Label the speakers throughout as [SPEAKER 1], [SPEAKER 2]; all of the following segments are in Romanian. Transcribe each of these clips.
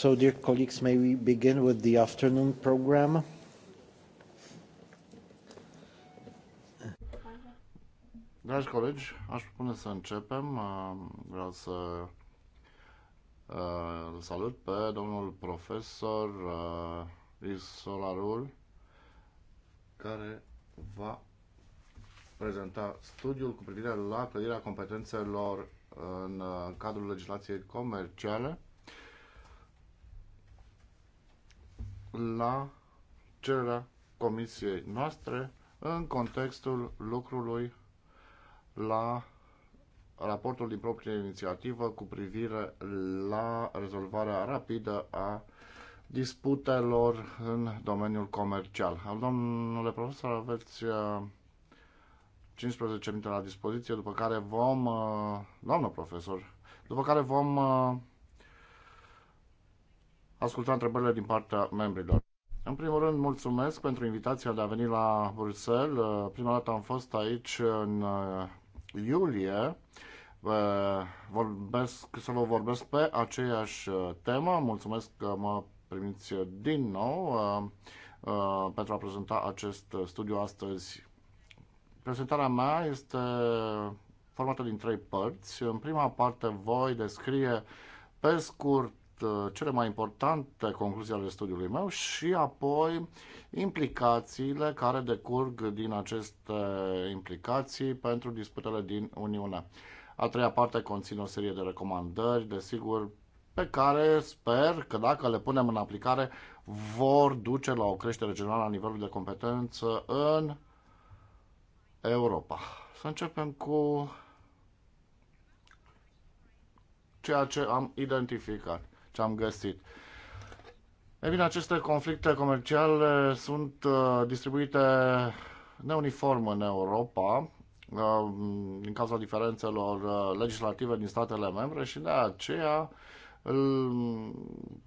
[SPEAKER 1] So, dear colleagues, may we begin with the afternoon program?
[SPEAKER 2] Dragi colegi, aș propune să începem. Uh, vreau să uh, salut pe domnul profesor uh, Isolarul, care va prezenta studiul cu privire la clădirea competențelor în uh, cadrul legislației comerciale la cererea comisiei noastre în contextul lucrului la raportul din proprie inițiativă cu privire la rezolvarea rapidă a disputelor în domeniul comercial. Al domnule profesor, aveți 15 uh, minute la dispoziție, după care vom, uh, doamnă profesor, după care vom uh, asculta întrebările din partea membrilor. În primul rând, mulțumesc pentru invitația de a veni la Bruxelles. Prima dată am fost aici în uh, iulie. Vorbesc, să vă vorbesc pe aceeași uh, temă. Mulțumesc că mă primiți din nou uh, pentru a prezenta acest studiu astăzi. Prezentarea mea este formată din trei părți. În prima parte voi descrie pe scurt Uh, cele mai importante concluzii ale studiului meu și apoi implicațiile care decurg din aceste implicații pentru disputele din Uniune. A treia parte conține o serie de recomandări, desigur, pe care sper că dacă le punem în aplicare vor duce la o creștere generală a nivelului de competență în Europa. Să începem cu ceea ce am identificat ce am găsit. E bine, aceste conflicte comerciale sunt uh, distribuite neuniform în Europa uh, din cauza diferențelor uh, legislative din statele membre și de aceea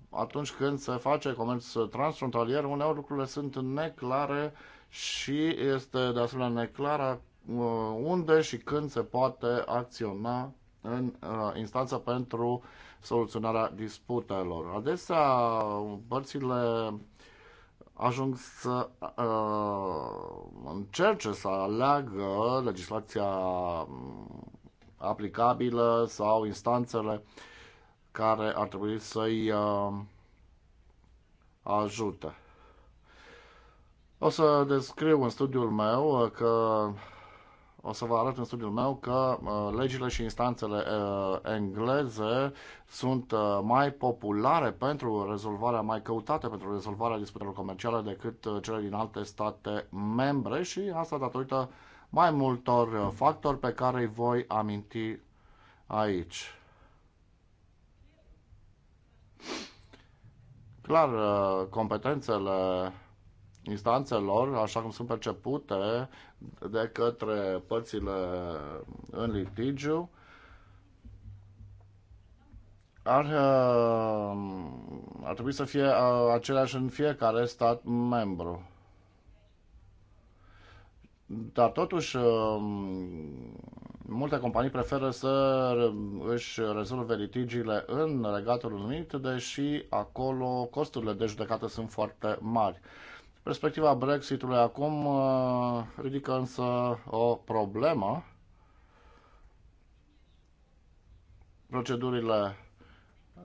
[SPEAKER 2] atunci când se face comerț transfrontalier, uneori lucrurile sunt neclare și este de asemenea neclară unde și când se poate acționa în instanță pentru soluționarea disputelor. Adesea, părțile ajung să uh, încerce să aleagă legislația mm, aplicabilă sau instanțele care ar trebui să-i uh, ajute. O să descriu în studiul meu că o să vă arăt în studiul meu că uh, legile și instanțele uh, engleze sunt uh, mai populare pentru rezolvarea, mai căutate pentru rezolvarea disputelor comerciale decât uh, cele din alte state membre și asta datorită mai multor uh, factori pe care îi voi aminti aici. Clar, uh, competențele instanțelor, așa cum sunt percepute, de către părțile în litigiu ar, uh, ar trebui să fie uh, aceleași în fiecare stat membru. Dar totuși, uh, multe companii preferă să își rezolve litigiile în Regatul Unit, deși acolo costurile de judecată sunt foarte mari. Perspectiva Brexitului acum uh, ridică însă o problemă. Procedurile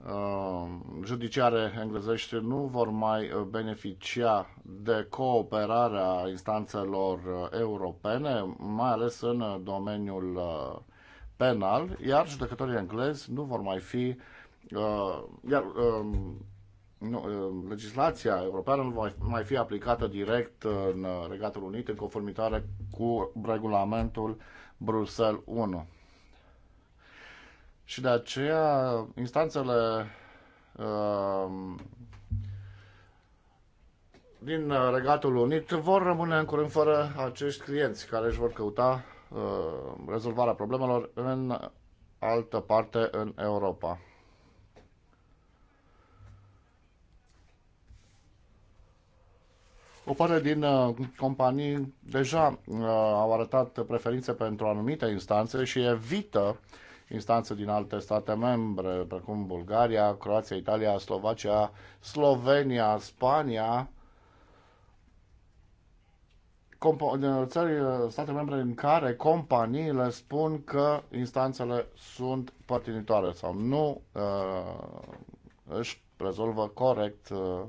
[SPEAKER 2] uh, judiciare englezești nu vor mai beneficia de cooperarea instanțelor uh, europene, mai ales în domeniul penal, iar judecătorii englezi nu vor mai fi iar um, nu, uh, legislația europeană nu va mai fi aplicată direct în uh, Regatul Unit în conformitate cu regulamentul Bruxelles 1. Și de aceea instanțele uh, din Regatul Unit vor rămâne în curând fără acești clienți care își vor căuta rezolvarea problemelor în altă parte în Europa. O parte din uh, companii deja uh, au arătat preferințe pentru anumite instanțe și evită instanțe din alte state membre, precum Bulgaria, Croația, Italia, Slovacia, Slovenia, Spania, uh, țări, state membre în care companiile spun că instanțele sunt părtinitoare sau nu uh, își rezolvă corect uh,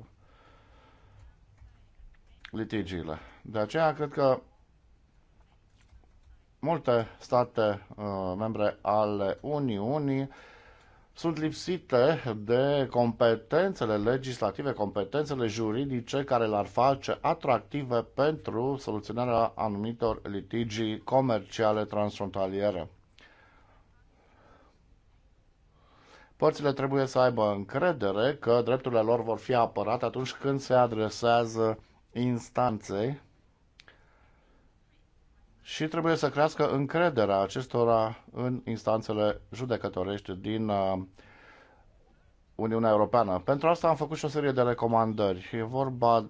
[SPEAKER 2] litigiile. De aceea cred că multe state uh, membre ale Uniunii sunt lipsite de competențele legislative, competențele juridice care le-ar face atractive pentru soluționarea anumitor litigii comerciale transfrontaliere. Părțile trebuie să aibă încredere că drepturile lor vor fi apărate atunci când se adresează instanței și trebuie să crească încrederea acestora în instanțele judecătorești din uh, Uniunea Europeană. Pentru asta am făcut și o serie de recomandări. E vorba,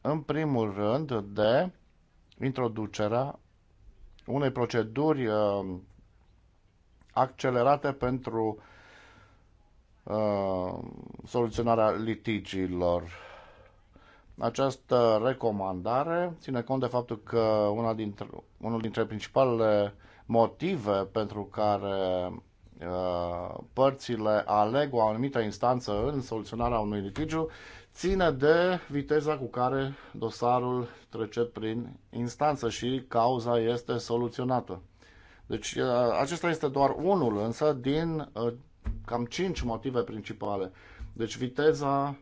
[SPEAKER 2] în primul rând, de introducerea unei proceduri uh, accelerate pentru uh, soluționarea litigiilor această recomandare ține cont de faptul că una dintre, unul dintre principalele motive pentru care uh, părțile aleg o anumită instanță în soluționarea unui litigiu ține de viteza cu care dosarul trece prin instanță și cauza este soluționată. Deci uh, acesta este doar unul, însă din uh, cam cinci motive principale. Deci viteza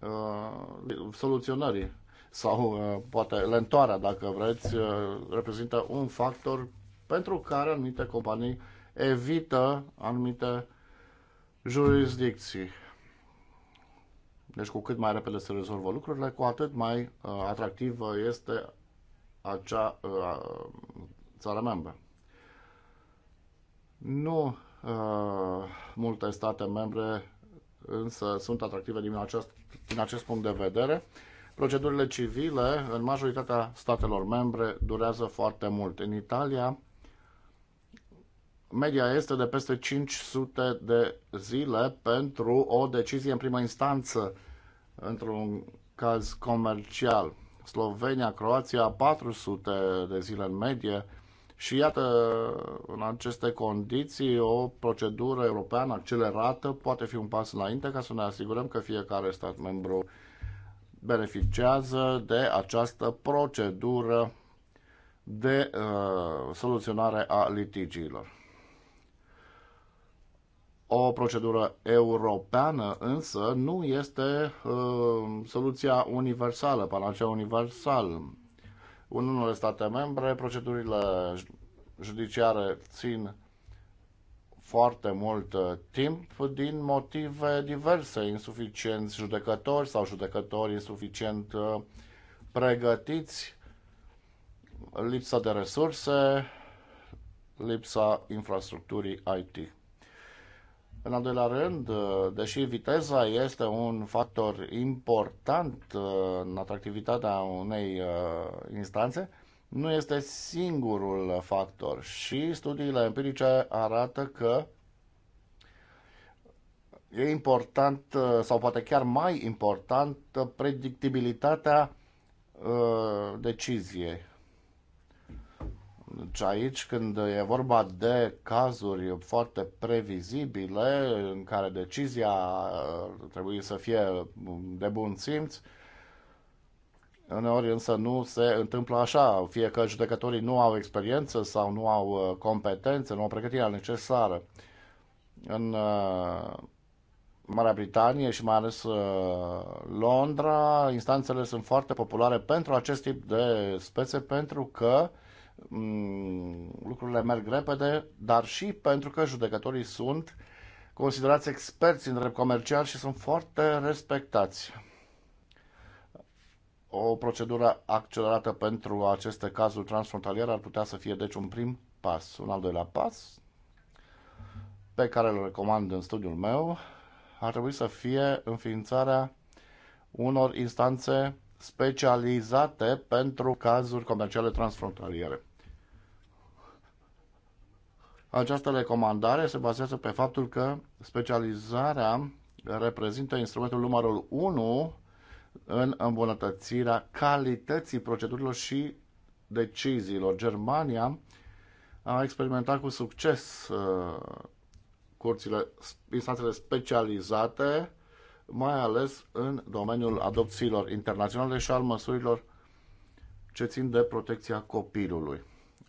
[SPEAKER 2] Uh, soluționării sau uh, poate lentoarea, dacă vreți, uh, reprezintă un factor pentru care anumite companii evită anumite jurisdicții. Deci cu cât mai repede se rezolvă lucrurile, cu atât mai uh, atractivă este acea uh, țară membră. Nu uh, multe state membre însă sunt atractive din această din acest punct de vedere, procedurile civile în majoritatea statelor membre durează foarte mult. În Italia, media este de peste 500 de zile pentru o decizie în primă instanță într-un caz comercial. Slovenia, Croația, 400 de zile în medie, și iată, în aceste condiții, o procedură europeană accelerată poate fi un pas înainte ca să ne asigurăm că fiecare stat membru beneficiază de această procedură de uh, soluționare a litigiilor. O procedură europeană însă nu este uh, soluția universală, panacea universală în unele state membre, procedurile judiciare țin foarte mult uh, timp din motive diverse, insuficienți judecători sau judecători insuficient uh, pregătiți, lipsa de resurse, lipsa infrastructurii IT. În al doilea rând, uh, deși viteza este un factor important uh, în atractivitatea unei uh, instanțe, nu este singurul factor și studiile empirice arată că e important sau poate chiar mai important predictibilitatea deciziei. Deci aici când e vorba de cazuri foarte previzibile în care decizia trebuie să fie de bun simț, uneori însă nu se întâmplă așa, fie că judecătorii nu au experiență sau nu au uh, competențe, nu au pregătirea necesară. În uh, Marea Britanie și mai ales uh, Londra, instanțele sunt foarte populare pentru acest tip de spețe pentru că uh, Mm, lucrurile merg repede, dar și pentru că judecătorii sunt considerați experți în drept comercial și sunt foarte respectați. O procedură accelerată pentru aceste cazuri transfrontaliere ar putea să fie deci un prim pas. Un al doilea pas pe care îl recomand în studiul meu ar trebui să fie înființarea unor instanțe specializate pentru cazuri comerciale transfrontaliere. Această recomandare se bazează pe faptul că specializarea reprezintă instrumentul numărul 1 în îmbunătățirea calității procedurilor și deciziilor. Germania a experimentat cu succes uh, curțile, instanțele specializate, mai ales în domeniul adopțiilor internaționale și al măsurilor ce țin de protecția copilului.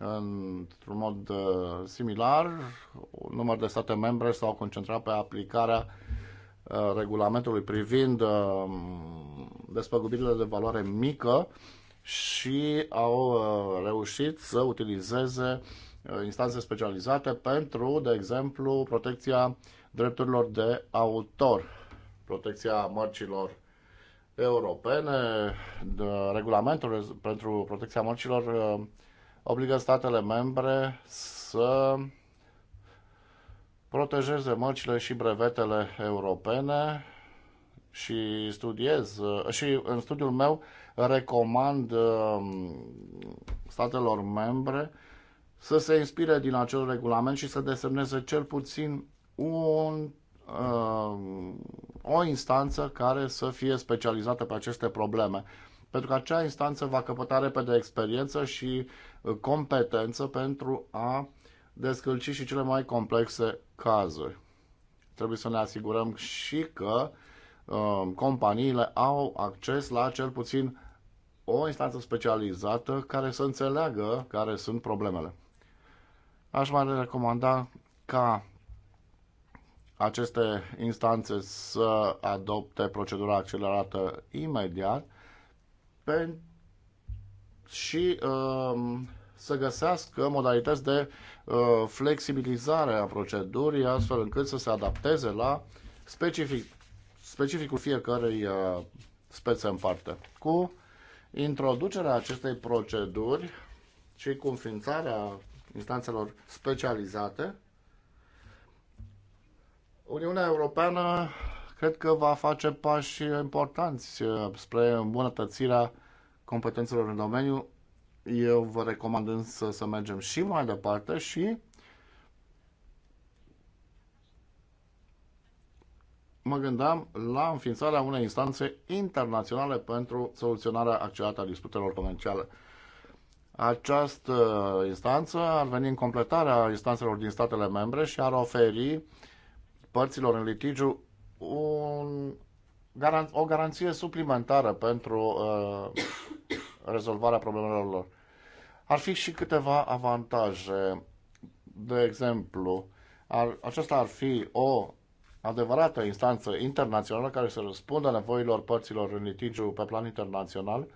[SPEAKER 2] Într-un mod uh, similar, număr de state membre s-au concentrat pe aplicarea uh, regulamentului privind uh, despăgubirile de valoare mică și au reușit să utilizeze instanțe specializate pentru, de exemplu, protecția drepturilor de autor, protecția mărcilor europene, de regulamentul pentru protecția mărcilor obligă statele membre să protejeze mărcile și brevetele europene și studiez și în studiul meu recomand um, statelor membre să se inspire din acel regulament și să desemneze cel puțin un, um, o instanță care să fie specializată pe aceste probleme. Pentru că acea instanță va căpăta repede experiență și Uh, competență pentru a descălci și cele mai complexe cazuri. Trebuie să ne asigurăm și că uh, companiile au acces la cel puțin o instanță specializată care să înțeleagă care sunt problemele. Aș mai recomanda ca aceste instanțe să adopte procedura accelerată imediat pentru și um, să găsească modalități de uh, flexibilizare a procedurii, astfel încât să se adapteze la specific, specificul fiecarei uh, spețe în parte. Cu introducerea acestei proceduri și cu înființarea instanțelor specializate, Uniunea Europeană cred că va face pași importanți uh, spre îmbunătățirea competențelor în domeniu. Eu vă recomand însă să mergem și mai departe și mă gândeam la înființarea unei instanțe internaționale pentru soluționarea accelerată a disputelor comerciale. Această instanță ar veni în completarea instanțelor din statele membre și ar oferi părților în litigiu un, o garanție suplimentară pentru uh, rezolvarea problemelor lor. Ar fi și câteva avantaje. De exemplu, ar, aceasta ar fi o adevărată instanță internațională care să răspundă nevoilor părților în litigiu pe plan internațional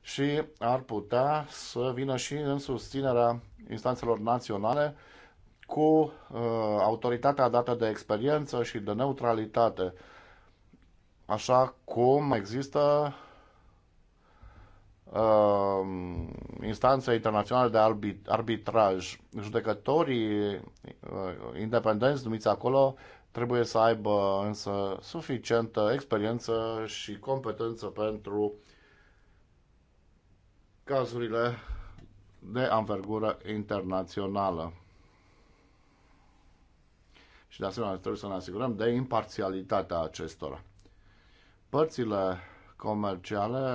[SPEAKER 2] și ar putea să vină și în susținerea instanțelor naționale cu uh, autoritatea dată de experiență și de neutralitate, așa cum există uh, instanțe internaționale de arbit, arbitraj. Judecătorii uh, independenți numiți acolo trebuie să aibă însă suficientă experiență și competență pentru cazurile de anvergură internațională. Și de asemenea trebuie să ne asigurăm de imparțialitatea acestora. Părțile comerciale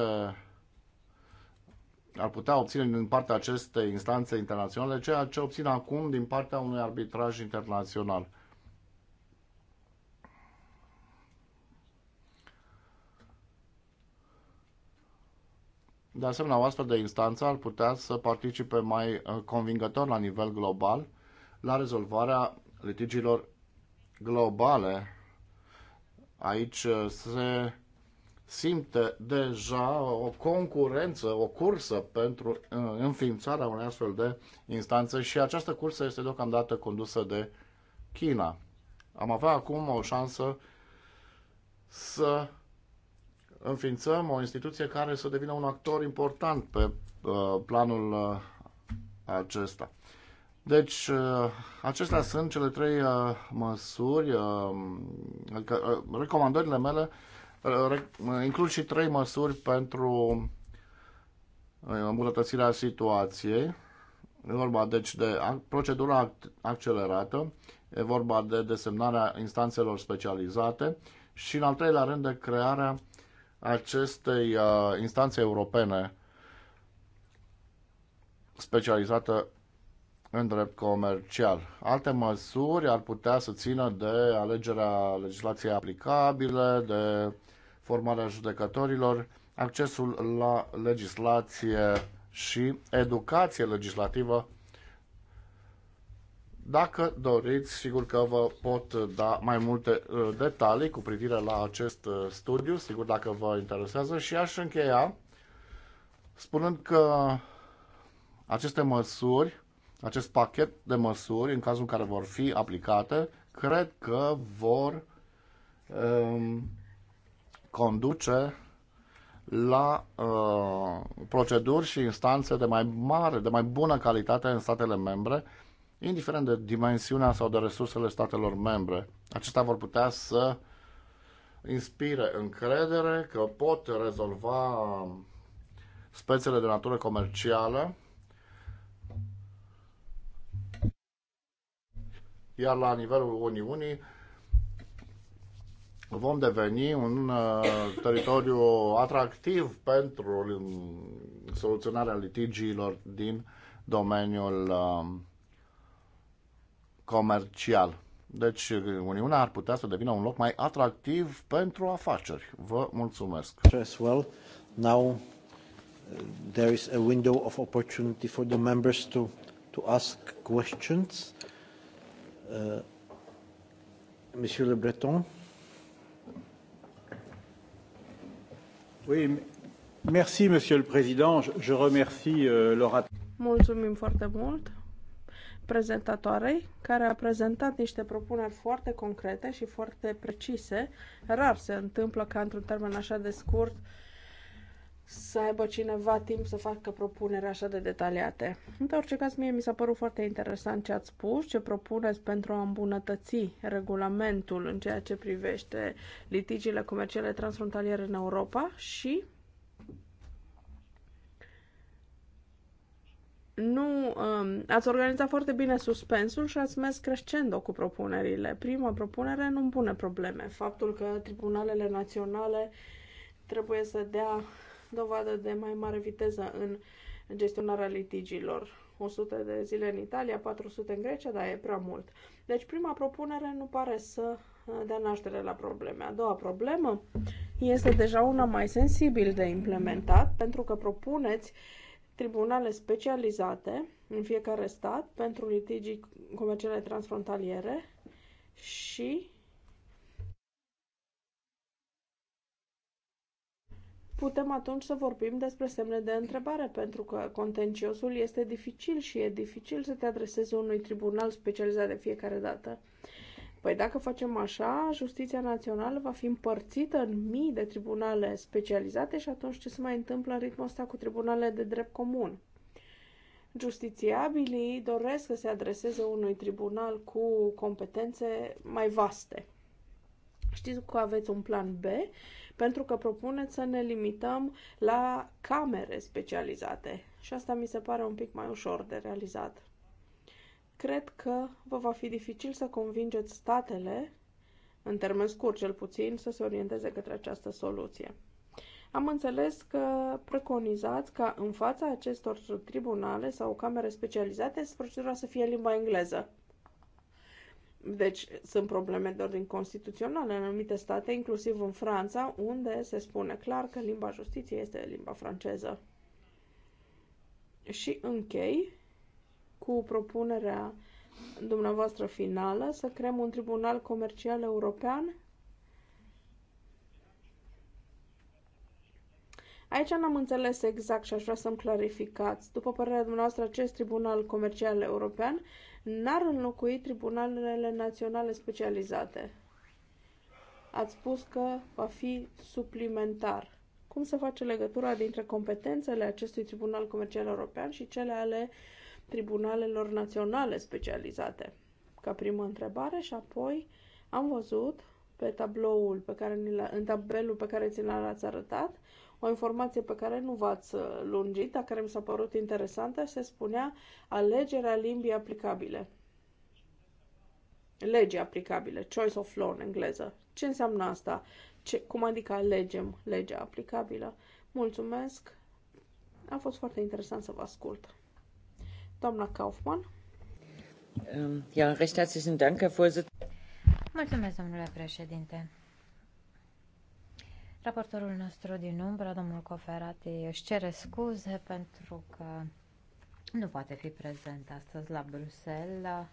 [SPEAKER 2] ar putea obține din partea acestei instanțe internaționale ceea ce obțin acum din partea unui arbitraj internațional. De asemenea, o astfel de instanță ar putea să participe mai uh, convingător la nivel global la rezolvarea litigiilor globale. Aici uh, se simte deja o concurență, o cursă pentru uh, înființarea unei astfel de instanțe și această cursă este deocamdată condusă de China. Am avea acum o șansă să înființăm o instituție care să devină un actor important pe uh, planul uh, acesta. Deci, acestea sunt cele trei măsuri, adică recomandările mele includ și trei măsuri pentru uh, îmbunătățirea situației. E vorba deci de procedura accelerată, e vorba de desemnarea instanțelor specializate și în al treilea rând de crearea acestei uh, instanțe europene specializată în drept comercial. Alte măsuri ar putea să țină de alegerea legislației aplicabile, de formarea judecătorilor, accesul la legislație și educație legislativă. Dacă doriți, sigur că vă pot da mai multe uh, detalii cu privire la acest uh, studiu, sigur dacă vă interesează și aș încheia spunând că aceste măsuri, acest pachet de măsuri, în cazul în care vor fi aplicate, cred că vor um, conduce la uh, proceduri și instanțe de mai mare, de mai bună calitate în statele membre, indiferent de dimensiunea sau de resursele statelor membre. Acestea vor putea să inspire încredere că pot rezolva spețele de natură comercială, iar la nivelul Uniunii vom deveni un uh, teritoriu atractiv pentru soluționarea litigiilor din domeniul um, comercial. Deci Uniunea ar putea să devină un loc mai atractiv pentru afaceri. Vă mulțumesc. As well, now uh, there is a window of opportunity for the members
[SPEAKER 1] to to ask questions. Uh, Monsieur Le Breton. Oui, merci, Monsieur le Président. Je remercie euh,
[SPEAKER 3] Mulțumim foarte mult prezentatoarei, care a prezentat niște propuneri foarte concrete și foarte precise. Rar se întâmplă ca într-un termen așa de scurt uh, să aibă cineva timp să facă propuneri așa de detaliate. În orice caz, mie mi s-a părut foarte interesant ce ați spus, ce propuneți pentru a îmbunătăți regulamentul în ceea ce privește litigiile comerciale transfrontaliere în Europa și nu um, ați organizat foarte bine suspensul și ați mers crescendo cu propunerile. Prima propunere nu pune probleme. Faptul că tribunalele naționale trebuie să dea dovadă de mai mare viteză în gestionarea litigiilor. 100 de zile în Italia, 400 în Grecia, dar e prea mult. Deci prima propunere nu pare să uh, dea naștere la probleme. A doua problemă este deja una mai sensibil de implementat, pentru că propuneți tribunale specializate în fiecare stat pentru litigii comerciale transfrontaliere și putem atunci să vorbim despre semne de întrebare, pentru că contenciosul este dificil și e dificil să te adresezi unui tribunal specializat de fiecare dată. Păi dacă facem așa, justiția națională va fi împărțită în mii de tribunale specializate și atunci ce se mai întâmplă în ritmul ăsta cu tribunale de drept comun? Justițiabilii doresc să se adreseze unui tribunal cu competențe mai vaste. Știți că aveți un plan B pentru că propuneți să ne limităm la camere specializate și asta mi se pare un pic mai ușor de realizat. Cred că vă va fi dificil să convingeți statele, în termen scurt cel puțin, să se orienteze către această soluție. Am înțeles că preconizați ca în fața acestor tribunale sau camere specializate procedura să fie limba engleză. Deci sunt probleme de ordin constituțional în anumite state, inclusiv în Franța, unde se spune clar că limba justiției este limba franceză. Și închei cu propunerea dumneavoastră finală să creăm un tribunal comercial european. Aici n-am înțeles exact și aș vrea să-mi clarificați. După părerea dumneavoastră, acest tribunal comercial european n-ar înlocui tribunalele naționale specializate. Ați spus că va fi suplimentar. Cum se face legătura dintre competențele acestui Tribunal Comercial European și cele ale tribunalelor naționale specializate? Ca primă întrebare și apoi am văzut pe tabloul pe care ni l în tabelul pe care ți l-ați arătat o informație pe care nu v-ați uh, lungit, dar care mi s-a părut interesantă, se spunea alegerea limbii aplicabile. Legi aplicabile, choice of law în engleză. Ce înseamnă asta? Ce, cum adică alegem legea aplicabilă? Mulțumesc! A fost foarte interesant să vă ascult. Doamna Kaufmann.
[SPEAKER 2] Ehm, ja, recht herzlichen Dank, Herr Vorsitzender.
[SPEAKER 1] Mulțumesc, domnule președinte. Raportorul nostru din umbră, domnul Coferati, își cere scuze pentru că nu poate fi prezent astăzi la Bruxelles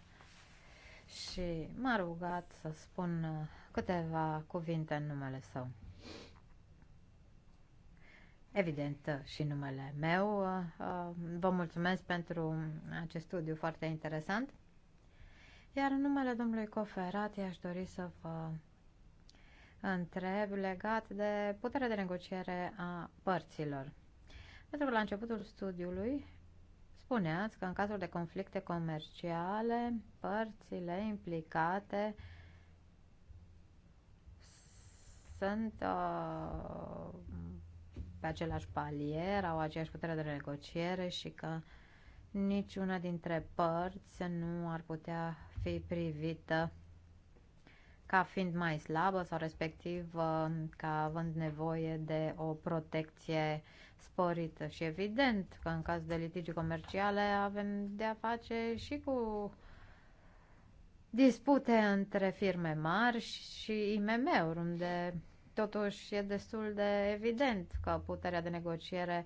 [SPEAKER 1] și m-a rugat să spun câteva cuvinte în numele său. Evident, și numele meu. Vă mulțumesc pentru acest studiu foarte interesant. Iar în numele domnului Coferati aș dori să vă întreb legat de puterea de negociere a părților. Pentru că la începutul studiului spuneați că în cazul de conflicte comerciale, părțile implicate sunt uh, pe același palier, au aceeași putere de negociere și că niciuna dintre părți nu ar putea fi privită ca fiind mai slabă sau respectiv uh, ca având nevoie de o protecție sporită. Și evident că în caz de litigi comerciale avem de a face și cu dispute între firme mari și IMM-uri, unde totuși e destul de evident că puterea de negociere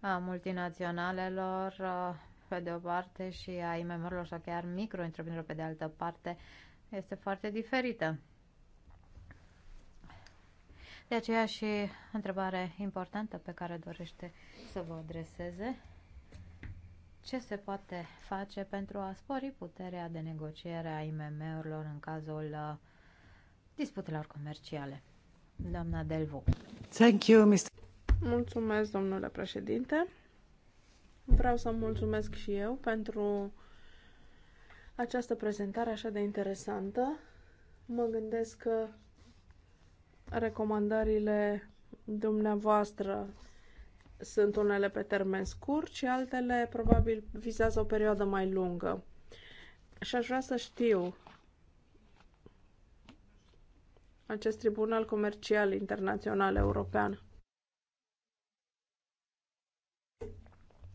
[SPEAKER 1] a multinaționalelor uh, pe de o parte și a IMM-urilor sau chiar micro pe de altă parte este foarte diferită. De aceea și întrebare importantă pe care dorește să vă adreseze. Ce se poate face pentru a spori puterea de negociere a IMM-urilor în cazul uh,
[SPEAKER 3] disputelor comerciale? Doamna Delvo. Thank you, Mr. Mulțumesc, domnule președinte. Vreau să mulțumesc și eu pentru această prezentare așa de interesantă. Mă gândesc că recomandările dumneavoastră sunt unele pe termen scurt și altele probabil vizează o perioadă mai lungă. Și aș vrea să știu acest Tribunal Comercial Internațional European.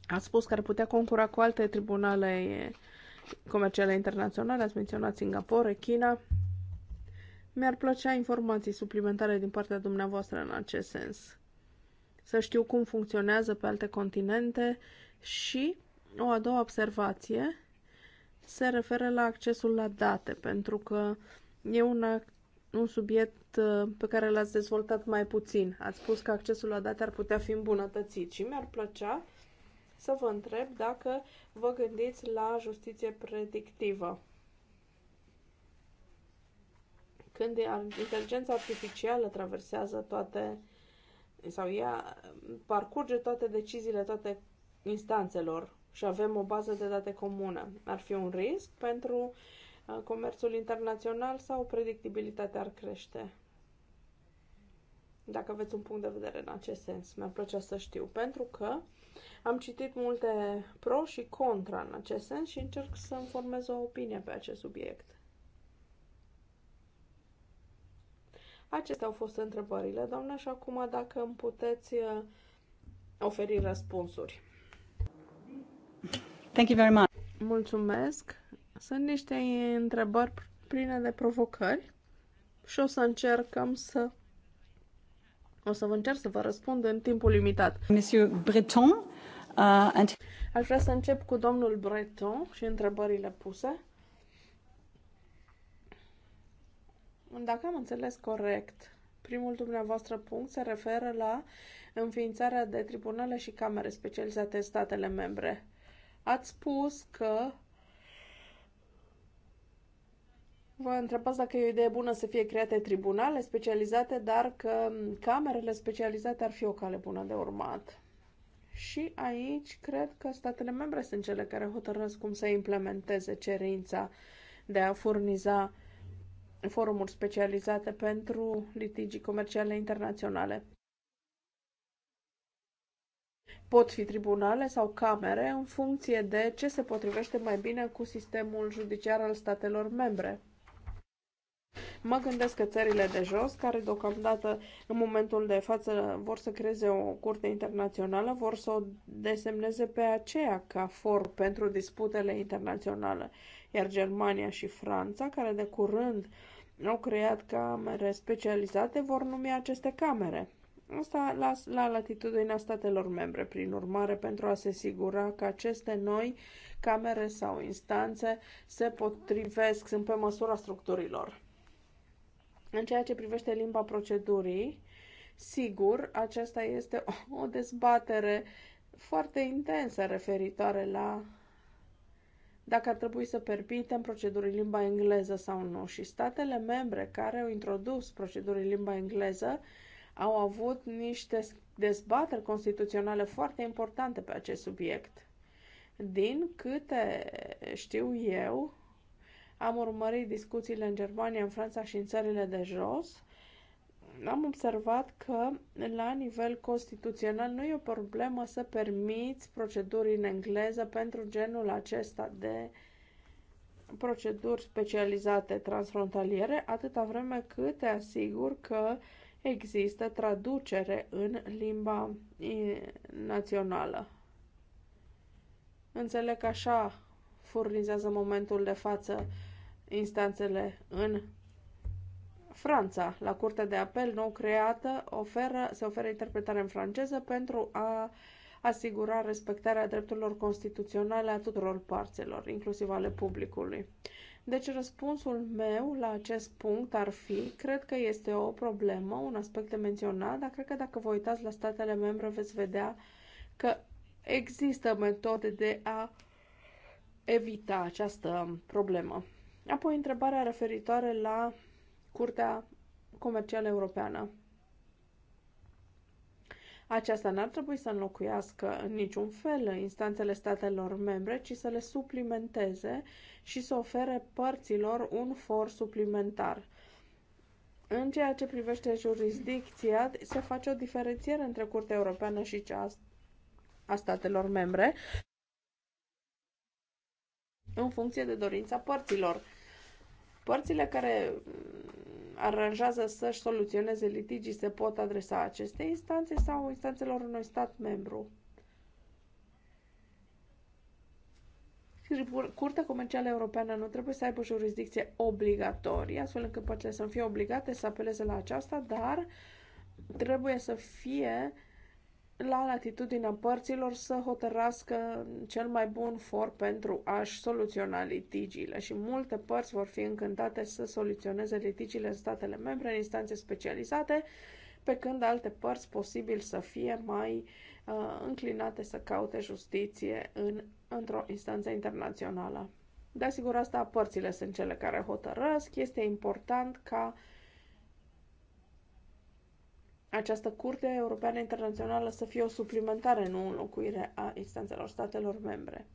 [SPEAKER 3] Ați spus că ar putea concura cu alte tribunale comerciale internaționale, ați menționat Singapore, China. Mi-ar plăcea informații suplimentare din partea dumneavoastră în acest sens. Să știu cum funcționează pe alte continente și o a doua observație se referă la accesul la date, pentru că e una, un subiect uh, pe care l-ați dezvoltat mai puțin. Ați spus că accesul la date ar putea fi îmbunătățit și mi-ar plăcea să vă întreb dacă vă gândiți la justiție predictivă. Când inteligența artificială traversează toate sau ea parcurge toate deciziile, toate instanțelor și avem o bază de date comună, ar fi un risc pentru uh, comerțul internațional sau predictibilitatea ar crește? Dacă aveți un punct de vedere în acest sens, mi-ar plăcea să știu, pentru că am citit multe pro și contra în acest sens și încerc să-mi formez o opinie pe acest subiect. Acestea au fost întrebările, doamne, și acum dacă îmi puteți uh, oferi răspunsuri. Thank you very much. Mulțumesc. Sunt niște întrebări pline de provocări și o să încercăm să o să vă încerc să vă răspund în timpul limitat. Monsieur Breton, Uh, and... Aș vrea să încep cu domnul Breton și întrebările puse. Dacă am înțeles corect, primul dumneavoastră punct se referă la înființarea de tribunale și camere specializate în statele membre. Ați spus că Vă întrebați dacă e o idee bună să fie create tribunale specializate, dar că camerele specializate ar fi o cale bună de urmat. Și aici cred că statele membre sunt cele care hotărăsc cum să implementeze cerința de a furniza forumuri specializate pentru litigii comerciale internaționale. Pot fi tribunale sau camere în funcție de ce se potrivește mai bine cu sistemul judiciar al statelor membre. Mă gândesc că țările de jos, care deocamdată în momentul de față vor să creeze o curte internațională, vor să o desemneze pe aceea ca for pentru disputele internaționale, iar Germania și Franța, care de curând au creat camere specializate, vor numi aceste camere. Asta la, la latitudinea statelor membre, prin urmare, pentru a se asigura că aceste noi camere sau instanțe se potrivesc, sunt pe măsura structurilor. În ceea ce privește limba procedurii, sigur, aceasta este o dezbatere foarte intensă referitoare la dacă ar trebui să permitem procedurii limba engleză sau nu. Și statele membre care au introdus procedurii limba engleză au avut niște dezbateri constituționale foarte importante pe acest subiect. Din câte știu eu, am urmărit discuțiile în Germania, în Franța și în țările de jos. Am observat că la nivel constituțional nu e o problemă să permiți proceduri în engleză pentru genul acesta de proceduri specializate transfrontaliere, atâta vreme cât te asigur că există traducere în limba națională. Înțeleg că așa furnizează momentul de față instanțele în Franța, la Curtea de Apel nou creată, oferă, se oferă interpretare în franceză pentru a asigura respectarea drepturilor constituționale a tuturor parțelor, inclusiv ale publicului. Deci răspunsul meu la acest punct ar fi, cred că este o problemă, un aspect de menționat, dar cred că dacă vă uitați la statele membre veți vedea că există metode de a evita această problemă. Apoi, întrebarea referitoare la Curtea Comercială Europeană. Aceasta n-ar trebui să înlocuiască în niciun fel instanțele statelor membre, ci să le suplimenteze și să ofere părților un for suplimentar. În ceea ce privește jurisdicția, se face o diferențiere între Curtea Europeană și cea a statelor membre, în funcție de dorința părților. Părțile care mm, aranjează să-și soluționeze litigii se pot adresa acestei instanțe sau instanțelor unui stat membru. Curtea Comercială Europeană nu trebuie să aibă jurisdicție obligatorie, astfel încât părțile să fie obligate să apeleze la aceasta, dar trebuie să fie uh, la latitudinea părților să hotărască cel mai bun for pentru a-și soluționa litigiile și multe părți vor fi încântate să soluționeze litigiile în statele membre, în instanțe specializate, pe când alte părți posibil să fie mai uh, înclinate să caute justiție în, într-o instanță internațională. De asigur, asta părțile sunt cele care hotărăsc. Este important ca uh, această Curte Europeană Internațională să fie o suplimentare, nu o înlocuire a instanțelor statelor membre.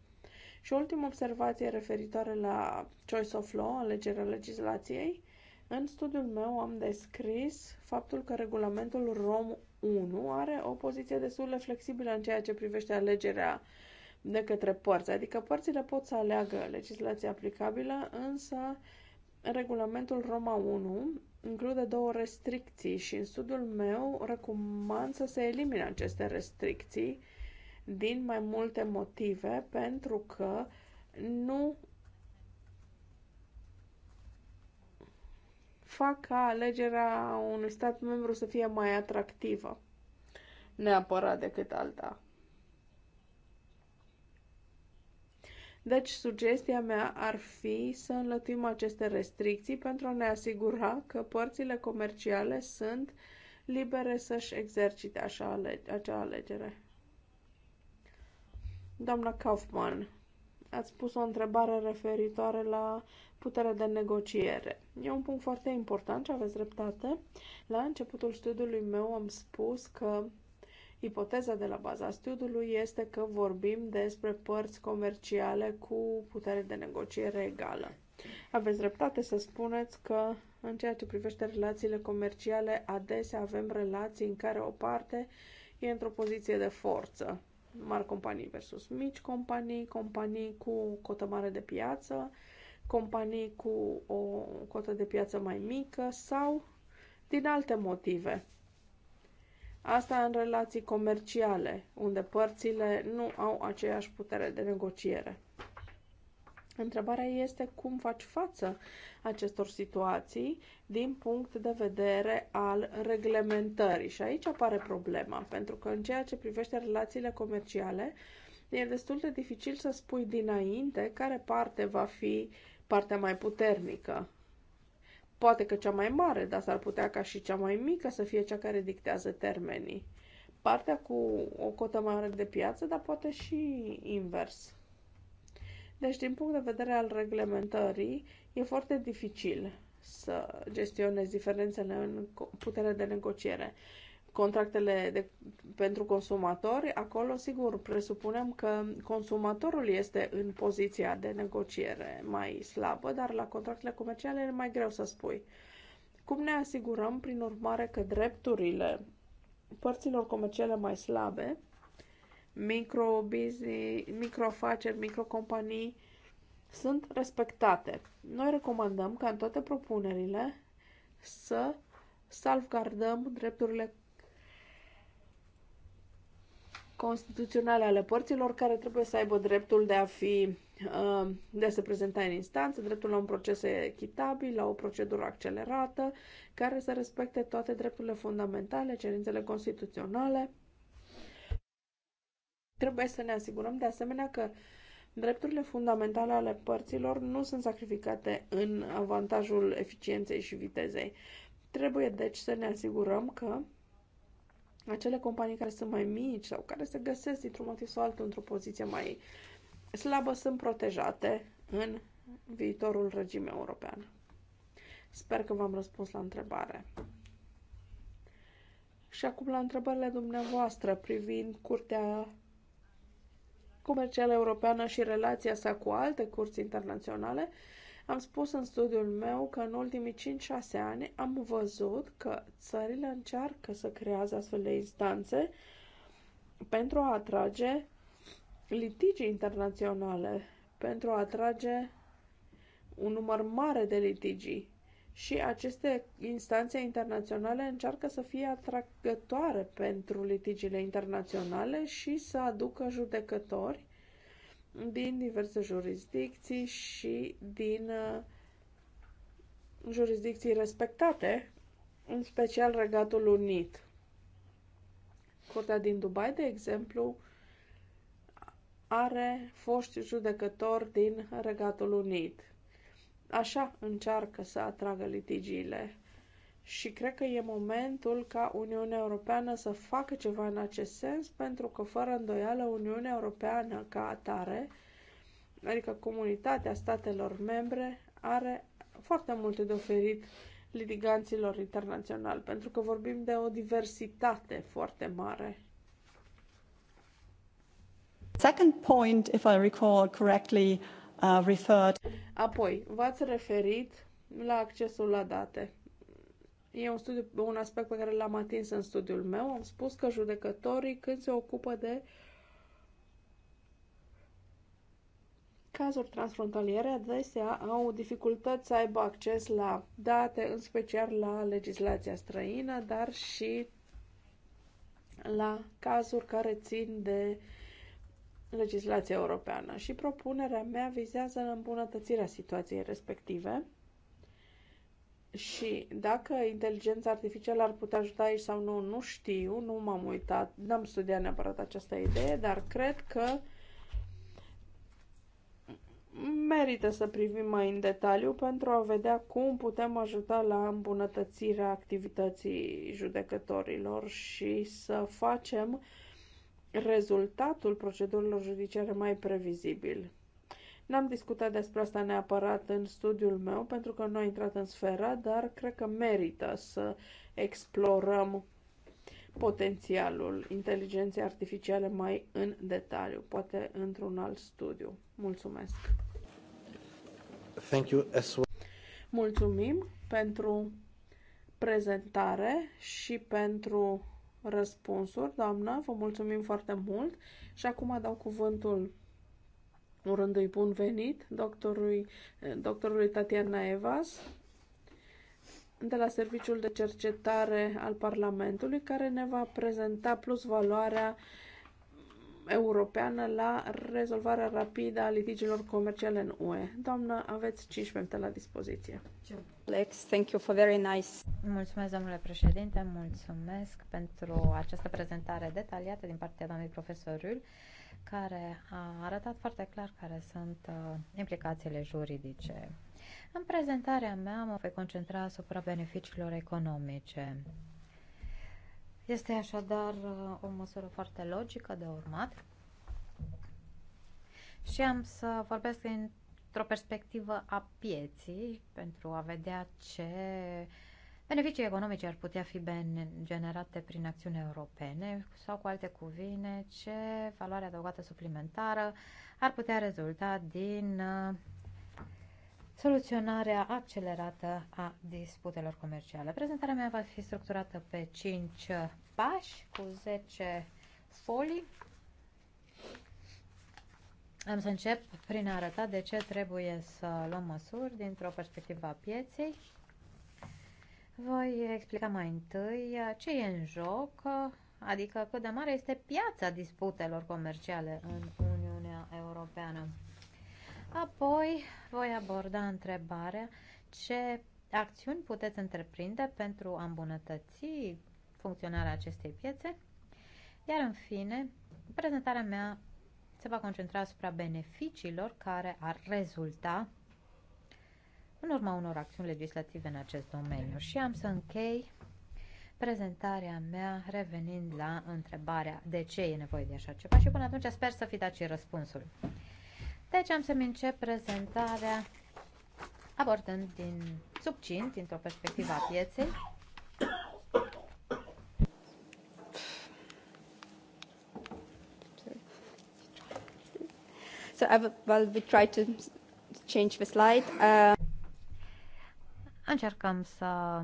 [SPEAKER 3] Și o ultimă observație referitoare la choice of law, alegerea legislației. În studiul meu am descris faptul că regulamentul ROM 1 are o poziție destul de flexibilă în ceea ce privește alegerea de către părți, adică părțile pot să aleagă legislația aplicabilă, însă regulamentul Roma 1 include două restricții și în studiul meu recomand să se elimine aceste restricții din mai multe motive pentru că nu fac ca alegerea unui stat membru să fie mai atractivă neapărat decât alta. Deci, sugestia mea ar fi să înlătuim aceste restricții pentru a ne asigura că părțile comerciale sunt libere să-și exercite așa acea alegere. Doamna Kaufman, ați pus o întrebare referitoare la puterea de negociere. E un punct foarte important și aveți dreptate. La începutul studiului meu am spus că Ipoteza de la baza studiului este că vorbim despre părți comerciale cu putere de negociere egală. Aveți dreptate să spuneți că în ceea ce privește relațiile comerciale, adesea avem relații în care o parte e într-o poziție de forță. Mari companii versus mici companii, companii cu cotă mare de piață, companii cu o cotă de piață mai mică sau din alte motive. Asta în relații comerciale, unde părțile nu au aceeași putere de negociere. Întrebarea este cum faci față acestor situații din punct de vedere al reglementării. Și aici apare problema, pentru că în ceea ce privește relațiile comerciale, e destul de dificil să spui dinainte care parte va fi partea mai puternică Poate că cea mai mare, dar s-ar putea ca și cea mai mică să fie cea care dictează termenii. Partea cu o cotă mai mare de piață, dar poate și invers. Deci, din punct de vedere al reglementării, e foarte dificil să gestionezi diferențele în putere de negociere contractele de, pentru consumatori, acolo, sigur, presupunem că consumatorul este în poziția de negociere mai slabă, dar la contractele comerciale e mai greu să spui. Cum ne asigurăm, prin urmare, că drepturile părților comerciale mai slabe, micro microfaceri, microcompanii, sunt respectate. Noi recomandăm ca în toate propunerile să salvgardăm drepturile constituționale ale părților care trebuie să aibă dreptul de a fi uh, de a se prezenta în instanță, dreptul la un proces echitabil, la o procedură accelerată, care să respecte toate drepturile fundamentale, cerințele constituționale. Trebuie să ne asigurăm de asemenea că drepturile fundamentale ale părților nu sunt sacrificate în avantajul eficienței și vitezei. Trebuie deci să ne asigurăm că acele companii care sunt mai mici sau care se găsesc dintr-un motiv sau altul într-o poziție mai slabă sunt protejate în viitorul regim european. Sper că v-am răspuns la întrebare. Și acum la întrebările dumneavoastră privind Curtea Comercială Europeană și relația sa cu alte curți internaționale, am spus în studiul meu că în ultimii 5-6 ani am văzut că țările încearcă să creează astfel de instanțe pentru a atrage litigi internaționale, pentru a atrage un număr mare de litigii. Și aceste instanțe internaționale încearcă să fie atrăgătoare pentru litigiile internaționale și să aducă judecători din diverse jurisdicții și din uh, jurisdicții respectate, în special Regatul Unit. Curtea din Dubai, de exemplu, are foști judecători din Regatul Unit. Așa încearcă să atragă litigiile și cred că e momentul ca Uniunea Europeană să facă ceva în acest sens, pentru că, fără îndoială, Uniunea Europeană ca atare, adică comunitatea statelor membre, are foarte multe de oferit litiganților internaționali, pentru că vorbim de o diversitate foarte mare. Second point, if I recall correctly, uh, referred. Apoi, v-ați referit la accesul la date. E un, studiu, un aspect pe care l-am atins în studiul meu. Am spus că judecătorii când se ocupă de cazuri transfrontaliere adesea au dificultăți să aibă acces la date, în special la legislația străină, dar și la cazuri care țin de legislația europeană. Și propunerea mea vizează îmbunătățirea situației respective și dacă inteligența artificială ar putea ajuta aici sau nu, nu știu, nu m-am uitat, n-am studiat neapărat această idee, dar cred că merită să privim mai în detaliu pentru a vedea cum putem ajuta la îmbunătățirea activității judecătorilor și să facem rezultatul procedurilor judiciare mai previzibil. N-am discutat despre asta neapărat în studiul meu, pentru că nu a intrat în sferă, dar cred că merită să explorăm potențialul inteligenței artificiale mai în detaliu, poate într-un alt studiu. Mulțumesc!
[SPEAKER 1] Thank you as well.
[SPEAKER 3] Mulțumim pentru prezentare și pentru răspunsuri, doamnă. Vă mulțumim foarte mult și acum dau cuvântul urând i bun venit doctorului, eh, doctorului Tatiana Evas de la Serviciul de Cercetare al Parlamentului, care ne va prezenta plus valoarea europeană la rezolvarea rapidă a litigiilor comerciale în UE. Doamnă, aveți 5 minute la dispoziție. Alex, thank you for very nice. Mulțumesc, domnule
[SPEAKER 1] președinte, mulțumesc pentru această prezentare detaliată din partea doamnei profesorul care a arătat foarte clar care sunt uh, implicațiile juridice. În prezentarea mea mă voi concentra asupra beneficiilor economice. Este așadar uh, o măsură foarte logică de urmat și am să vorbesc într-o perspectivă a pieții pentru a vedea ce uh, Beneficii economice ar putea fi generate prin acțiuni europene sau, cu alte cuvine, ce valoare adăugată suplimentară ar putea rezulta din uh, soluționarea accelerată a disputelor comerciale. Prezentarea mea va fi structurată pe 5 pași cu 10 folii. Am să încep prin a arăta de ce trebuie să luăm măsuri dintr-o perspectivă a pieței voi explica mai întâi uh, ce e în joc, uh, adică cât de mare este piața disputelor comerciale în Uniunea Europeană. Apoi voi aborda întrebarea ce acțiuni puteți întreprinde pentru a îmbunătăți funcționarea acestei piețe, iar în fine, prezentarea mea se va concentra asupra beneficiilor care ar rezulta în urma unor acțiuni legislative în acest domeniu. Și am să închei prezentarea mea revenind la întrebarea de ce e nevoie de așa ceva și până atunci sper să fi dat și răspunsul. Deci am să-mi încep prezentarea abordând din subțin, dintr-o perspectivă a pieței. So I will, well, we try to change the slide. Uh încercăm să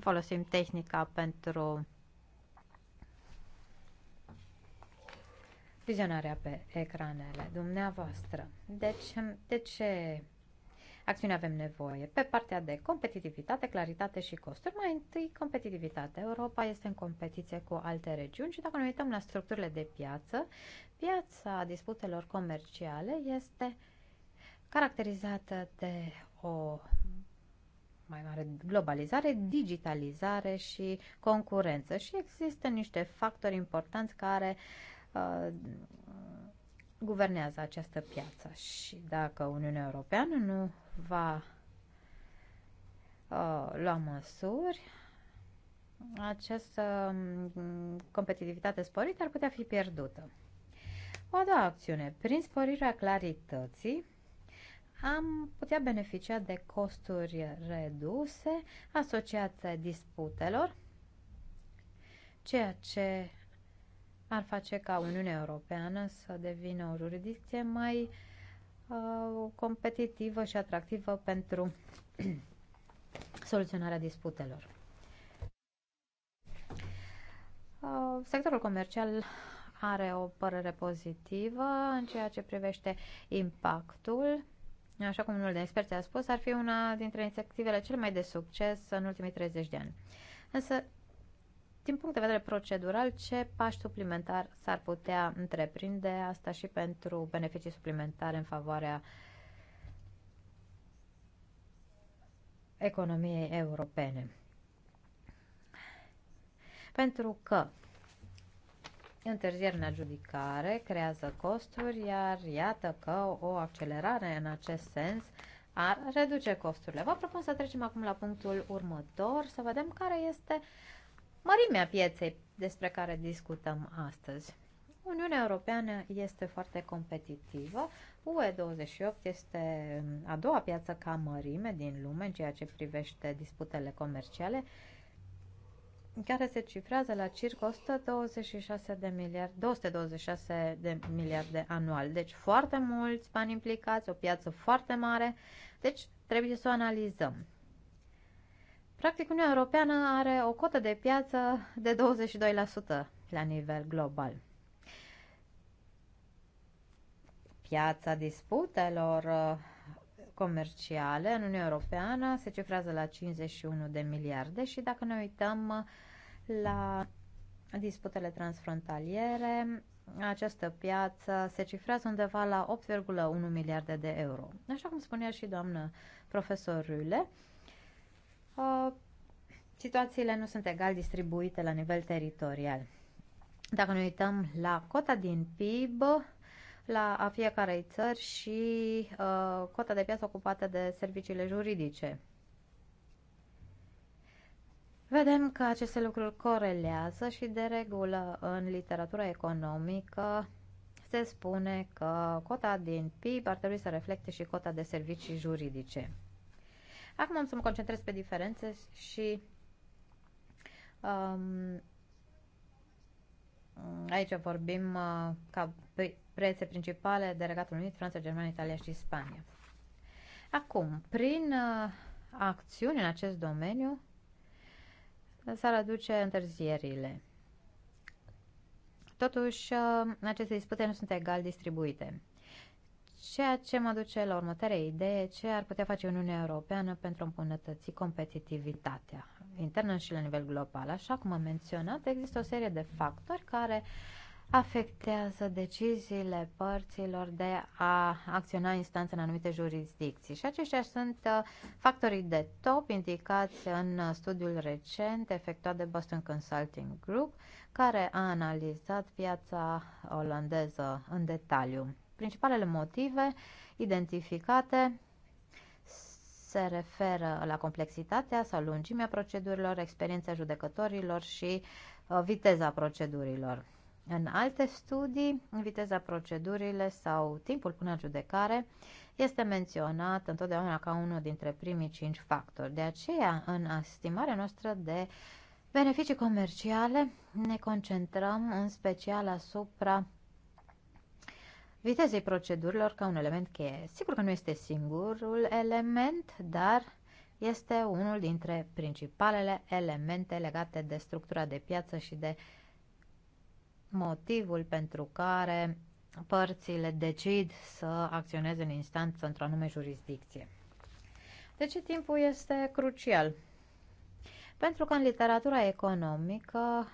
[SPEAKER 1] folosim tehnica pentru vizionarea pe ecranele dumneavoastră. Deci, de ce acțiune avem nevoie? Pe partea de competitivitate, claritate și costuri, mai întâi competitivitate. Europa este în competiție cu alte regiuni și dacă ne uităm la structurile de piață, piața disputelor comerciale este caracterizată de o mai mare globalizare, digitalizare și concurență. Și există niște factori importanți care uh, guvernează această piață. Și dacă Uniunea Europeană nu va uh, lua măsuri, această uh, competitivitate sporită ar putea fi pierdută. O a doua acțiune, prin sporirea clarității, am putea beneficia de costuri reduse asociate disputelor, ceea ce ar face ca Uniunea Europeană să devină o jurisdicție mai uh, competitivă și atractivă pentru soluționarea disputelor. Uh, sectorul comercial are o părere pozitivă în ceea ce privește impactul așa cum unul de experți a spus, ar fi una dintre inițiativele cele mai de succes în ultimii 30 de ani. Însă, din punct de vedere procedural, ce pași suplimentar s-ar putea întreprinde, asta și pentru beneficii suplimentare în favoarea economiei europene? Pentru că Întârzieri în adjudicare creează costuri, iar iată că o accelerare în acest sens ar reduce costurile. Vă propun să trecem acum la punctul următor, să vedem care este mărimea pieței despre care discutăm astăzi. Uniunea Europeană este foarte competitivă. UE28 este a doua piață ca mărime din lume în ceea ce privește disputele comerciale care se cifrează la circa 126 de miliarde, 226 de miliarde anual. Deci foarte mulți bani implicați, o piață foarte mare, deci trebuie să o analizăm. Practic, Uniunea Europeană are o cotă de piață de 22% la nivel global. Piața disputelor uh, comerciale în Uniunea Europeană se cifrează la 51 de miliarde și dacă ne uităm uh, la disputele transfrontaliere. Această piață se cifrează undeva la 8,1 miliarde de euro. Așa cum spunea și doamnă profesor Rüle, uh, situațiile nu sunt egal distribuite la nivel teritorial. Dacă ne uităm la cota din PIB, la a fiecarei țări și uh, cota de piață ocupată de serviciile juridice. Vedem că aceste lucruri corelează și de regulă în literatura economică se spune că cota din PIB ar trebui să reflecte și cota de servicii juridice. Acum am să mă concentrez pe diferențe și um, aici vorbim uh, ca prețe principale de Regatul Unit, Franța, Germania, Italia și Spania. Acum, prin uh, acțiuni în acest domeniu, s-ar aduce întârzierile. Totuși, aceste dispute nu sunt egal distribuite. Ceea ce mă duce la următoarea idee, ce ar putea face Uniunea Europeană pentru a îmbunătăți competitivitatea internă și la nivel global. Așa cum am menționat, există o serie de factori care afectează deciziile părților de a acționa instanță în anumite jurisdicții. Și aceștia sunt uh, factorii de top indicați în uh, studiul recent efectuat de Boston Consulting Group, care a analizat piața olandeză în detaliu. Principalele motive identificate se referă la complexitatea sau lungimea procedurilor, experiența judecătorilor și uh, viteza procedurilor. În alte studii, viteza procedurile sau timpul până în judecare este menționat întotdeauna ca unul dintre primii cinci factori. De aceea, în estimarea noastră de beneficii comerciale, ne concentrăm în special asupra vitezei procedurilor ca un element cheie. Sigur că nu este singurul element, dar este unul dintre principalele elemente legate de structura de piață și de uh, motivul pentru care părțile decid să acționeze în instanță într-o anume jurisdicție. Deci timpul este crucial. Pentru că în literatura economică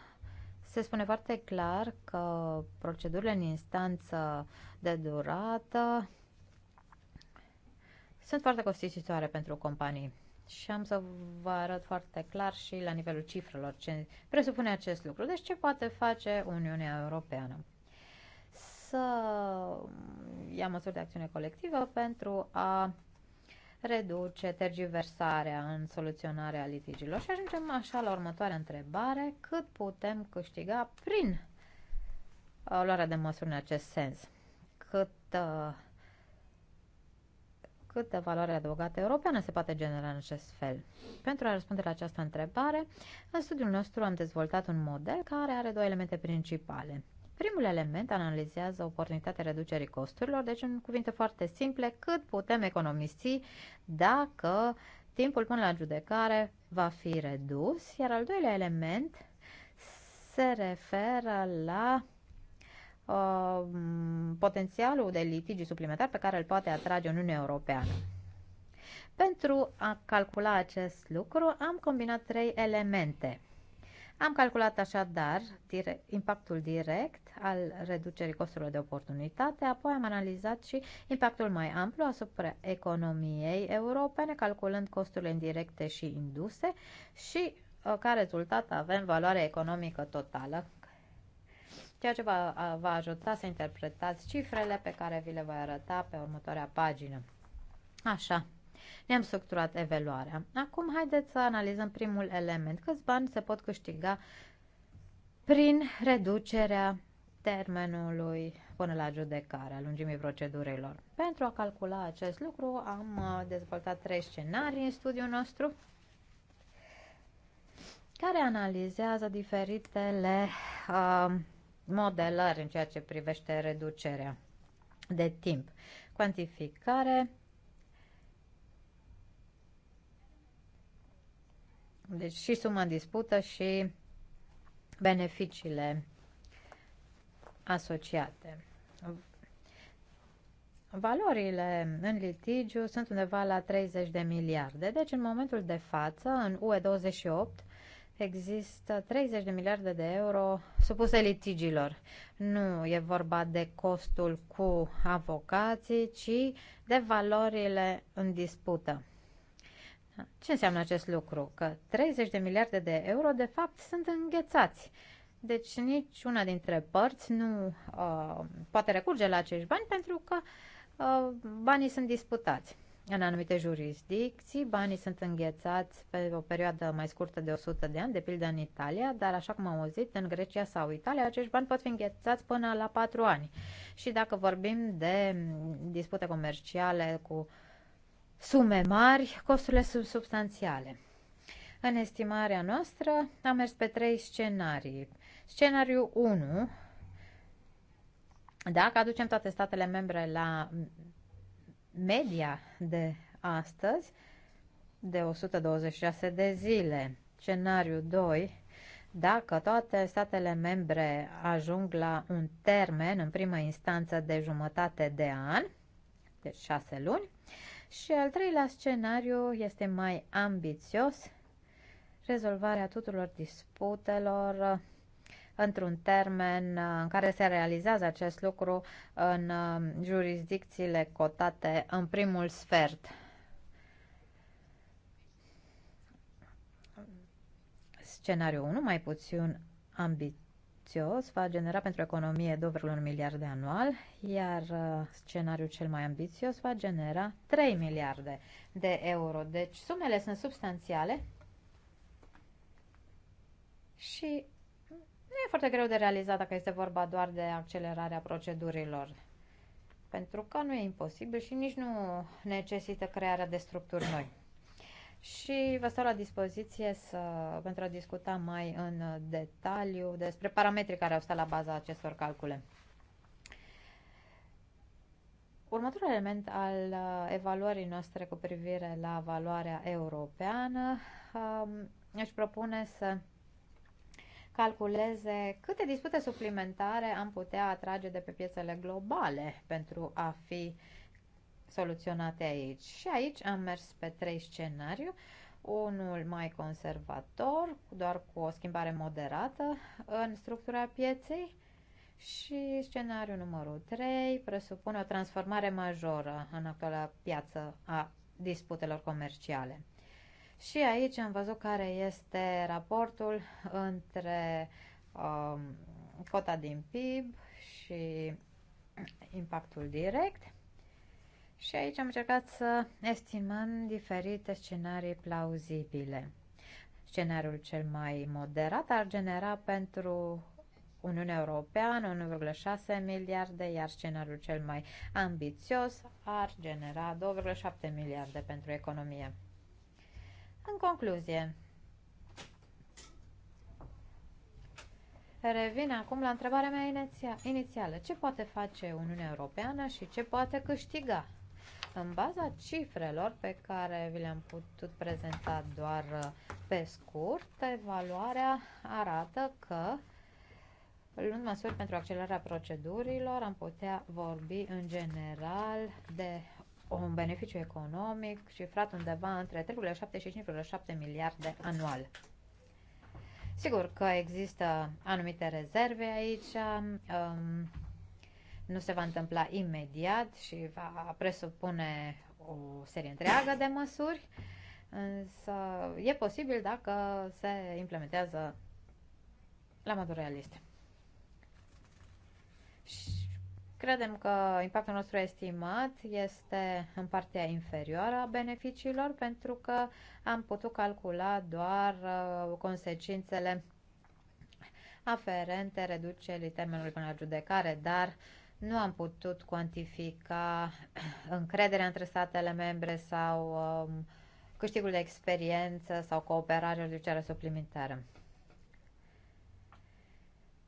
[SPEAKER 1] se spune foarte clar că procedurile în instanță de durată sunt foarte costisitoare pentru companii și am să vă arăt foarte clar și la nivelul cifrelor ce presupune acest lucru. Deci ce poate face Uniunea Europeană? Să ia măsuri de acțiune colectivă pentru a reduce tergiversarea în soluționarea litigilor. Și ajungem așa la următoarea întrebare. Cât putem câștiga prin uh, luarea de măsuri în acest sens? Cât uh, câtă valoare adăugată europeană se poate genera în acest fel. Pentru a răspunde la această întrebare, în studiul nostru am dezvoltat un model care are două elemente principale. Primul element analizează oportunitatea reducerii costurilor, deci în cuvinte foarte simple, cât putem economisi dacă timpul până la judecare va fi redus, iar al doilea element se referă la uh, potențialul de litigi suplimentar pe care îl poate atrage Uniunea Europeană. Pentru a calcula acest lucru am combinat trei elemente. Am calculat așadar direct, impactul direct al reducerii costurilor de oportunitate, apoi am analizat și impactul mai amplu asupra economiei europene, calculând costurile indirecte și induse și uh, ca rezultat avem valoarea economică totală ceea ce va, va ajuta să interpretați cifrele pe care vi le voi arăta pe următoarea pagină. Așa, ne-am structurat evaluarea. Acum haideți să analizăm primul element. Câți bani se pot câștiga prin reducerea termenului până la judecare, lungimii procedurilor. Pentru a calcula acest lucru am dezvoltat trei scenarii în studiul nostru care analizează diferitele uh, modelări în ceea ce privește reducerea de timp. Cuantificare. Deci și suma în dispută și beneficiile asociate. Valorile în litigiu sunt undeva la 30 de miliarde, deci în momentul de față, în UE28, există 30 de miliarde de euro supuse litigilor. Nu e vorba de costul cu avocații, ci de valorile în dispută. Ce înseamnă acest lucru? Că 30 de miliarde de euro, de fapt, sunt înghețați. Deci nici una dintre părți nu uh, poate recurge la acești bani pentru că uh, banii sunt disputați. În anumite jurisdicții, banii sunt înghețați pe o perioadă mai scurtă de 100 de ani, de pildă în Italia, dar așa cum am auzit, în Grecia sau Italia, acești bani pot fi înghețați până la 4 ani. Și dacă vorbim de dispute comerciale cu sume mari, costurile sunt substanțiale. În estimarea noastră am mers pe trei scenarii. Scenariul 1, dacă aducem toate statele membre la media de astăzi de 126 de zile. Scenariu 2. Dacă toate statele membre ajung la un termen în primă instanță de jumătate de an, de deci 6 luni, și al treilea scenariu este mai ambițios, rezolvarea tuturor disputelor într-un termen uh, în care se realizează acest lucru în uh, jurisdicțiile cotate în primul sfert. Scenariul 1, mai puțin ambițios, va genera pentru economie 2,1 miliarde anual, iar uh, scenariul cel mai ambițios va genera 3 miliarde de euro. Deci sumele sunt substanțiale și nu e foarte greu de realizat dacă este vorba doar de accelerarea procedurilor. Pentru că nu e imposibil și nici nu necesită crearea de structuri noi. Și vă stau la dispoziție să, pentru a discuta mai în detaliu despre parametrii care au stat la baza acestor calcule. Următorul element al uh, evaluării noastre cu privire la valoarea europeană um, își propune să calculeze câte dispute suplimentare am putea atrage de pe piețele globale pentru a fi soluționate aici. Și aici am mers pe trei scenarii unul mai conservator, doar cu o schimbare moderată în structura pieței și scenariul numărul 3 presupune o transformare majoră în acela piață a disputelor comerciale. Și aici am văzut care este raportul între um, cota din PIB și impactul direct. Și aici am încercat să estimăm diferite scenarii plauzibile. Scenariul cel mai moderat ar genera pentru Uniunea Europeană 1,6 miliarde, iar scenariul cel mai ambițios ar genera 2,7 miliarde pentru economie. În concluzie, revin acum la întrebarea mea inițială. Ce poate face Uniunea Europeană și ce poate câștiga? În baza cifrelor pe care vi le-am putut prezenta doar uh, pe scurt, evaluarea arată că luând măsuri pentru accelerarea procedurilor, am putea vorbi în general de un beneficiu economic cifrat undeva între 3,7 și 5,7 miliarde anual. Sigur că există anumite rezerve aici, um, nu se va întâmpla imediat și va presupune o serie întreagă de măsuri, însă e posibil dacă se implementează la modul realist. Și Credem că impactul nostru estimat este în partea inferioară a beneficiilor pentru că am putut calcula doar uh, consecințele aferente reducerii termenului până la judecare, dar nu am putut cuantifica încrederea între statele membre sau um, câștigul de experiență sau cooperare, reducerea suplimentară.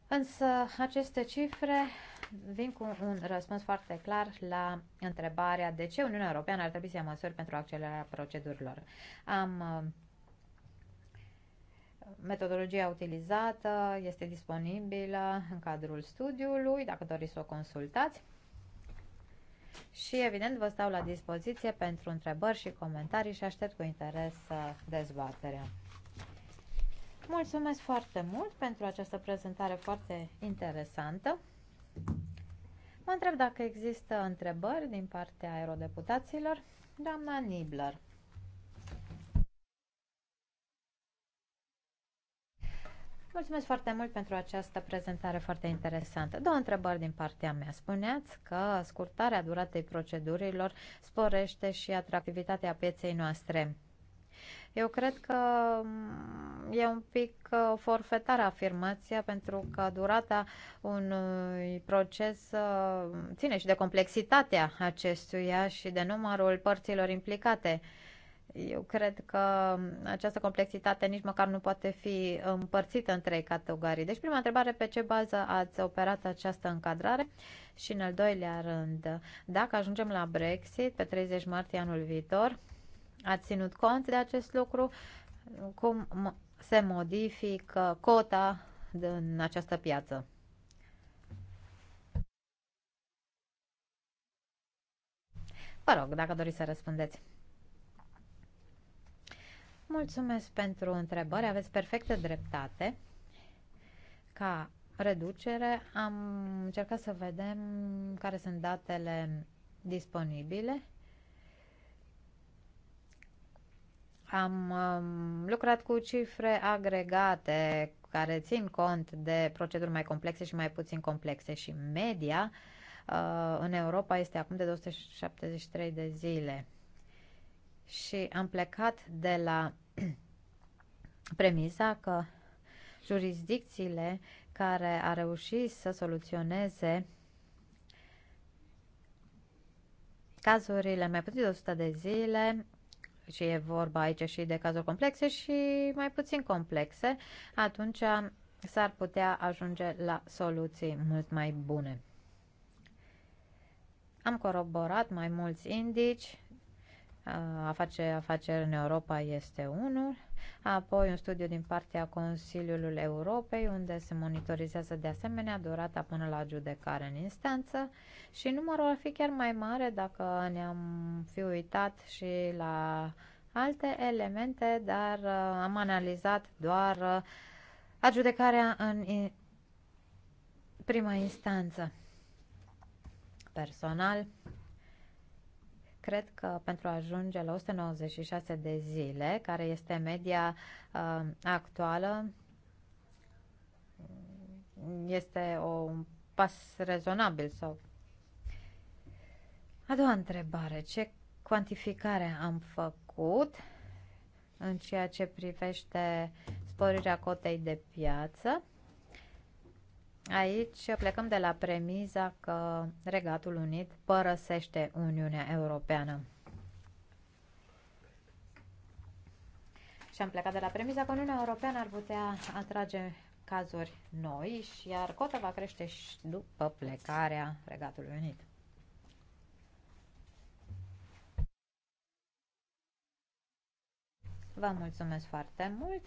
[SPEAKER 1] Însă aceste cifre vin cu un răspuns foarte clar la întrebarea de ce Uniunea Europeană ar trebui să ia măsuri pentru accelerarea procedurilor. Am uh, Metodologia utilizată este disponibilă în cadrul studiului, dacă doriți să o consultați. Și evident vă stau la dispoziție pentru întrebări și comentarii și aștept cu interes uh, dezbaterea. Mulțumesc foarte mult pentru această prezentare foarte interesantă. Mă întreb dacă există întrebări din partea aerodeputaților. Doamna Nibler. Mulțumesc foarte mult pentru această prezentare foarte interesantă. Două întrebări din partea mea. Spuneați că scurtarea duratei procedurilor sporește și atractivitatea pieței noastre. Eu cred că mm, e un pic uh, forfetară afirmația pentru că durata unui proces uh, ține și de complexitatea acestuia și de numărul părților implicate. Eu cred că mm, această complexitate nici măcar nu poate fi împărțită în trei categorii. Deci, prima întrebare, pe ce bază ați operat această încadrare? Și în al doilea rând, dacă ajungem la Brexit pe 30 martie anul viitor, Ați ținut cont de acest lucru? Cum se modifică cota în această piață? Vă rog, dacă doriți să răspundeți. Mulțumesc pentru întrebări, aveți perfectă dreptate. Ca reducere am încercat să vedem care sunt datele disponibile Am um, lucrat cu cifre agregate care țin cont de proceduri mai complexe și mai puțin complexe și media uh, în Europa este acum de 273 de zile. Și am plecat de la premisa că jurisdicțiile care a reușit să soluționeze cazurile mai puțin de 100 de zile și e vorba aici și de cazuri complexe și mai puțin complexe, atunci s-ar putea ajunge la soluții mult mai bune. Am coroborat mai mulți indici, a face afaceri în Europa este unul, apoi un studiu din partea Consiliului Europei, unde se monitorizează de asemenea durata până la judecare în instanță și numărul ar fi chiar mai mare dacă ne-am fi uitat și la alte elemente, dar uh, am analizat doar uh, adjudecarea în prima instanță. Personal, cred că pentru a ajunge la 196 de zile, care este media uh, actuală, este o, un pas rezonabil sau. A doua întrebare, ce cuantificare am făcut în ceea ce privește sporirea cotei de piață? Aici plecăm de la premiza că Regatul Unit părăsește Uniunea Europeană. Și am plecat de la premiza că Uniunea Europeană ar putea atrage cazuri noi, iar cota va crește și după plecarea Regatului Unit. Vă mulțumesc foarte mult!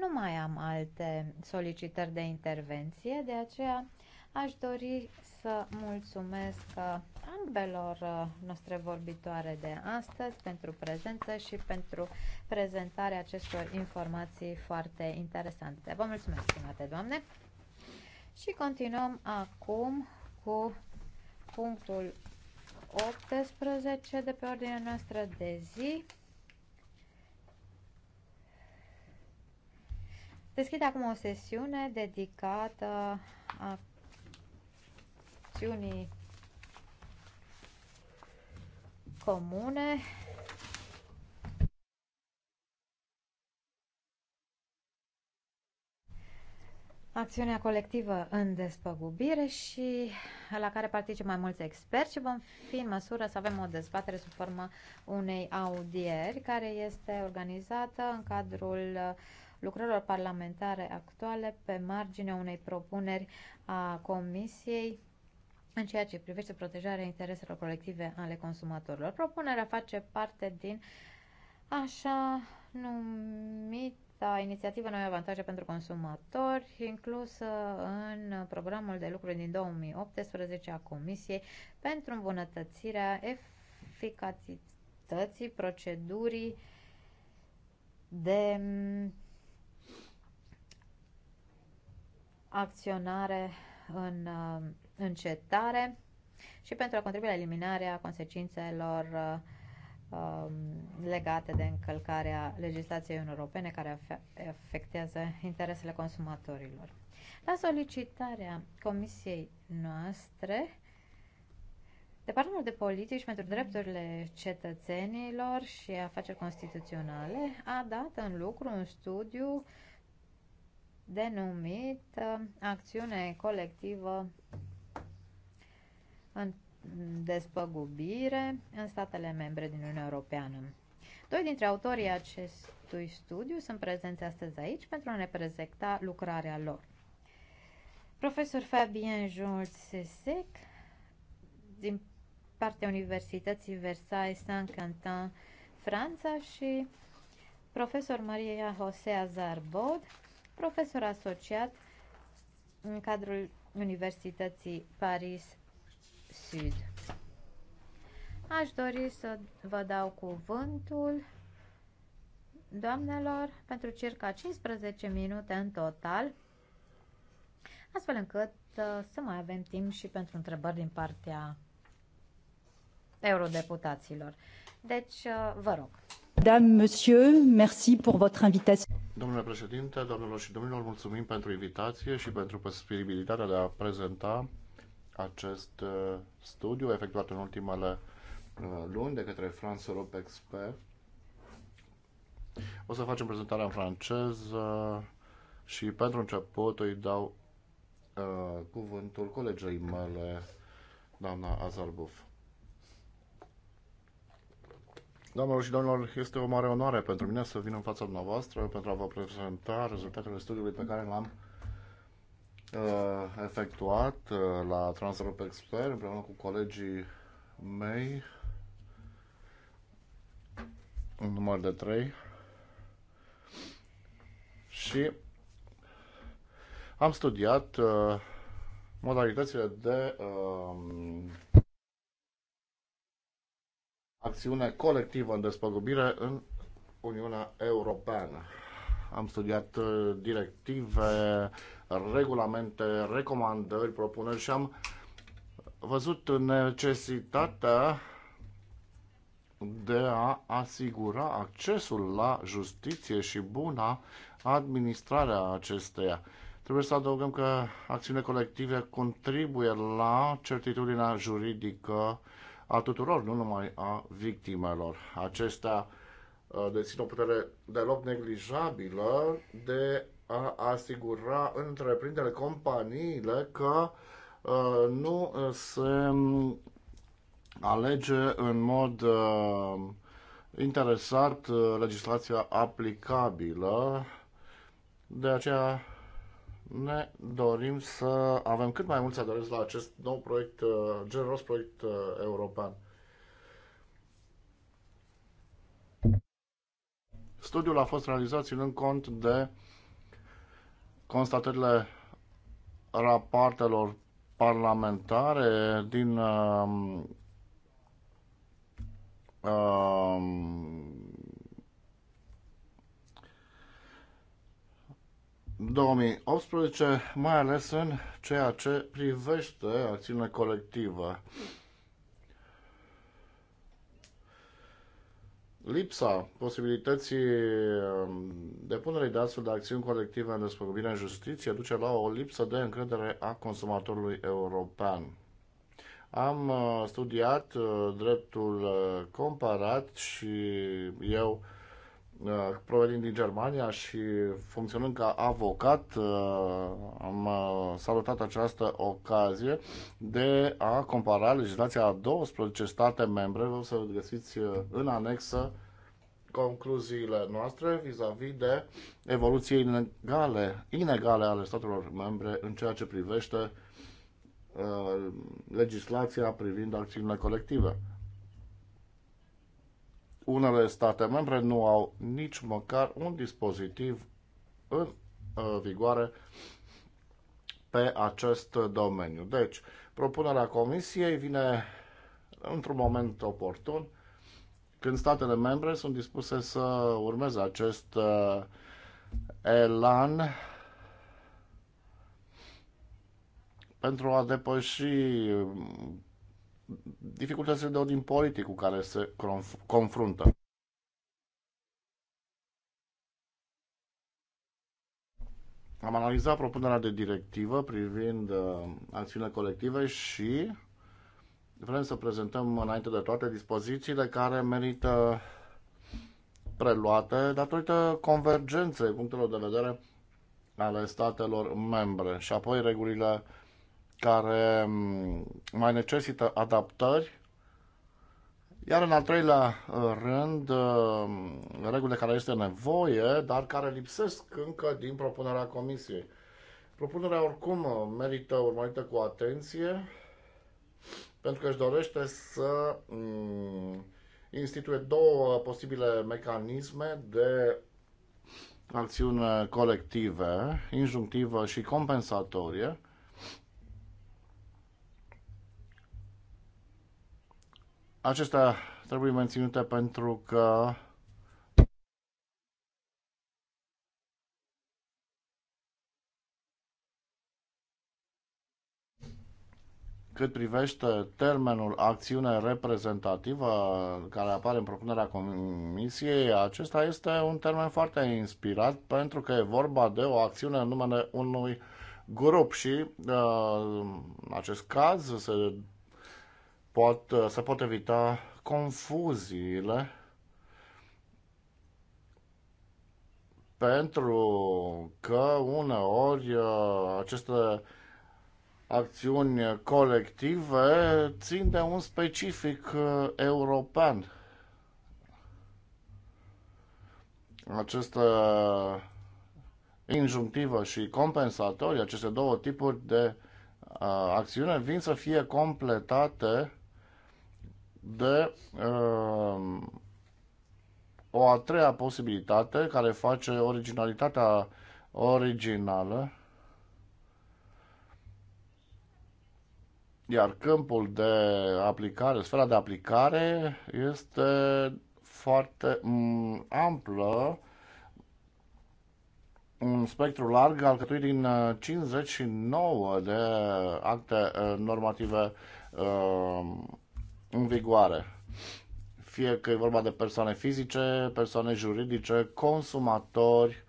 [SPEAKER 1] Nu mai am alte solicitări de intervenție, de aceea aș dori să mulțumesc ambelor noastre vorbitoare de astăzi pentru prezență și pentru prezentarea acestor informații foarte interesante. Vă mulțumesc, stimate doamne! Și continuăm acum cu punctul 18 de pe ordinea noastră de zi. Deschid acum o sesiune dedicată acțiunii comune acțiunea colectivă în despăgubire și la care participă mai mulți experți și vom fi în măsură să avem o dezbatere sub formă unei audieri care este organizată în cadrul lucrărilor parlamentare actuale pe marginea unei propuneri a Comisiei în ceea ce privește protejarea intereselor colective ale consumatorilor. Propunerea face parte din așa numita inițiativă Noi Avantaje pentru Consumatori, inclusă în programul de lucru din 2018 a Comisiei pentru îmbunătățirea eficacității procedurii de acționare în uh, încetare și pentru a contribui la eliminarea consecințelor uh, um, legate de încălcarea legislației europene care afectează interesele consumatorilor. La solicitarea comisiei noastre, Departamentul de Politici pentru Drepturile Cetățenilor și Afaceri Constituționale a dat în lucru un studiu uh, denumit uh, acțiune colectivă în despăgubire în statele membre din Uniunea Europeană. Doi dintre autorii acestui studiu sunt prezenți astăzi aici pentru a ne prezenta lucrarea lor. Profesor Fabien Jules Sesec din partea Universității Versailles Saint-Quentin, Franța și profesor Maria Josea Azarbod profesor asociat în cadrul Universității Paris Sud. Aș dori să vă dau cuvântul doamnelor pentru circa 15 minute în total, astfel încât uh, să mai avem timp și pentru întrebări din partea eurodeputaților. Deci, uh, vă rog. Madame, monsieur, merci pour votre invitation.
[SPEAKER 2] Domnule președinte, domnilor și domnilor, mulțumim pentru invitație și pentru posibilitatea de a prezenta acest uh, studiu efectuat în ultimele uh, luni de către France Europe Expert. O să facem prezentarea în franceză și pentru început îi dau uh, cuvântul colegei mele, doamna Azarbouf. Doamnelor și domnilor, este o mare onoare pentru mine să vin în fața dumneavoastră pentru a vă prezenta rezultatele studiului pe care l-am uh, efectuat uh, la Transeurope Expert împreună cu colegii mei în număr de 3 și am studiat uh, modalitățile de uh, acțiune colectivă în despăgubire în Uniunea Europeană. Am studiat uh, directive, regulamente, recomandări, propuneri și am văzut necesitatea de a asigura accesul la justiție și buna administrarea acesteia. Trebuie să adăugăm că acțiunile colective contribuie la certitudinea juridică a tuturor, nu numai a victimelor. Acestea uh, dețin o putere deloc neglijabilă de a asigura întreprinderile, companiile că uh, nu uh, se alege în mod interesat legislația aplicabilă. De aceea ne dorim să avem cât mai mulți adereți la acest nou proiect, uh, generos proiect uh, european. Studiul a fost realizat ținând cont de constatările rapoartelor parlamentare din uh, uh, 2018, mai ales în ceea ce privește acțiunea colectivă Lipsa posibilității um, depunerii de astfel de acțiuni colective în despăgubire în justiție duce la o lipsă de încredere a consumatorului european. Am uh, studiat uh, dreptul uh, comparat și eu Uh, provenind din Germania și funcționând ca avocat, uh, am uh, salutat această ocazie de a compara legislația a 12 state membre. Vă să găsiți în anexă concluziile noastre vis-a-vis -vis de evoluție inegale, inegale ale statelor membre în ceea ce privește legislația privind acțiunile colective unele state membre nu au nici măcar un dispozitiv în uh, vigoare pe acest domeniu. Deci, propunerea Comisiei vine într-un moment oportun, când statele membre sunt dispuse să urmeze acest uh, elan pentru a depăși dificultățile de ordin politic cu care se conf- confruntă. Am analizat propunerea de directivă privind uh, acțiunile colective și vrem să prezentăm înainte de toate dispozițiile care merită preluate datorită convergenței punctelor de vedere ale statelor membre și apoi regulile care mm, mai necesită adaptări. Iar în al treilea uh, rând, uh, reguli de care este nevoie, dar care lipsesc încă din propunerea Comisiei. Propunerea oricum uh, merită urmărită cu atenție, pentru că își dorește să mm, instituie două posibile mecanisme de acțiune colective, injunctivă și compensatorie, Acestea trebuie menținute pentru că cât privește termenul acțiune reprezentativă care apare în propunerea comisiei, acesta este un termen foarte inspirat pentru că e vorba de o acțiune în numele unui grup și uh, în acest caz se pot, uh, se pot evita confuziile pentru că uneori uh, aceste acțiuni colective țin de un specific uh, european. Aceste injunctivă și compensatorii, aceste două tipuri de acțiune vin să fie completate de uh, o a treia posibilitate care face originalitatea originală, iar câmpul de aplicare, sfera de aplicare este foarte mm, amplă, un spectru larg alcătuit din 59 uh, de acte uh, normative uh, în vigoare. Fie că e vorba de persoane fizice, persoane juridice, consumatori,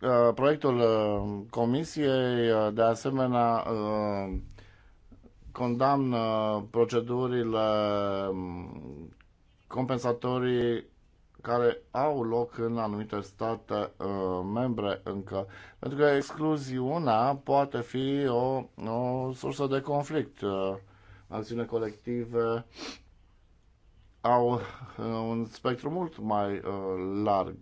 [SPEAKER 2] uh, proiectul uh, comisiei uh, de asemenea condamnă procedurile um, compensatorii care au loc în anumite state uh, membre încă. Pentru că excluziunea poate fi o, o sursă de conflict. Uh, acțiune colective au uh, un spectru mult mai uh, larg.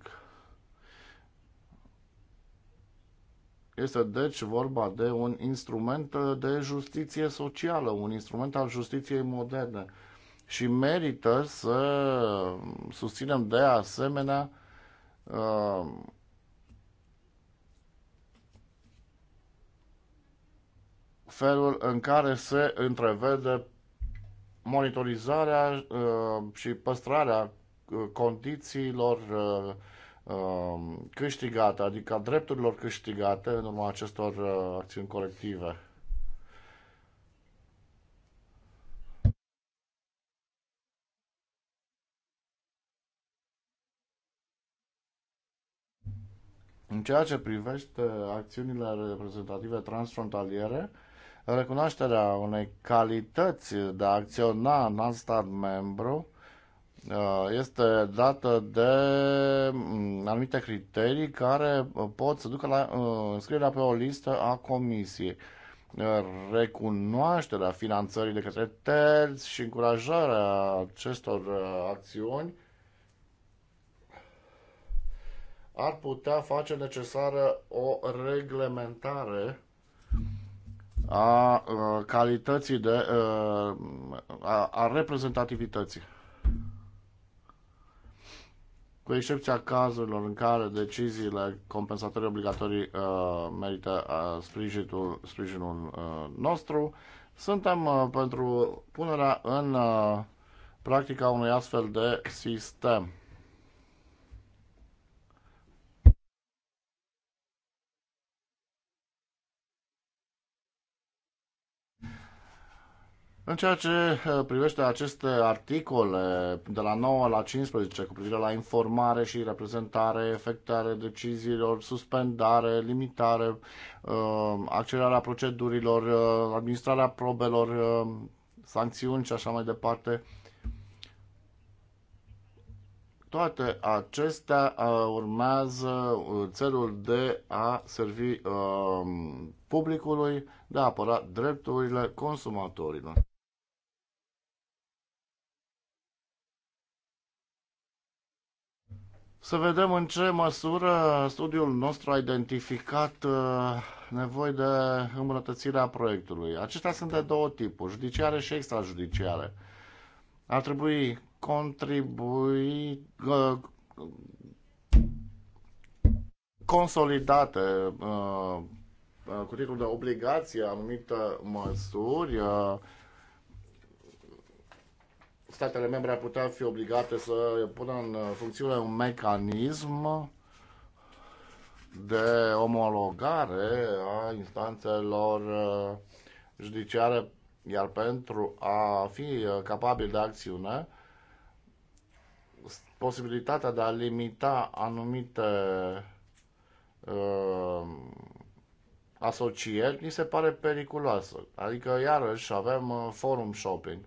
[SPEAKER 2] Este deci vorba de un instrument uh, de justiție socială, un instrument al justiției moderne. Uh, și merită să susținem de asemenea uh, felul în care se întrevede monitorizarea uh, și păstrarea uh, condițiilor uh, uh, câștigate, adică drepturilor câștigate în urma acestor uh, acțiuni colective. În ceea ce privește acțiunile reprezentative transfrontaliere, recunoașterea unei calități de a acționa în alt stat membru uh, este dată de mm, anumite criterii care pot să ducă la uh, înscrierea pe o listă a comisiei. Recunoașterea finanțării de către terți și încurajarea acestor uh, acțiuni ar putea face necesară o reglementare a calității de a, a reprezentativității. Cu excepția cazurilor în care deciziile compensatorii obligatorii uh, merită uh, sprijinul, sprijinul uh, nostru, suntem uh, pentru punerea în uh, practica unui astfel de sistem. În ceea ce eh, privește aceste articole de la 9 la 15 cu privire la informare și reprezentare, efectare deciziilor, suspendare, limitare, eh, accelerarea procedurilor, eh, administrarea probelor, sancțiuni și așa mai departe, toate acestea urmează țelul de a servi publicului, de a apăra drepturile consumatorilor. să vedem în ce măsură studiul nostru a identificat uh, nevoi de îmbunătățirea proiectului. Acestea sunt de două tipuri, judiciare și extrajudiciare. Ar trebui contribui uh, consolidate uh, cu titlul de obligație anumite măsuri uh, statele membre ar putea fi obligate să pună în funcțiune un mecanism de omologare a instanțelor uh, judiciare, iar pentru a fi uh, capabil de acțiune, posibilitatea de a limita anumite uh, asocieri mi se pare periculoasă. Adică, iarăși, avem uh, forum shopping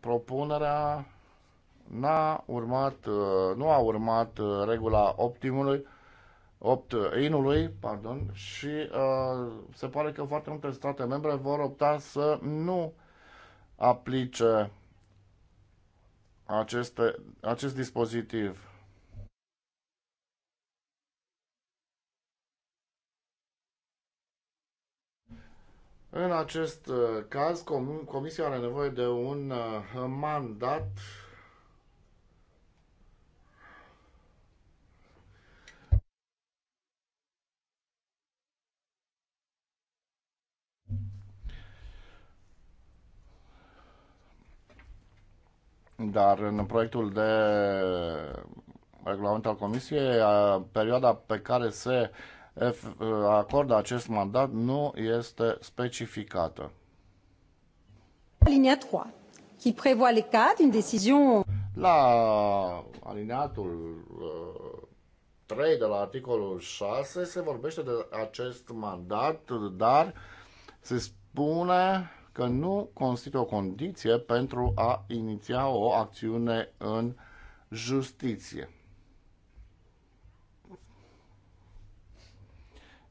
[SPEAKER 2] propunerea n-a urmat, uh, nu a urmat uh, regula optimului, opt uh, inului, pardon, și uh, se pare că foarte multe state membre vor opta să nu aplice aceste, acest dispozitiv. În acest uh, caz, Comisia are nevoie de un uh, mandat Dar în proiectul de regulament al Comisiei, uh, perioada pe care se uh, Uh, acordă acest mandat nu este specificată.
[SPEAKER 3] Linia 3, qui prévoit les cas d'une décision
[SPEAKER 2] la alineatul 3 uh, de la articolul 6 se vorbește de acest mandat, dar se spune că nu constituie o condiție pentru a iniția o acțiune în justiție.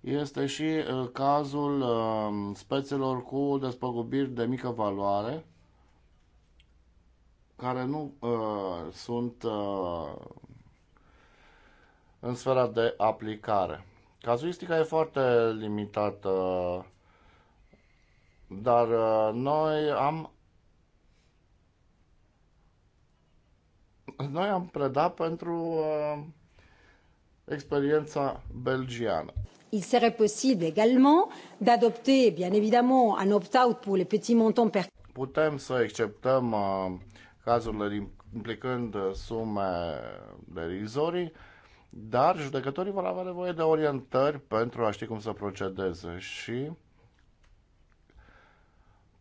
[SPEAKER 2] Este și uh, cazul uh, spețelor cu despăgubiri de mică valoare, care nu uh, sunt uh, în sfera de aplicare. Cazuistica e foarte limitată, dar uh, noi am noi am predat pentru uh, experiența belgiană. Il serait possible
[SPEAKER 1] également d'adopter, bien évidemment, un opt-out pour les petits montants per
[SPEAKER 2] Putem să acceptăm uh, cazurile implicând uh, sume derizorii, dar judecătorii vor avea nevoie de orientări pentru a ști cum să procedeze și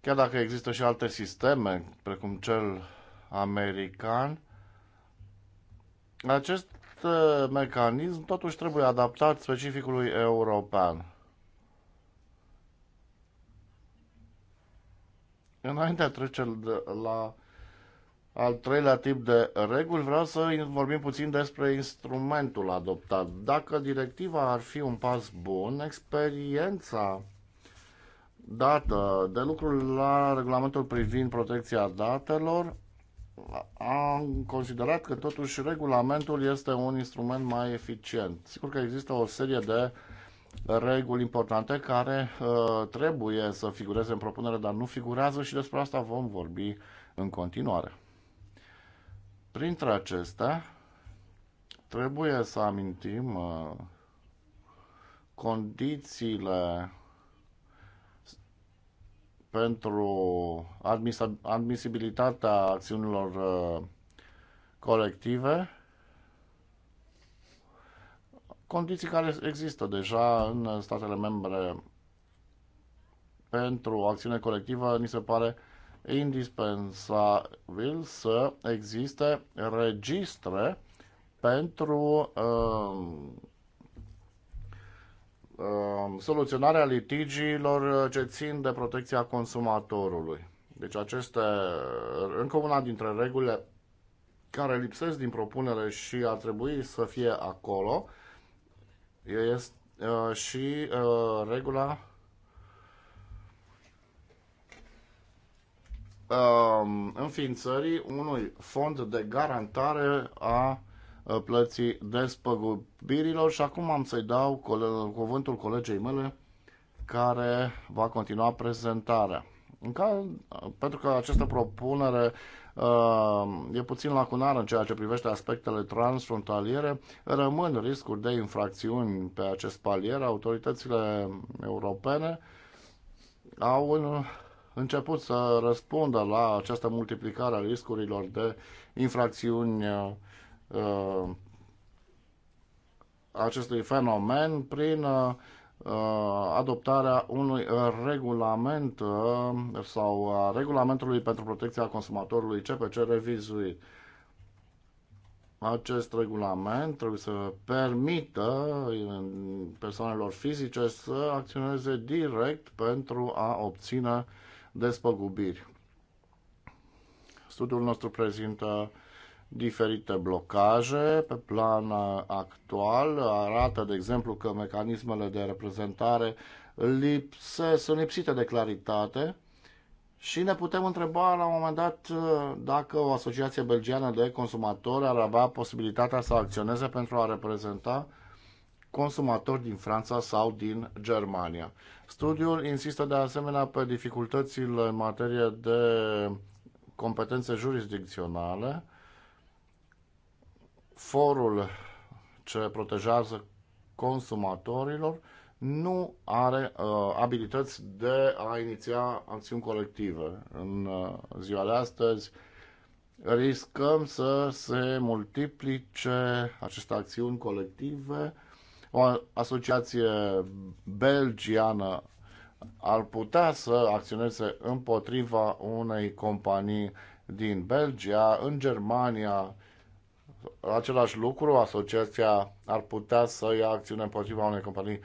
[SPEAKER 2] chiar dacă există și alte sisteme, precum cel american, acest Uh, mecanism totuși trebuie adaptat specificului european. Înainte a trece la al treilea tip de reguli, vreau să vorbim puțin despre instrumentul adoptat. Dacă directiva ar fi un pas bun, experiența dată de lucrul la regulamentul privind protecția datelor am considerat că totuși regulamentul este un instrument mai eficient. Sigur că există o serie de reguli importante care uh, trebuie să figureze în propunere, dar nu figurează și despre asta vom vorbi în continuare. Printre acestea, trebuie să amintim uh, condițiile pentru admisibilitatea acțiunilor uh, colective, condiții care există deja în statele membre pentru acțiune colectivă, mi se pare indispensabil să existe registre pentru uh, soluționarea litigiilor uh, ce țin de protecția consumatorului. Deci aceste, uh, încă una dintre regulile care lipsesc din propunere și ar trebui să fie acolo, este uh, și regula um, înființării unui fond de garantare a Uh, plății despăgubirilor și acum am să-i dau cuvântul colegei mele care va continua prezentarea. În uh, pentru că această propunere uh, e puțin lacunară în ceea ce privește aspectele transfrontaliere, rămân riscuri de infracțiuni pe acest palier. Autoritățile europene au în, început să răspundă la această multiplicare a riscurilor de infracțiuni uh, uh, acestui fenomen prin uh, uh, adoptarea unui regulament uh, sau a regulamentului pentru protecția consumatorului CPC revizuit. Acest regulament trebuie să permită persoanelor fizice să acționeze direct pentru a obține despăgubiri. Studiul nostru prezintă diferite blocaje pe plan uh, actual. Arată, de exemplu, că mecanismele de reprezentare lipse, sunt lipsite de claritate și ne putem întreba la un moment dat uh, dacă o asociație belgiană de consumatori ar avea posibilitatea să acționeze pentru a reprezenta consumatori din Franța sau din Germania. Studiul insistă de asemenea pe dificultățile în materie de competențe jurisdicționale, forul ce protejează consumatorilor nu are uh, abilități de a iniția acțiuni colective. În uh, ziua de astăzi riscăm să se multiplice aceste acțiuni colective. O asociație belgiană ar putea să acționeze împotriva unei companii din Belgia, în Germania, același lucru, asociația ar putea să ia acțiune împotriva unei companii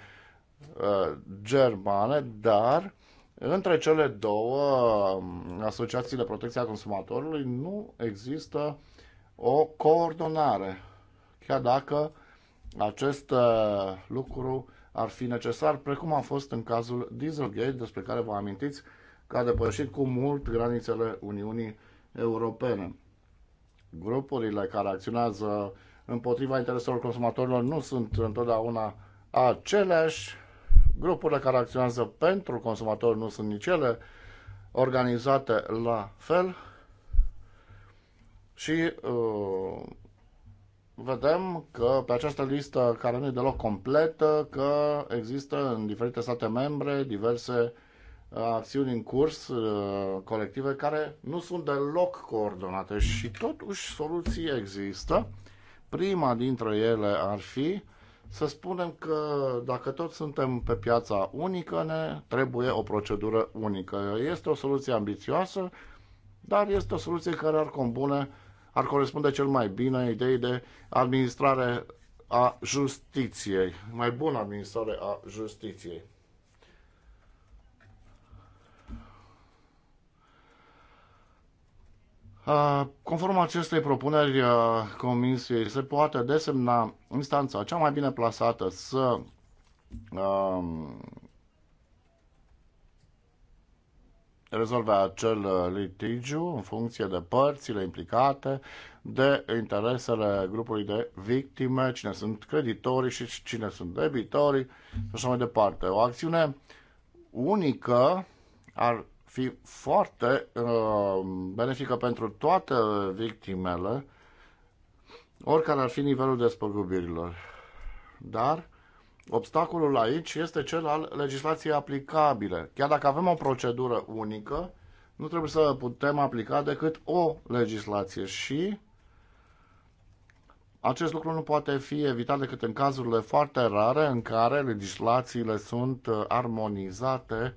[SPEAKER 2] uh, germane, dar între cele două um, asociații de protecție a consumatorului nu există o coordonare, chiar dacă acest uh, lucru ar fi necesar, precum a fost în cazul Dieselgate, despre care vă amintiți că a depășit cu mult granițele Uniunii Europene grupurile care acționează împotriva intereselor consumatorilor nu sunt întotdeauna aceleași. Grupurile care acționează pentru consumatori nu sunt nici ele organizate la fel. Și uh, vedem că pe această listă, care nu e deloc completă, că există în diferite state membre diverse uh, acțiuni în curs uh, colective care nu sunt deloc coordonate și totuși soluții există. Prima dintre ele ar fi să spunem că dacă tot suntem pe piața unică, ne trebuie o procedură unică. Este o soluție ambițioasă, dar este o soluție care ar combune, ar corespunde cel mai bine idei de administrare a justiției, mai bună administrare a justiției. Uh, conform acestei propuneri, uh, Comisiei se poate desemna instanța cea mai bine plasată să um, rezolve acel uh, litigiu în funcție de părțile implicate, de interesele grupului de victime, cine sunt creditorii și cine sunt debitorii și așa mai departe. O acțiune unică ar fi foarte uh, benefică pentru toate victimele, oricare ar fi nivelul despăgubirilor. Dar obstacolul aici este cel al legislației aplicabile. Chiar dacă avem o procedură unică, nu trebuie să putem aplica decât o legislație și acest lucru nu poate fi evitat decât în cazurile foarte rare în care legislațiile sunt uh, armonizate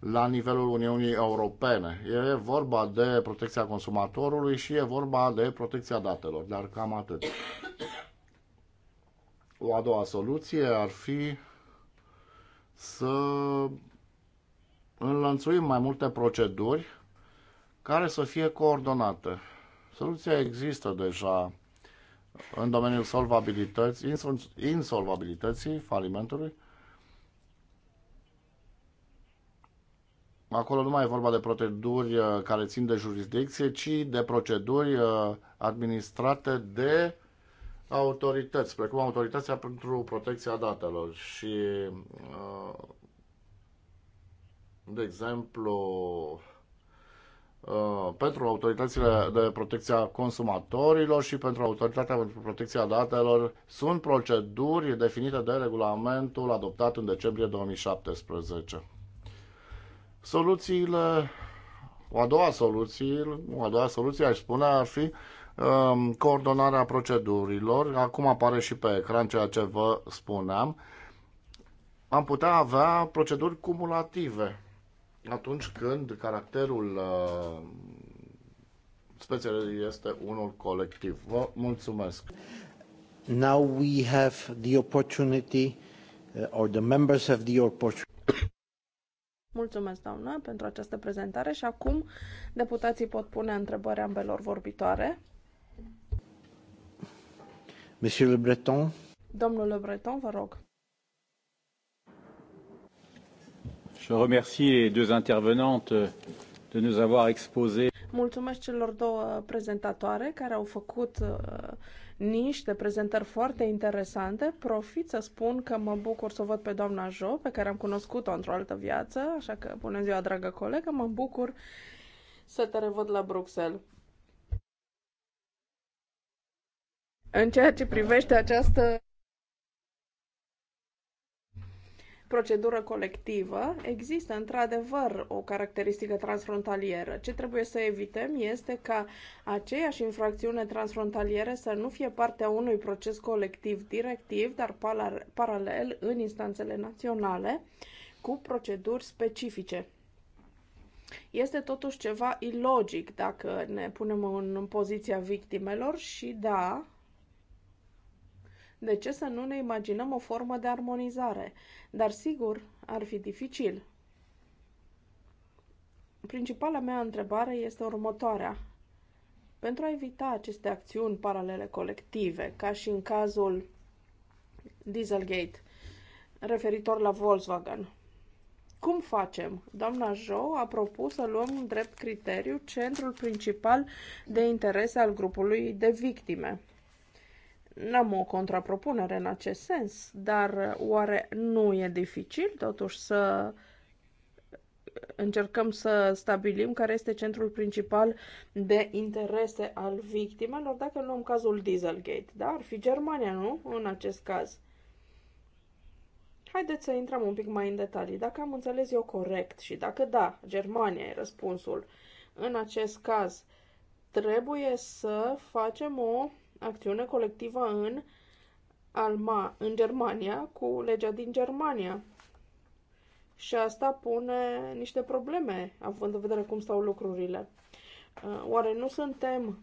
[SPEAKER 2] la nivelul Uniunii Europene. E vorba de protecția consumatorului și e vorba de protecția datelor, dar cam atât. O a doua soluție ar fi să înlănțuim mai multe proceduri care să fie coordonate. Soluția există deja în domeniul solvabilității, insolvabilității, falimentului, acolo nu mai e vorba de proceduri uh, care țin de jurisdicție, ci de proceduri uh, administrate de autorități, precum autoritatea pentru protecția datelor și uh, de exemplu pentru autoritățile de protecție a consumatorilor și pentru autoritatea pentru protecția datelor sunt proceduri definite de regulamentul adoptat în decembrie 2017. Soluțiile, o a doua soluție, o a doua soluție aș spune ar fi um, coordonarea procedurilor. Acum apare și pe ecran ceea ce vă spuneam. Am putea avea proceduri cumulative atunci când caracterul uh, speciei este unul colectiv. Vă mulțumesc. Now we have the opportunity uh, or the members have the opportunity
[SPEAKER 3] Mulțumesc, doamnă, pentru această prezentare și acum deputații pot pune întrebări ambelor vorbitoare.
[SPEAKER 2] Monsieur
[SPEAKER 1] Le Breton.
[SPEAKER 3] Domnul Le Breton, vă rog.
[SPEAKER 1] Je remercie les deux intervenantes de nous avoir exposé.
[SPEAKER 3] Mulțumesc celor două prezentatoare care au făcut uh, niște prezentări foarte interesante. Profit să spun că mă bucur să o văd pe doamna Jo, pe care am cunoscut-o într-o altă viață, așa că bună ziua, dragă colegă, mă bucur să te revăd la Bruxelles. În ceea ce privește această procedură colectivă, există într-adevăr o caracteristică transfrontalieră. Ce trebuie să evităm este ca aceeași infracțiune transfrontalieră să nu fie partea unui proces colectiv directiv, dar paralel în instanțele naționale, cu proceduri specifice. Este totuși ceva ilogic dacă ne punem în poziția victimelor și da, de ce să nu ne imaginăm o formă de armonizare? Dar sigur, ar fi dificil. Principala mea întrebare este următoarea. Pentru a evita aceste acțiuni paralele colective, ca și în cazul Dieselgate, referitor la Volkswagen, cum facem? Doamna Jo a propus să luăm drept criteriu centrul principal de interes al grupului de victime. N-am o contrapropunere în acest sens, dar oare nu e dificil totuși să încercăm să stabilim care este centrul principal de interese al victimelor, dacă luăm cazul Dieselgate. Da? Ar fi Germania, nu? În acest caz. Haideți să intrăm un pic mai în detalii. Dacă am înțeles eu corect și dacă da, Germania e răspunsul, în acest caz trebuie să facem o acțiune colectivă în Alma, în Germania, cu legea din Germania. Și asta pune niște probleme, având în vedere cum stau lucrurile. Uh, oare nu suntem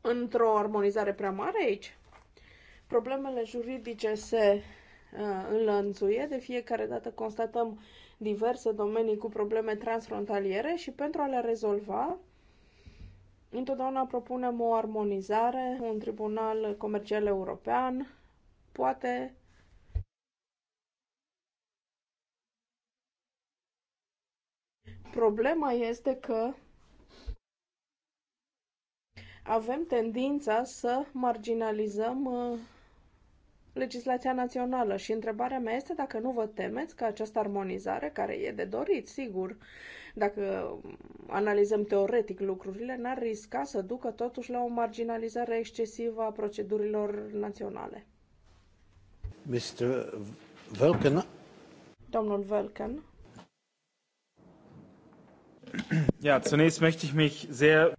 [SPEAKER 3] într-o armonizare prea mare aici? Problemele juridice se uh, înlănțuie, de fiecare dată constatăm diverse domenii cu probleme transfrontaliere și pentru a le rezolva Întotdeauna propunem o armonizare, un tribunal comercial european poate Problema este că avem tendința să marginalizăm uh, legislația națională și întrebarea mea este dacă nu vă temeți că această armonizare, care e de dorit, sigur, dacă analizăm teoretic lucrurile, n-ar risca să ducă totuși la o marginalizare excesivă a procedurilor naționale.
[SPEAKER 1] Mr.
[SPEAKER 2] Velken.
[SPEAKER 3] Domnul Velken.
[SPEAKER 2] Ja, zunächst möchte ich mich sehr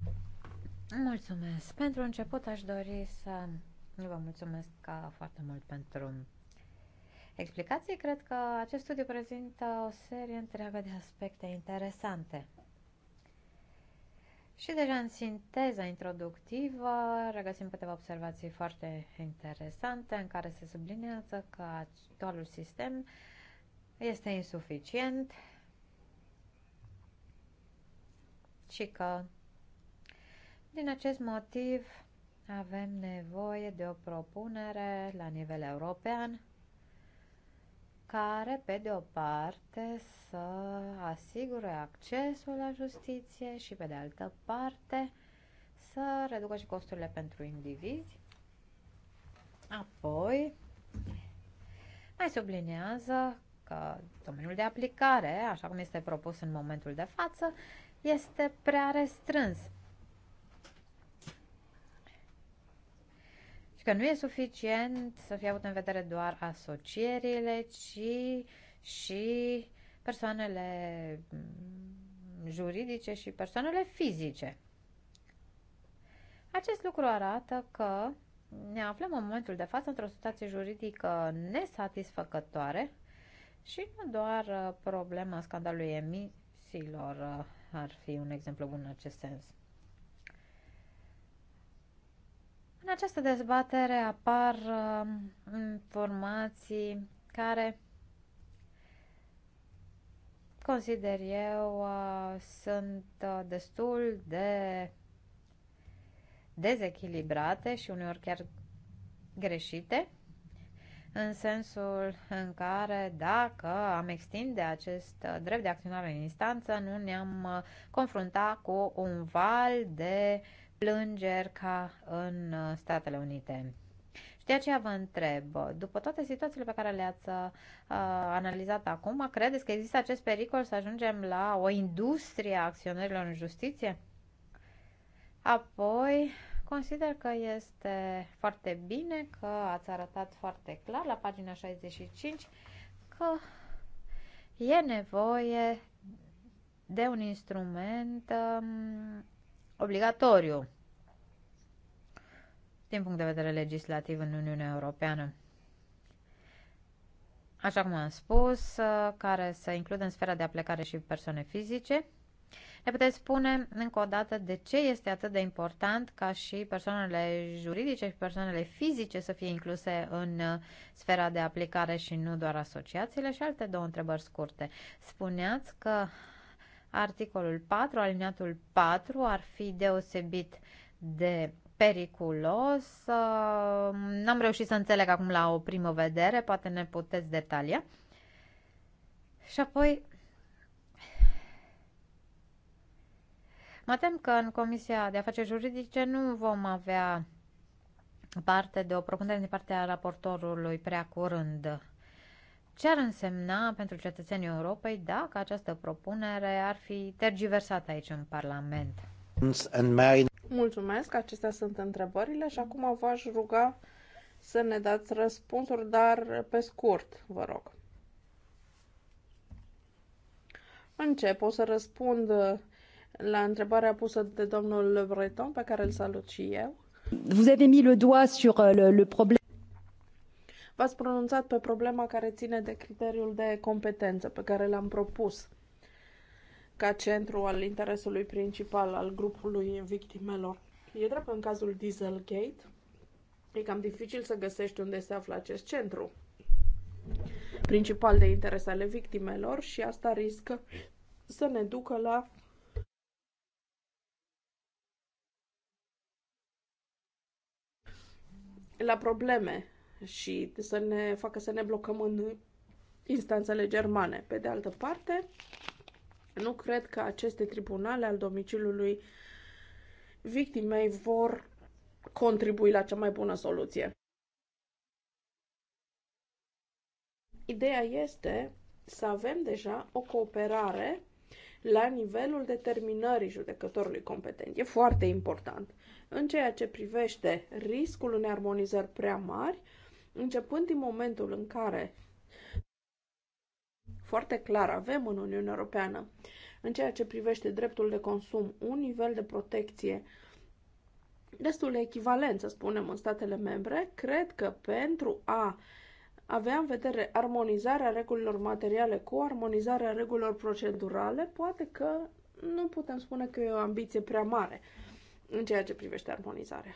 [SPEAKER 3] Mulțumesc. Pentru început aș
[SPEAKER 1] dori să Vă mulțumesc foarte mult pentru explicații. Cred că acest studiu prezintă o serie întreagă de aspecte interesante. Și deja în sinteza introductivă regăsim câteva observații foarte interesante în care se sublinează că actualul sistem este insuficient și că din acest motiv avem nevoie de o propunere la nivel european care, pe de o parte, să asigure accesul la justiție și, pe de altă parte, să reducă și costurile pentru indivizi. Apoi, mai sublinează că domeniul de aplicare, așa cum este propus în momentul de față, este prea restrâns și că nu e suficient să fie avut în vedere doar asocierile, ci și persoanele mm, juridice și persoanele fizice. Acest lucru arată că ne aflăm în momentul de față într-o situație juridică nesatisfăcătoare și nu doar uh, problema scandalului emisiilor uh, ar fi un exemplu bun în acest sens. În această dezbatere apar uh, informații care consider eu uh, sunt uh, destul de dezechilibrate și uneori chiar greșite în sensul în care dacă am extinde acest uh, drept de acționare în instanță, nu ne-am uh, confrunta cu un val de uh, plângeri ca în uh, Statele Unite. Și de aceea vă întreb, uh, după toate situațiile pe care le-ați uh, analizat acum, credeți că există acest pericol să ajungem la o industrie a acționerilor în justiție? Apoi, consider că este foarte bine că ați arătat foarte clar la pagina 65 că e nevoie de un instrument um, obligatoriu din punct de vedere legislativ în Uniunea Europeană. Așa cum am spus, uh, care să includă în sfera de aplicare și persoane fizice. Ne puteți spune încă o dată de ce este atât de important ca și persoanele juridice și persoanele fizice să fie incluse în uh, sfera de aplicare și nu doar asociațiile? Și alte două întrebări scurte. Spuneați că Articolul 4, aliniatul 4, ar fi deosebit de periculos. Uh, n-am reușit să înțeleg acum la o primă vedere, poate ne puteți detalia. Și apoi Mă tem că în Comisia de Afaceri Juridice nu vom avea parte de o propunere din partea raportorului prea curând. Ce ar însemna pentru cetățenii Europei dacă această propunere ar fi tergiversată
[SPEAKER 3] aici în Parlament? Mulțumesc, acestea sunt întrebările și acum v-aș ruga să ne dați răspunsuri, dar pe scurt, vă rog. Încep, o să răspund la întrebarea pusă de domnul Le Breton, pe care îl salut și eu.
[SPEAKER 1] Vous avez mis le doigt sur euh, le, le problème.
[SPEAKER 3] V-ați pronunțat pe problema care ține de criteriul de competență pe care l-am propus ca centru al interesului principal al grupului victimelor. E drept în cazul Dieselgate e cam dificil să găsești unde se află acest centru principal de interes ale victimelor și asta riscă să ne ducă la la probleme și să ne facă să ne blocăm în instanțele germane. Pe de altă parte, nu cred că aceste tribunale al domiciliului victimei vor contribui la cea mai bună soluție. Ideea este să avem deja o cooperare la nivelul determinării judecătorului competent. E foarte important. În ceea ce privește riscul unei armonizări prea mari, Începând din momentul în care foarte clar avem în Uniunea Europeană, în ceea ce privește dreptul de consum, un nivel de protecție destul de echivalent, să spunem, în statele membre, cred că pentru a avea în vedere armonizarea regulilor materiale cu armonizarea regulilor procedurale, poate că nu putem spune că e o ambiție prea mare în ceea ce privește armonizarea.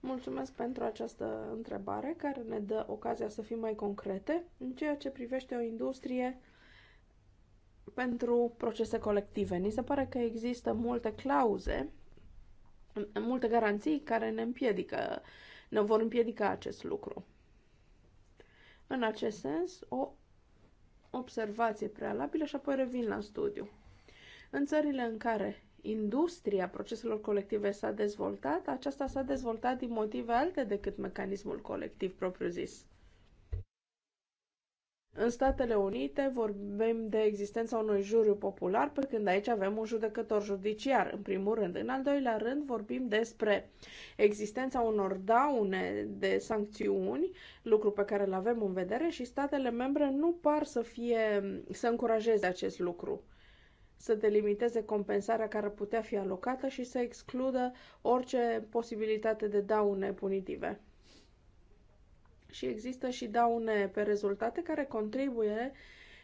[SPEAKER 3] Mulțumesc pentru această întrebare care ne dă ocazia să fim mai concrete în ceea ce privește o industrie pentru procese colective. Ni se pare că există multe clauze, multe garanții care ne împiedică, ne vor împiedica acest lucru. În acest sens, o observație prealabilă și apoi revin la studiu. În țările în care industria proceselor colective s-a dezvoltat, aceasta s-a dezvoltat din motive alte decât mecanismul colectiv propriu-zis. În Statele Unite vorbim de existența unui juriu popular, pe când aici avem un judecător judiciar, în primul rând. În al doilea rând vorbim despre existența unor daune de sancțiuni, lucru pe care îl avem în vedere și statele membre nu par să fie să încurajeze acest lucru să delimiteze compensarea care putea fi alocată și să excludă orice posibilitate de daune punitive. Și există și daune pe rezultate care contribuie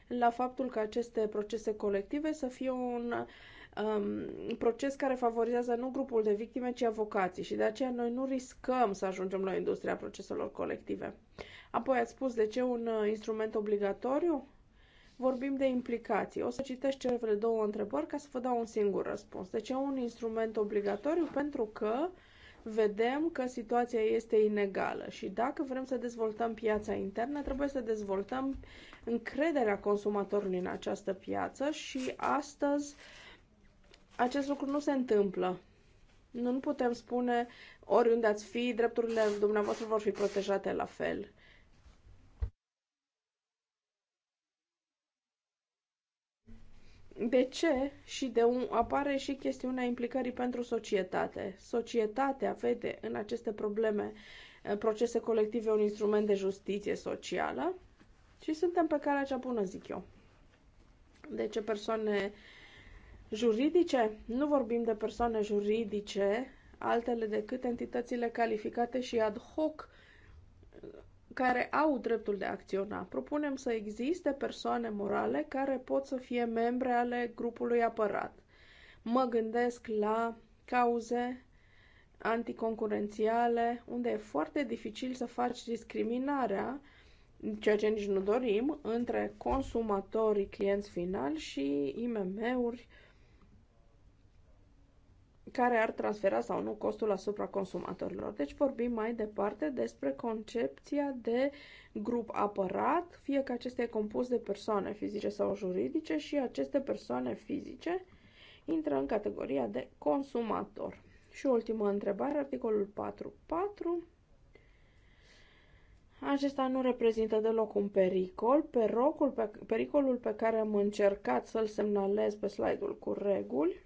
[SPEAKER 3] la faptul că aceste procese colective să fie un um, proces care favorizează nu grupul de victime, ci avocații și de aceea noi nu riscăm să ajungem la industria proceselor colective. Apoi ați spus de ce un uh, instrument obligatoriu? vorbim de implicații. O să citesc cele două întrebări ca să vă dau un singur răspuns. Deci e un instrument obligatoriu pentru că vedem că situația este inegală și dacă vrem să dezvoltăm piața internă, trebuie să dezvoltăm încrederea consumatorului în această piață și astăzi acest lucru nu se întâmplă. Nu, nu putem spune oriunde ați fi, drepturile dumneavoastră vor fi protejate la fel. de ce și de un, apare și chestiunea implicării pentru societate. Societatea vede în aceste probleme, eh, procese colective, un instrument de justiție socială și suntem pe calea cea bună, zic eu. De ce persoane juridice? Nu vorbim de persoane juridice, altele decât entitățile calificate și ad hoc care au dreptul de a acționa. Propunem să existe persoane morale care pot să fie membre ale grupului apărat. Mă gândesc la cauze anticoncurențiale, unde e foarte dificil să faci discriminarea, ceea ce nici nu dorim, între consumatorii, clienți finali și IMM-uri, care ar transfera sau nu costul asupra consumatorilor. Deci vorbim mai departe despre concepția de grup apărat, fie că acesta e compus de persoane fizice sau juridice și aceste persoane fizice intră în categoria de consumator. Și ultima întrebare, articolul 4.4. Acesta nu reprezintă deloc un pericol. Perocul pe, pericolul pe care am încercat să-l semnalez pe slide-ul cu reguli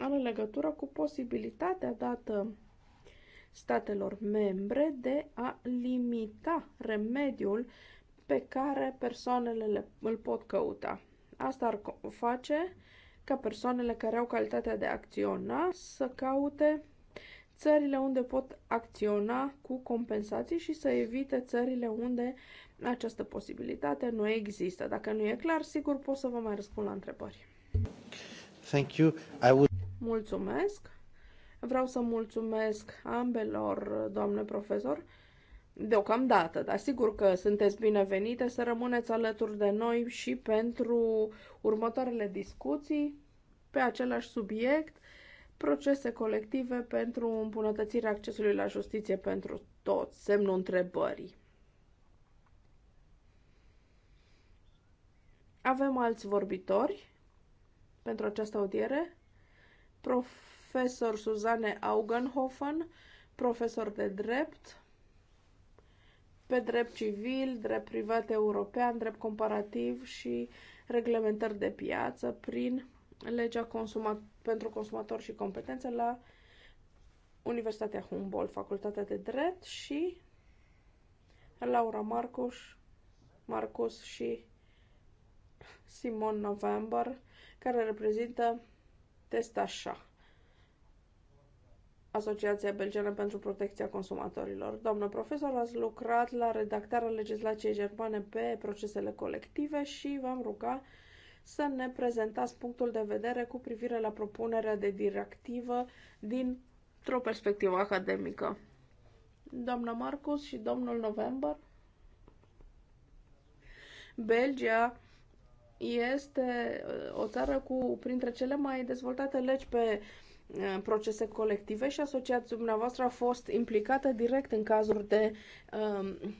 [SPEAKER 3] are legătură cu posibilitatea dată statelor membre de a limita remediul pe care persoanele le, îl pot căuta. Asta ar face ca persoanele care au calitatea de a acționa să caute țările unde pot acționa cu compensații și să evite țările unde această posibilitate nu există. Dacă nu e clar, sigur pot să vă mai răspund la întrebări.
[SPEAKER 2] Thank you. I would...
[SPEAKER 3] Mulțumesc! Vreau să mulțumesc ambelor, doamne profesor, deocamdată, dar sigur că sunteți binevenite să rămâneți alături de noi și pentru următoarele discuții pe același subiect, procese colective pentru îmbunătățirea accesului la justiție pentru toți, semnul întrebării. Avem alți vorbitori pentru această audiere? profesor Suzanne Augenhofen, profesor de drept, pe drept civil, drept privat european, drept comparativ și reglementări de piață prin legea consuma- pentru consumator și competențe la Universitatea Humboldt, Facultatea de Drept și Laura Marcus, Marcus și Simon November, care reprezintă test așa. Asociația Belgiană pentru Protecția Consumatorilor. Doamnă profesor, ați lucrat la redactarea legislației germane pe procesele colective și v-am ruga să ne prezentați punctul de vedere cu privire la propunerea de directivă dintr-o perspectivă academică. Doamna Marcus și domnul November, Belgia este uh, o țară cu printre cele mai dezvoltate legi pe uh, procese colective și asociația dumneavoastră a fost implicată direct în cazuri de um,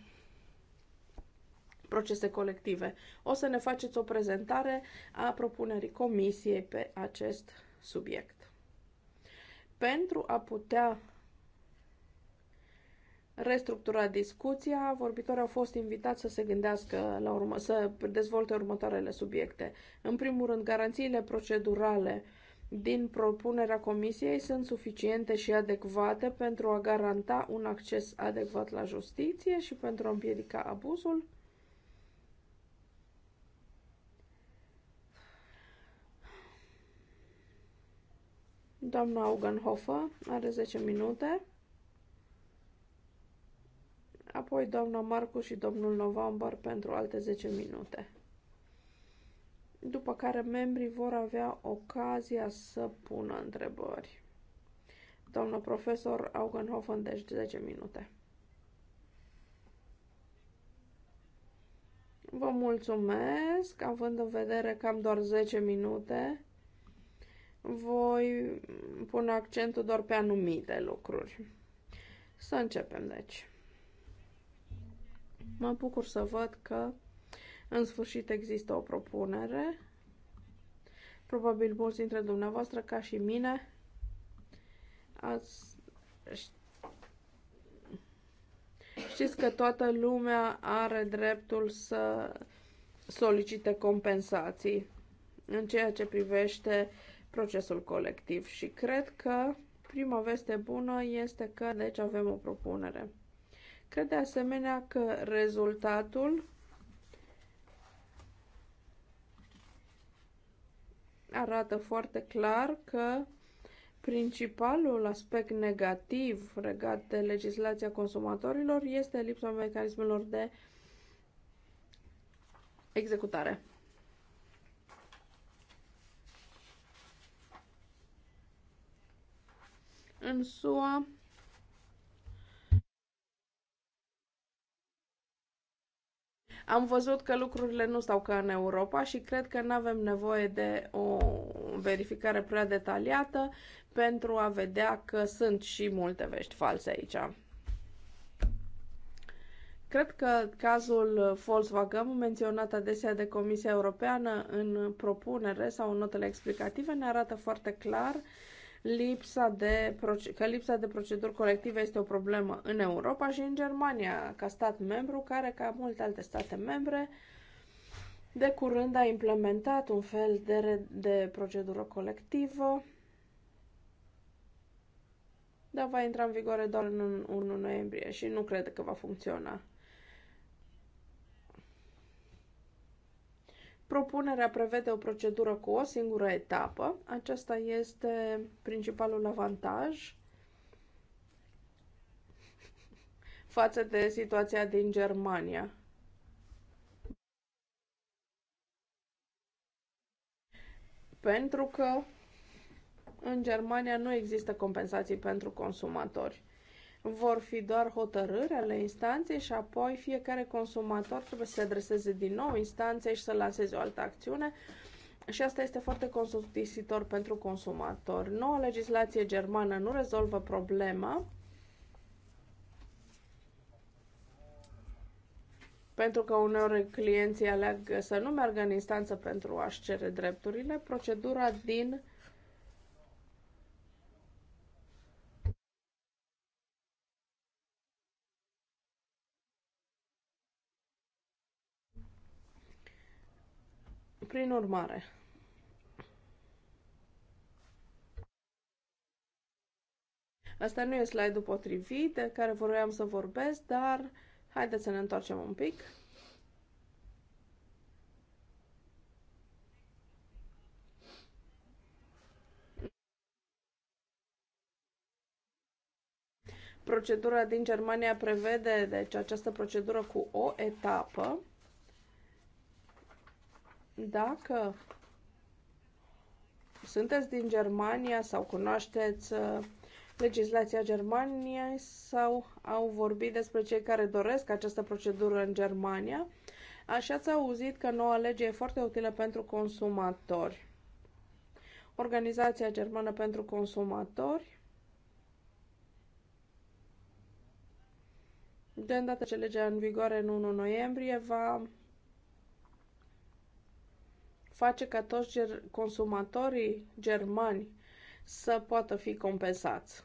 [SPEAKER 3] procese colective. O să ne faceți o prezentare a propunerii comisiei pe acest subiect. Pentru a putea restructurat discuția, vorbitorii au fost invitați să se gândească la urmă, să dezvolte următoarele subiecte. În primul rând, garanțiile procedurale din propunerea comisiei sunt suficiente și adecvate pentru a garanta un acces adecvat la justiție și pentru a împiedica abuzul. Doamna Augenhofer are 10 minute apoi doamna Marcu și domnul November pentru alte 10 minute. După care membrii vor avea ocazia să pună întrebări. Doamna profesor Augenhofen, deci 10 minute. Vă mulțumesc, având în vedere că am doar 10 minute, voi pune accentul doar pe anumite lucruri. Să începem, deci. Mă bucur să văd că în sfârșit există o propunere. Probabil mulți dintre dumneavoastră, ca și mine, ați... Știți că toată lumea are dreptul să solicite compensații în ceea ce privește procesul colectiv și cred că prima veste bună este că deci avem o propunere. Cred de asemenea că rezultatul arată foarte clar că principalul aspect negativ legat de legislația consumatorilor este lipsa mecanismelor de executare. În SUA, Am văzut că lucrurile nu stau ca în Europa și cred că nu avem nevoie de o verificare prea detaliată pentru a vedea că sunt și multe vești false aici. Cred că cazul Volkswagen, menționat adesea de Comisia Europeană în propunere sau în notele explicative, ne arată foarte clar uh, lipsa de, că lipsa de proceduri colective este o problemă în Europa și în Germania, ca stat membru, care, ca multe alte state membre, de curând a implementat un fel de, de procedură colectivă, dar va intra în vigoare doar în 1 noiembrie și nu cred că va funcționa. Propunerea prevede o procedură cu o singură etapă. Acesta este principalul avantaj față de situația din Germania. Pentru că în Germania nu există compensații pentru consumatori vor fi doar hotărâri ale instanței și apoi fiecare consumator trebuie să se adreseze din nou instanței și să lanseze o altă acțiune. Și asta este foarte costisitor pentru consumator. Noua legislație germană nu rezolvă problema, pentru că uneori clienții aleg să nu meargă în instanță pentru a-și cere drepturile, procedura din Prin urmare, Asta nu e slide-ul potrivit de care vroiam să vorbesc, dar haideți să ne întoarcem un pic. Procedura din Germania prevede deci această procedură cu o etapă dacă sunteți din Germania sau cunoașteți uh, legislația Germaniei sau au vorbit despre cei care doresc această procedură în Germania, așa ați auzit că noua lege e foarte utilă pentru consumatori. Organizația Germană pentru Consumatori de îndată ce legea în vigoare în 1 noiembrie va face ca toți ger- consumatorii germani să poată fi compensați.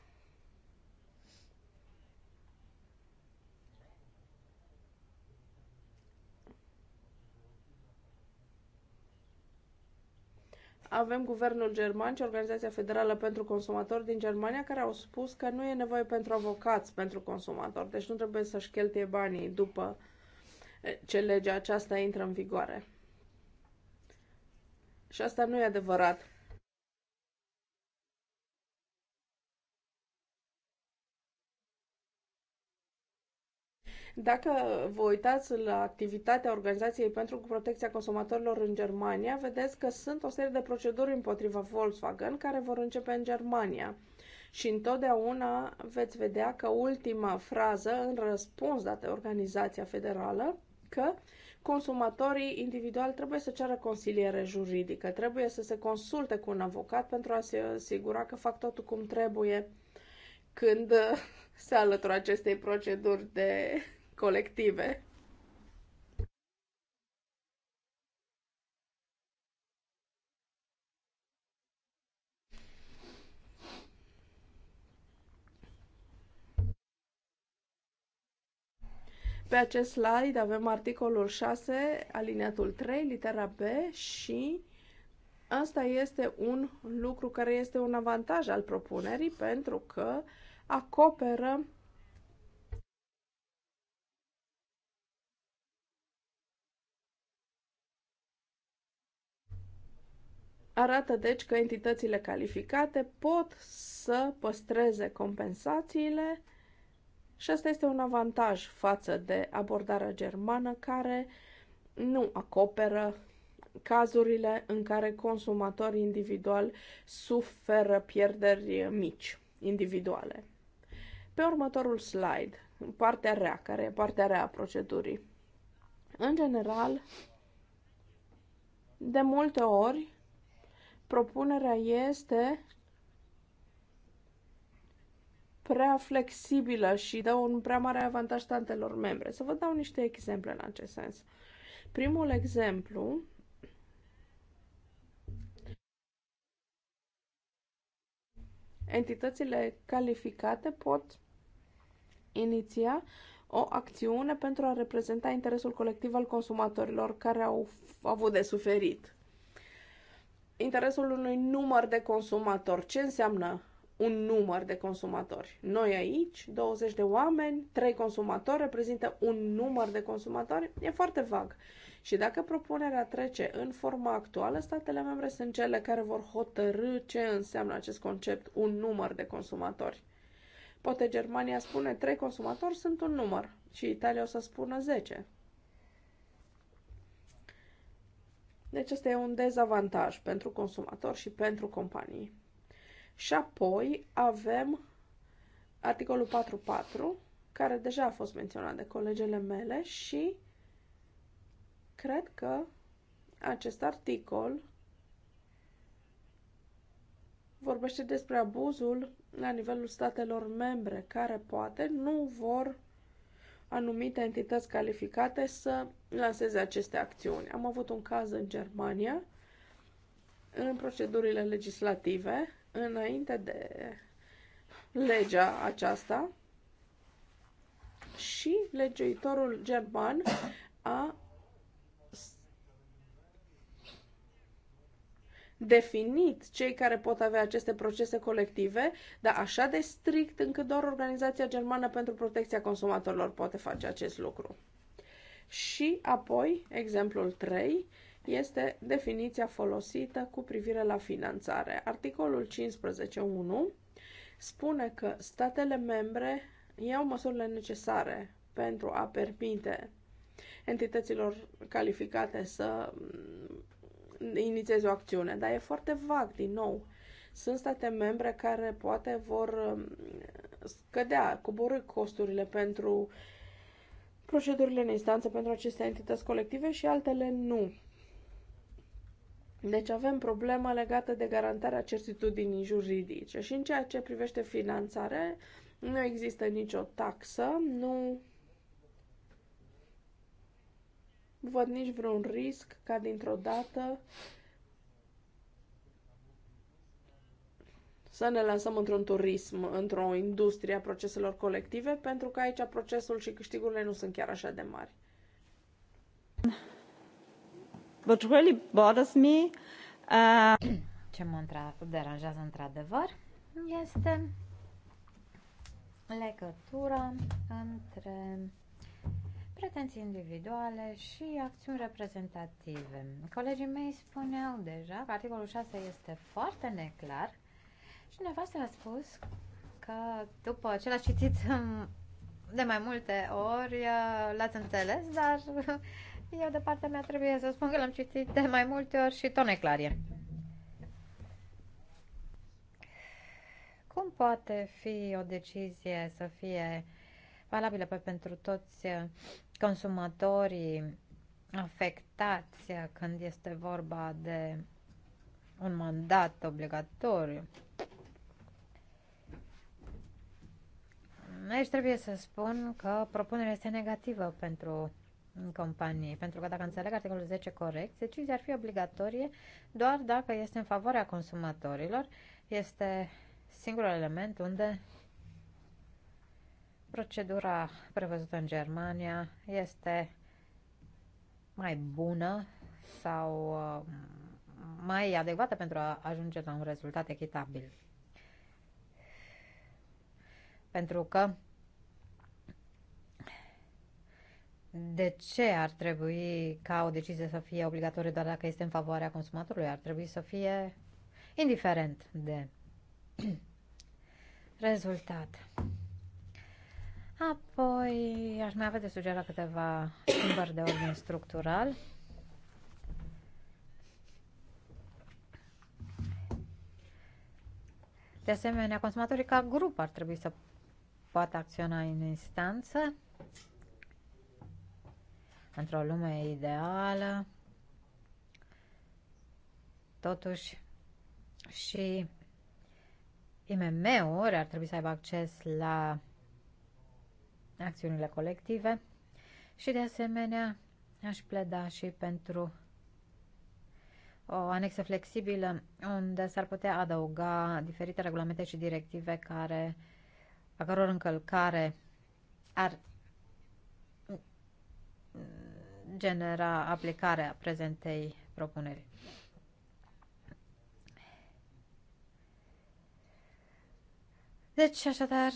[SPEAKER 3] avem guvernul german și Organizația Federală pentru Consumatori din Germania care au spus că nu e nevoie pentru avocați pentru consumatori, deci nu trebuie să-și cheltuie banii după ce legea aceasta intră în vigoare. Și asta nu e adevărat. Dacă vă uitați la activitatea Organizației pentru Protecția Consumatorilor în Germania, vedeți că sunt o serie de proceduri împotriva Volkswagen care vor începe în Germania. Și întotdeauna veți vedea că ultima frază în răspuns dată organizația federală că uh, consumatorii individuali trebuie să ceară consiliere juridică, trebuie să se consulte cu un avocat pentru a se asigura că fac totul cum trebuie când se alătură acestei proceduri de colective. Pe acest slide avem articolul 6, aliniatul 3, litera B și asta este un lucru care este un avantaj al propunerii pentru că acoperă Arată deci că entitățile calificate pot să păstreze compensațiile și asta este un avantaj față de abordarea germană care nu acoperă cazurile în care consumatorii individual suferă pierderi mici, individuale. Pe următorul slide, partea rea, care e partea rea a procedurii. În general, de multe ori, propunerea este prea flexibilă și dă un prea mare avantaj statelor membre. Să vă dau niște exemple în acest sens. Primul exemplu entitățile calificate pot iniția o acțiune pentru a reprezenta interesul colectiv al consumatorilor care au avut de suferit. Interesul unui număr de consumatori. Ce înseamnă un număr de consumatori. Noi aici, 20 de oameni, 3 consumatori reprezintă un număr de consumatori, e foarte vag. Și dacă propunerea trece în forma actuală, statele membre sunt cele care vor hotărâ ce înseamnă acest concept un număr de consumatori. Poate Germania spune 3 consumatori sunt un număr și Italia o să spună 10. Deci asta e un dezavantaj pentru consumator și pentru companii. Și apoi avem articolul 4.4, care deja a fost menționat de colegele mele și cred că acest articol vorbește despre abuzul la nivelul statelor membre care poate nu vor anumite entități calificate să lanseze aceste acțiuni. Am avut un caz în Germania, în procedurile legislative, înainte de legea aceasta și legiuitorul german a definit cei care pot avea aceste procese colective, dar așa de strict încât doar Organizația Germană pentru Protecția Consumatorilor poate face acest lucru. Și apoi, exemplul 3, este definiția folosită cu privire la finanțare. Articolul 15.1 spune că statele membre iau măsurile necesare pentru a permite entităților calificate să mm, inițieze o acțiune, dar e foarte vag din nou. Sunt state membre care poate vor mm, scădea, coborâ costurile pentru procedurile în instanță pentru aceste entități colective și altele nu. Deci avem problema legată de garantarea certitudinii juridice și în ceea ce privește finanțare nu există nicio taxă, nu văd nici vreun risc ca dintr-o dată să ne lansăm într-un turism, într-o industrie a proceselor colective, pentru că aici procesul și câștigurile nu sunt chiar așa de mari. What really bothers me...
[SPEAKER 1] Uh... Ce mă deranjează într-adevăr este legătura între pretenții individuale și acțiuni reprezentative. Colegii mei spuneau deja că articolul 6 este foarte neclar și nevastă a spus că după ce l-ați citit de mai multe ori uh, l-ați înțeles, dar eu de partea mea trebuie să spun că l-am citit de mai multe ori și tot neclar e. Cum poate fi o decizie să fie valabilă pe pentru toți consumatorii afectați când este vorba de un mandat obligatoriu? Aici trebuie să spun că propunerea este negativă pentru în companie. Pentru că dacă înțeleg articolul 10 corect, decizia ar fi obligatorie doar dacă este în favoarea consumatorilor. Este singurul element unde procedura prevăzută în Germania este mai bună sau uh, mai adecvată pentru a ajunge la un rezultat echitabil. Pentru că de ce ar trebui ca o decizie să fie obligatorie doar dacă este în favoarea consumatorului? Ar trebui să fie indiferent de rezultat. Apoi aș mai avea de sugerat câteva schimbări de ordin structural. De asemenea, consumatorii ca grup ar trebui să poată acționa în instanță într-o lume ideală, totuși și IMM-uri ar trebui să aibă acces la acțiunile colective și de asemenea aș pleda și pentru o anexă flexibilă unde s-ar putea adăuga diferite regulamente și directive care, a căror încălcare ar genera aplicarea prezentei propuneri. Deci, așadar,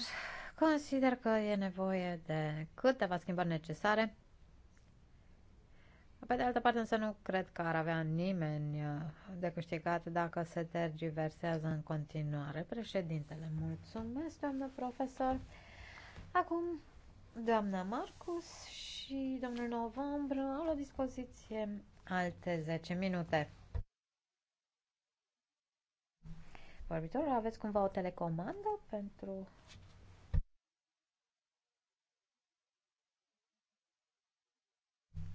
[SPEAKER 1] consider că e nevoie de câteva schimbări necesare. Pe de altă parte, însă nu cred că ar avea nimeni uh, de câștigat dacă se tergiversează în continuare. Președintele, mulțumesc, doamnă profesor. Acum doamna Marcus și domnul Novembre au la dispoziție alte 10 minute. Vorbitorul, aveți cumva o telecomandă pentru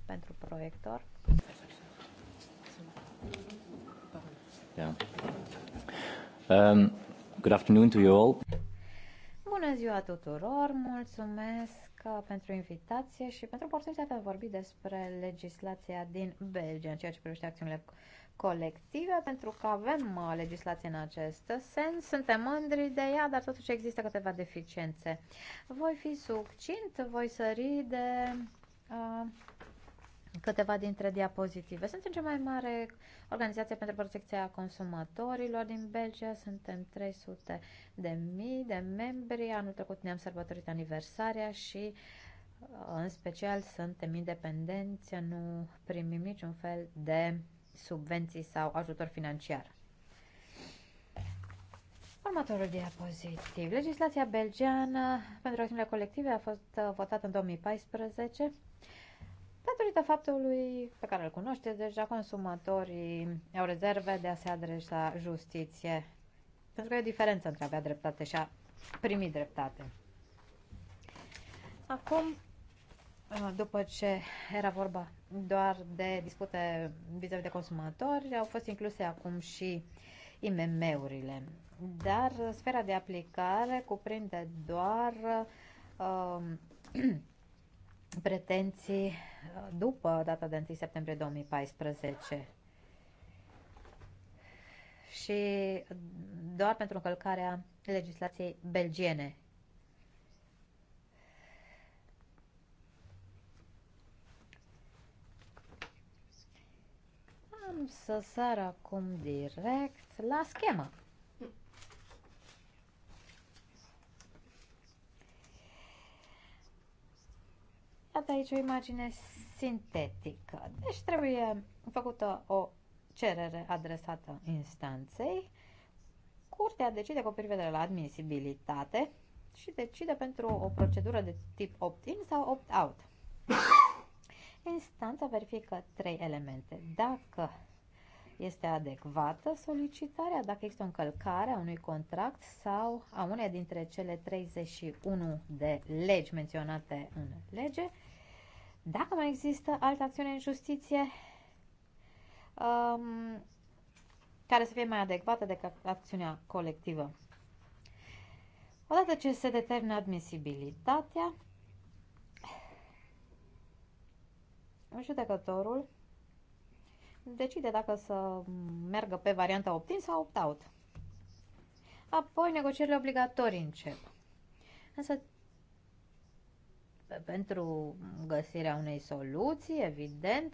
[SPEAKER 1] pentru proiector? Yeah. Um, good afternoon to you all. Bună ziua tuturor, mulțumesc pentru invitație și pentru oportunitatea de a vorbi despre legislația din Belgia în ceea ce privește acțiunile colective, pentru că avem uh, legislație în acest sens, suntem mândri de ea, dar totuși există câteva deficiențe. Voi fi succint, voi sări de uh, câteva dintre diapozitive. Suntem cea mai mare organizație pentru protecția consumatorilor din Belgia, suntem 300 de mii de membri, anul trecut ne-am sărbătorit aniversarea și uh, în special suntem independenți, nu primim niciun fel de subvenții sau ajutor financiar. Următorul diapozitiv. Legislația belgeană pentru acțiunile colective a fost uh, votată în 2014 Datorită faptului pe care îl cunoșteți deja, consumatorii au rezerve de a se adresa justiție. Pentru că e o diferență între a avea dreptate și a primi dreptate. Acum, după ce era vorba doar de dispute vis-a-vis -vis de consumatori, au fost incluse acum și IMM-urile. Dar sfera de aplicare cuprinde doar uh, pretenții uh, după data de 1 septembrie 2014 și doar pentru încălcarea legislației belgiene. Am să sar acum direct la schemă. arată aici o imagine sintetică. Deci trebuie făcută o cerere adresată instanței. Curtea decide cu privire la admisibilitate și decide pentru o procedură de tip opt-in sau opt-out. Instanța verifică trei elemente. Dacă este adecvată solicitarea, dacă există o încălcare a unui contract sau a uneia dintre cele 31 de legi menționate în lege dacă mai există altă acțiune în justiție um, care să fie mai adecvată decât acțiunea colectivă. Odată ce se determină admisibilitatea, judecătorul decide dacă să meargă pe varianta opt-in sau opt-out. Apoi negocierile obligatorii încep. Însă pentru găsirea unei soluții, evident,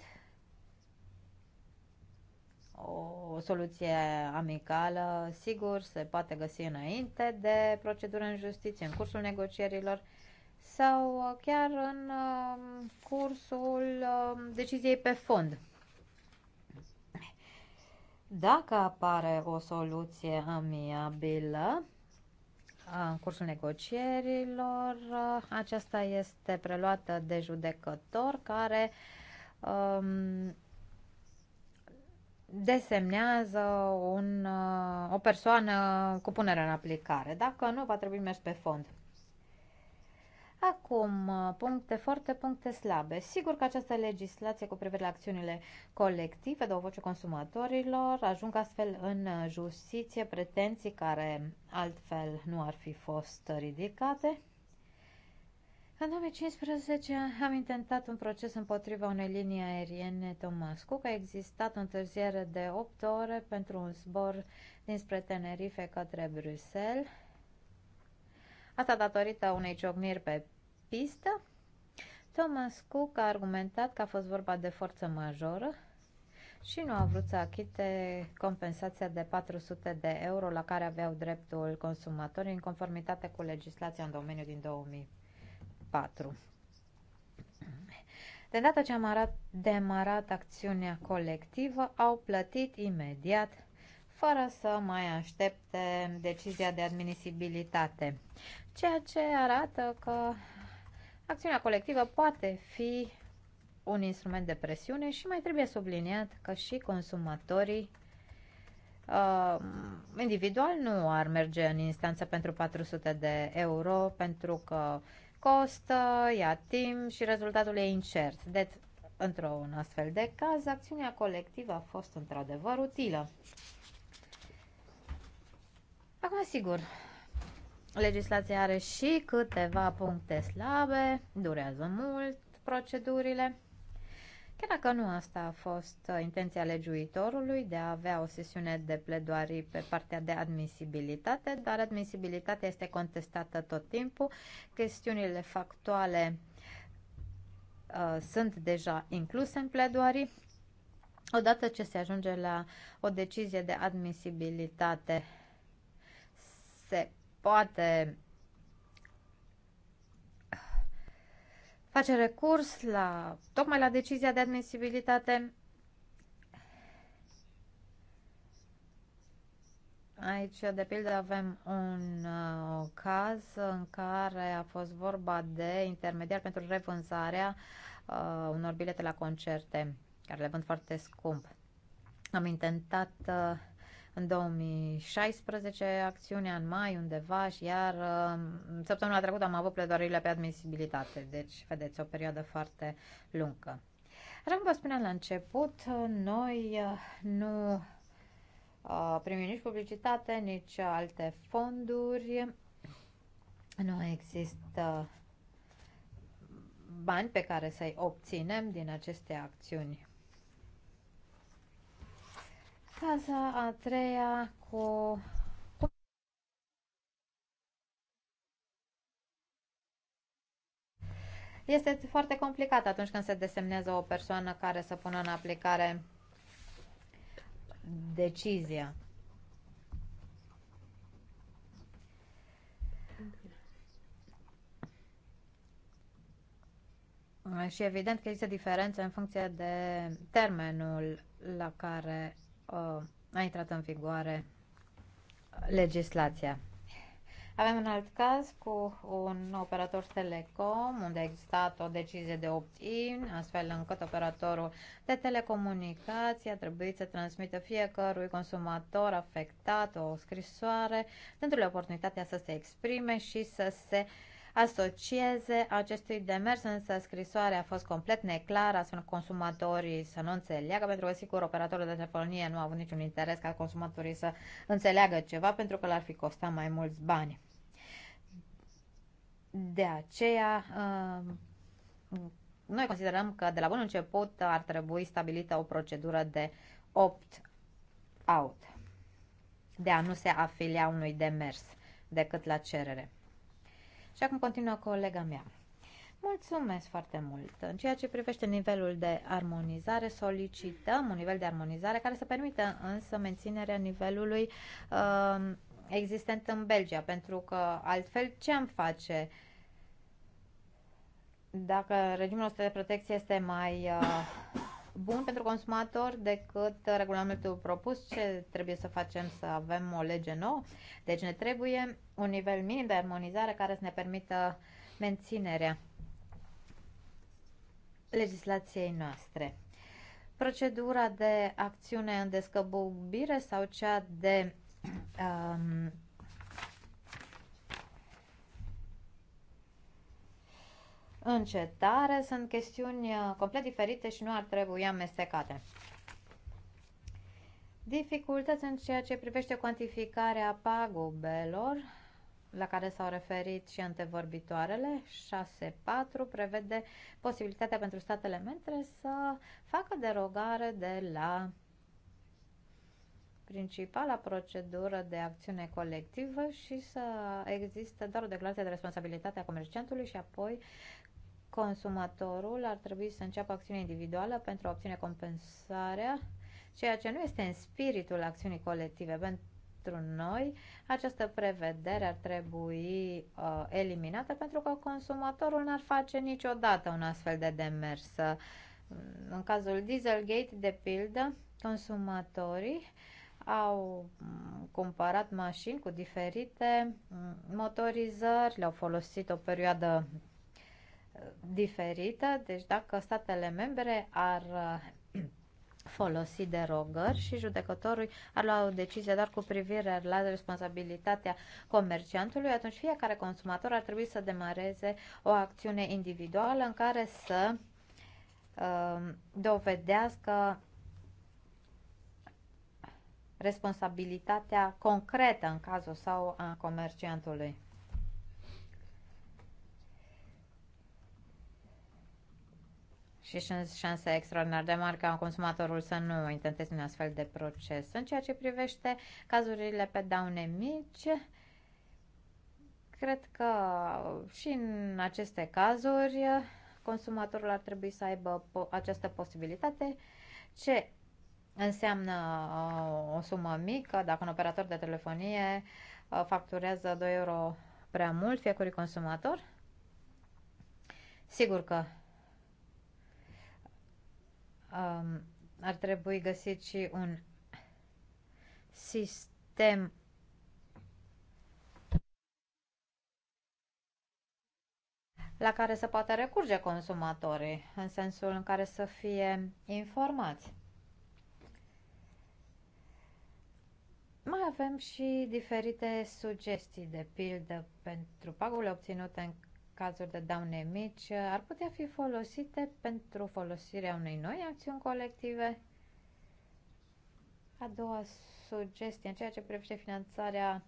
[SPEAKER 1] o soluție amicală, sigur, se poate găsi înainte de procedură în justiție, în cursul negocierilor sau chiar în um, cursul um, deciziei pe fond. Dacă apare o soluție amiabilă, în cursul negocierilor. Aceasta este preluată de judecător care um, desemnează un, o persoană cu punere în aplicare. Dacă nu, va trebui mers pe fond. Acum, puncte forte, puncte slabe. Sigur că această legislație cu privire la acțiunile colective de o voce consumatorilor ajung astfel în justiție pretenții care altfel nu ar fi fost ridicate. În 2015 am intentat un proces împotriva unei linii aeriene Tomascu, că a existat o întârziere de 8 ore pentru un zbor dinspre Tenerife către Bruxelles. Asta datorită unei ciocniri pe pistă. Thomas Cook a argumentat că a fost vorba de forță majoră și nu a vrut să achite compensația de 400 de euro la care aveau dreptul consumatorii în conformitate cu legislația în domeniu din 2004. De data ce am arat, demarat acțiunea colectivă, au plătit imediat, fără să mai aștepte decizia de admisibilitate, ceea ce arată că Acțiunea colectivă poate fi un instrument de presiune și mai trebuie subliniat că și consumatorii uh, individual nu ar merge în instanță pentru 400 de euro pentru că costă, ia timp și rezultatul e incert. Deci, într-un astfel de caz, acțiunea colectivă a fost într-adevăr utilă. Acum, sigur, Legislația are și câteva puncte slabe, durează mult procedurile. Chiar dacă nu asta a fost uh, intenția legiuitorului de a avea o sesiune de pledoarii pe partea de admisibilitate, dar admisibilitatea este contestată tot timpul, chestiunile factuale uh, sunt deja incluse în pledoarii. Odată ce se ajunge la o decizie de admisibilitate, se poate face recurs la, tocmai la decizia de admisibilitate. Aici, de pildă, avem un uh, caz în care a fost vorba de intermediar pentru revânzarea uh, unor bilete la concerte, care le vând foarte scump. Am intentat uh, în 2016 acțiunea în mai undeva și iar uh, săptămâna trecută am avut pledoariile pe admisibilitate, deci vedeți o perioadă foarte lungă. Așa cum vă spuneam la început, noi uh, nu uh, primim nici publicitate, nici alte fonduri, nu există bani pe care să-i obținem din aceste acțiuni Casa a treia cu Este foarte complicat atunci când se desemnează o persoană care să pună în aplicare decizia. Și evident că există diferențe în funcție de termenul la care a intrat în vigoare legislația. Avem un alt caz cu un operator telecom unde a existat o decizie de opt-in, astfel încât operatorul de telecomunicații a trebuit să transmită fiecărui consumator afectat o scrisoare, dându-le oportunitatea să se exprime și să se uh, asocieze acestui demers, însă scrisoarea a fost complet neclară, astfel consumatorii să nu înțeleagă, pentru că, sigur, operatorul de telefonie nu a avut niciun interes ca consumatorii să înțeleagă ceva, pentru că l-ar fi costat mai mulți bani. De aceea, uh, noi considerăm că de la bun început ar trebui stabilită o procedură de opt-out, de a nu se afilia unui demers decât la cerere. Și acum continuă colega mea. Mulțumesc foarte mult. În ceea ce privește nivelul de armonizare, solicităm un nivel de armonizare care să permită însă menținerea nivelului uh, existent în Belgia, pentru că altfel ce am face? Dacă regimul nostru de protecție este mai uh, bun pentru consumator decât regulamentul propus. Ce trebuie să facem? Să avem o lege nouă. Deci ne trebuie un nivel minim de armonizare care să ne permită menținerea legislației noastre. Procedura de acțiune în descăbubire sau cea de um, încetare sunt chestiuni uh, complet diferite și nu ar trebui amestecate. Dificultăți în ceea ce privește cuantificarea pagubelor, la care s-au referit și antevorbitoarele, 6.4 prevede posibilitatea pentru statele membre să facă derogare de la principala procedură de acțiune colectivă și să există doar o declarație de responsabilitate a comerciantului și apoi Consumatorul ar trebui să înceapă acțiune individuală pentru a obține compensarea, ceea ce nu este în spiritul acțiunii colective. Pentru noi, această prevedere ar trebui uh, eliminată pentru că consumatorul n-ar face niciodată un astfel de demers. În cazul Dieselgate, de pildă, consumatorii au cumpărat mașini cu diferite motorizări, le-au folosit o perioadă diferită, deci dacă statele membre ar uh, folosi derogări și judecătorul ar lua o decizie doar cu privire la responsabilitatea comerciantului, atunci fiecare consumator ar trebui să demareze o acțiune individuală în care să uh, dovedească responsabilitatea concretă în cazul sau a comerciantului. și șansa extraordinar de mare ca consumatorul să nu intenteze un astfel de proces. În ceea ce privește cazurile pe daune mici, cred că și în aceste cazuri consumatorul ar trebui să aibă po- această posibilitate. Ce înseamnă uh, o sumă mică dacă un operator de telefonie uh, facturează 2 euro prea mult fiecărui consumator? Sigur că um, ar trebui găsit și un sistem la care să poată recurge consumatorii, în sensul în care să fie informați. Mai avem și diferite sugestii, de pildă pentru pagurile obținute în cazuri de daune mici uh, ar putea fi folosite pentru folosirea unei noi acțiuni colective. A doua sugestie în ceea ce privește finanțarea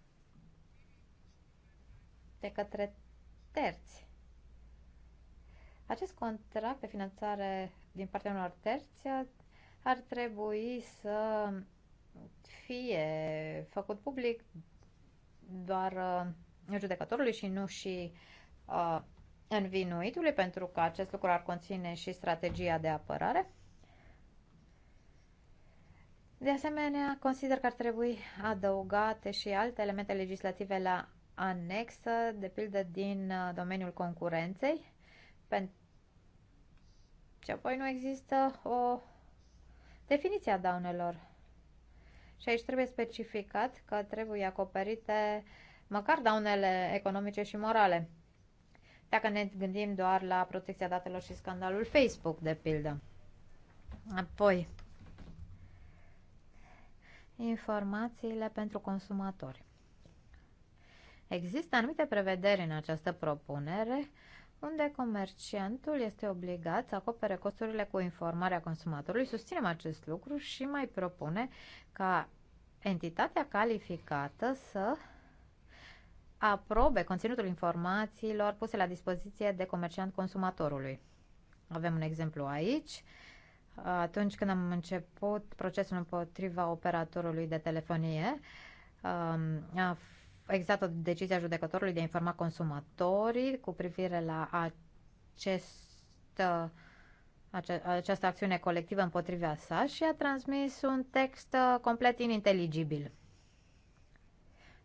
[SPEAKER 1] de către terți. Acest contract de finanțare din partea unor terți uh, ar trebui să fie făcut public doar uh, judecătorului și nu și uh, Uh, învinuitului, pentru că acest lucru ar conține și strategia de apărare. De asemenea, consider că ar trebui adăugate și alte elemente legislative la anexă, de pildă din uh, domeniul concurenței, pentru și apoi nu există o definiție a daunelor. Și aici trebuie specificat că trebuie acoperite măcar daunele economice și morale dacă ne gândim doar la protecția datelor și scandalul Facebook, de pildă. Apoi, informațiile pentru consumatori. Există anumite prevederi în această propunere unde comerciantul este obligat să acopere costurile cu informarea consumatorului. Susținem acest lucru și mai propune ca entitatea calificată să aprobe conținutul informațiilor puse la dispoziție de comerciant consumatorului. Avem un exemplu aici. Atunci când am început procesul împotriva operatorului de telefonie, um, a existat o decizie a judecătorului de a informa consumatorii cu privire la acest, ace, această acțiune colectivă împotriva sa și a transmis un text uh, complet ininteligibil.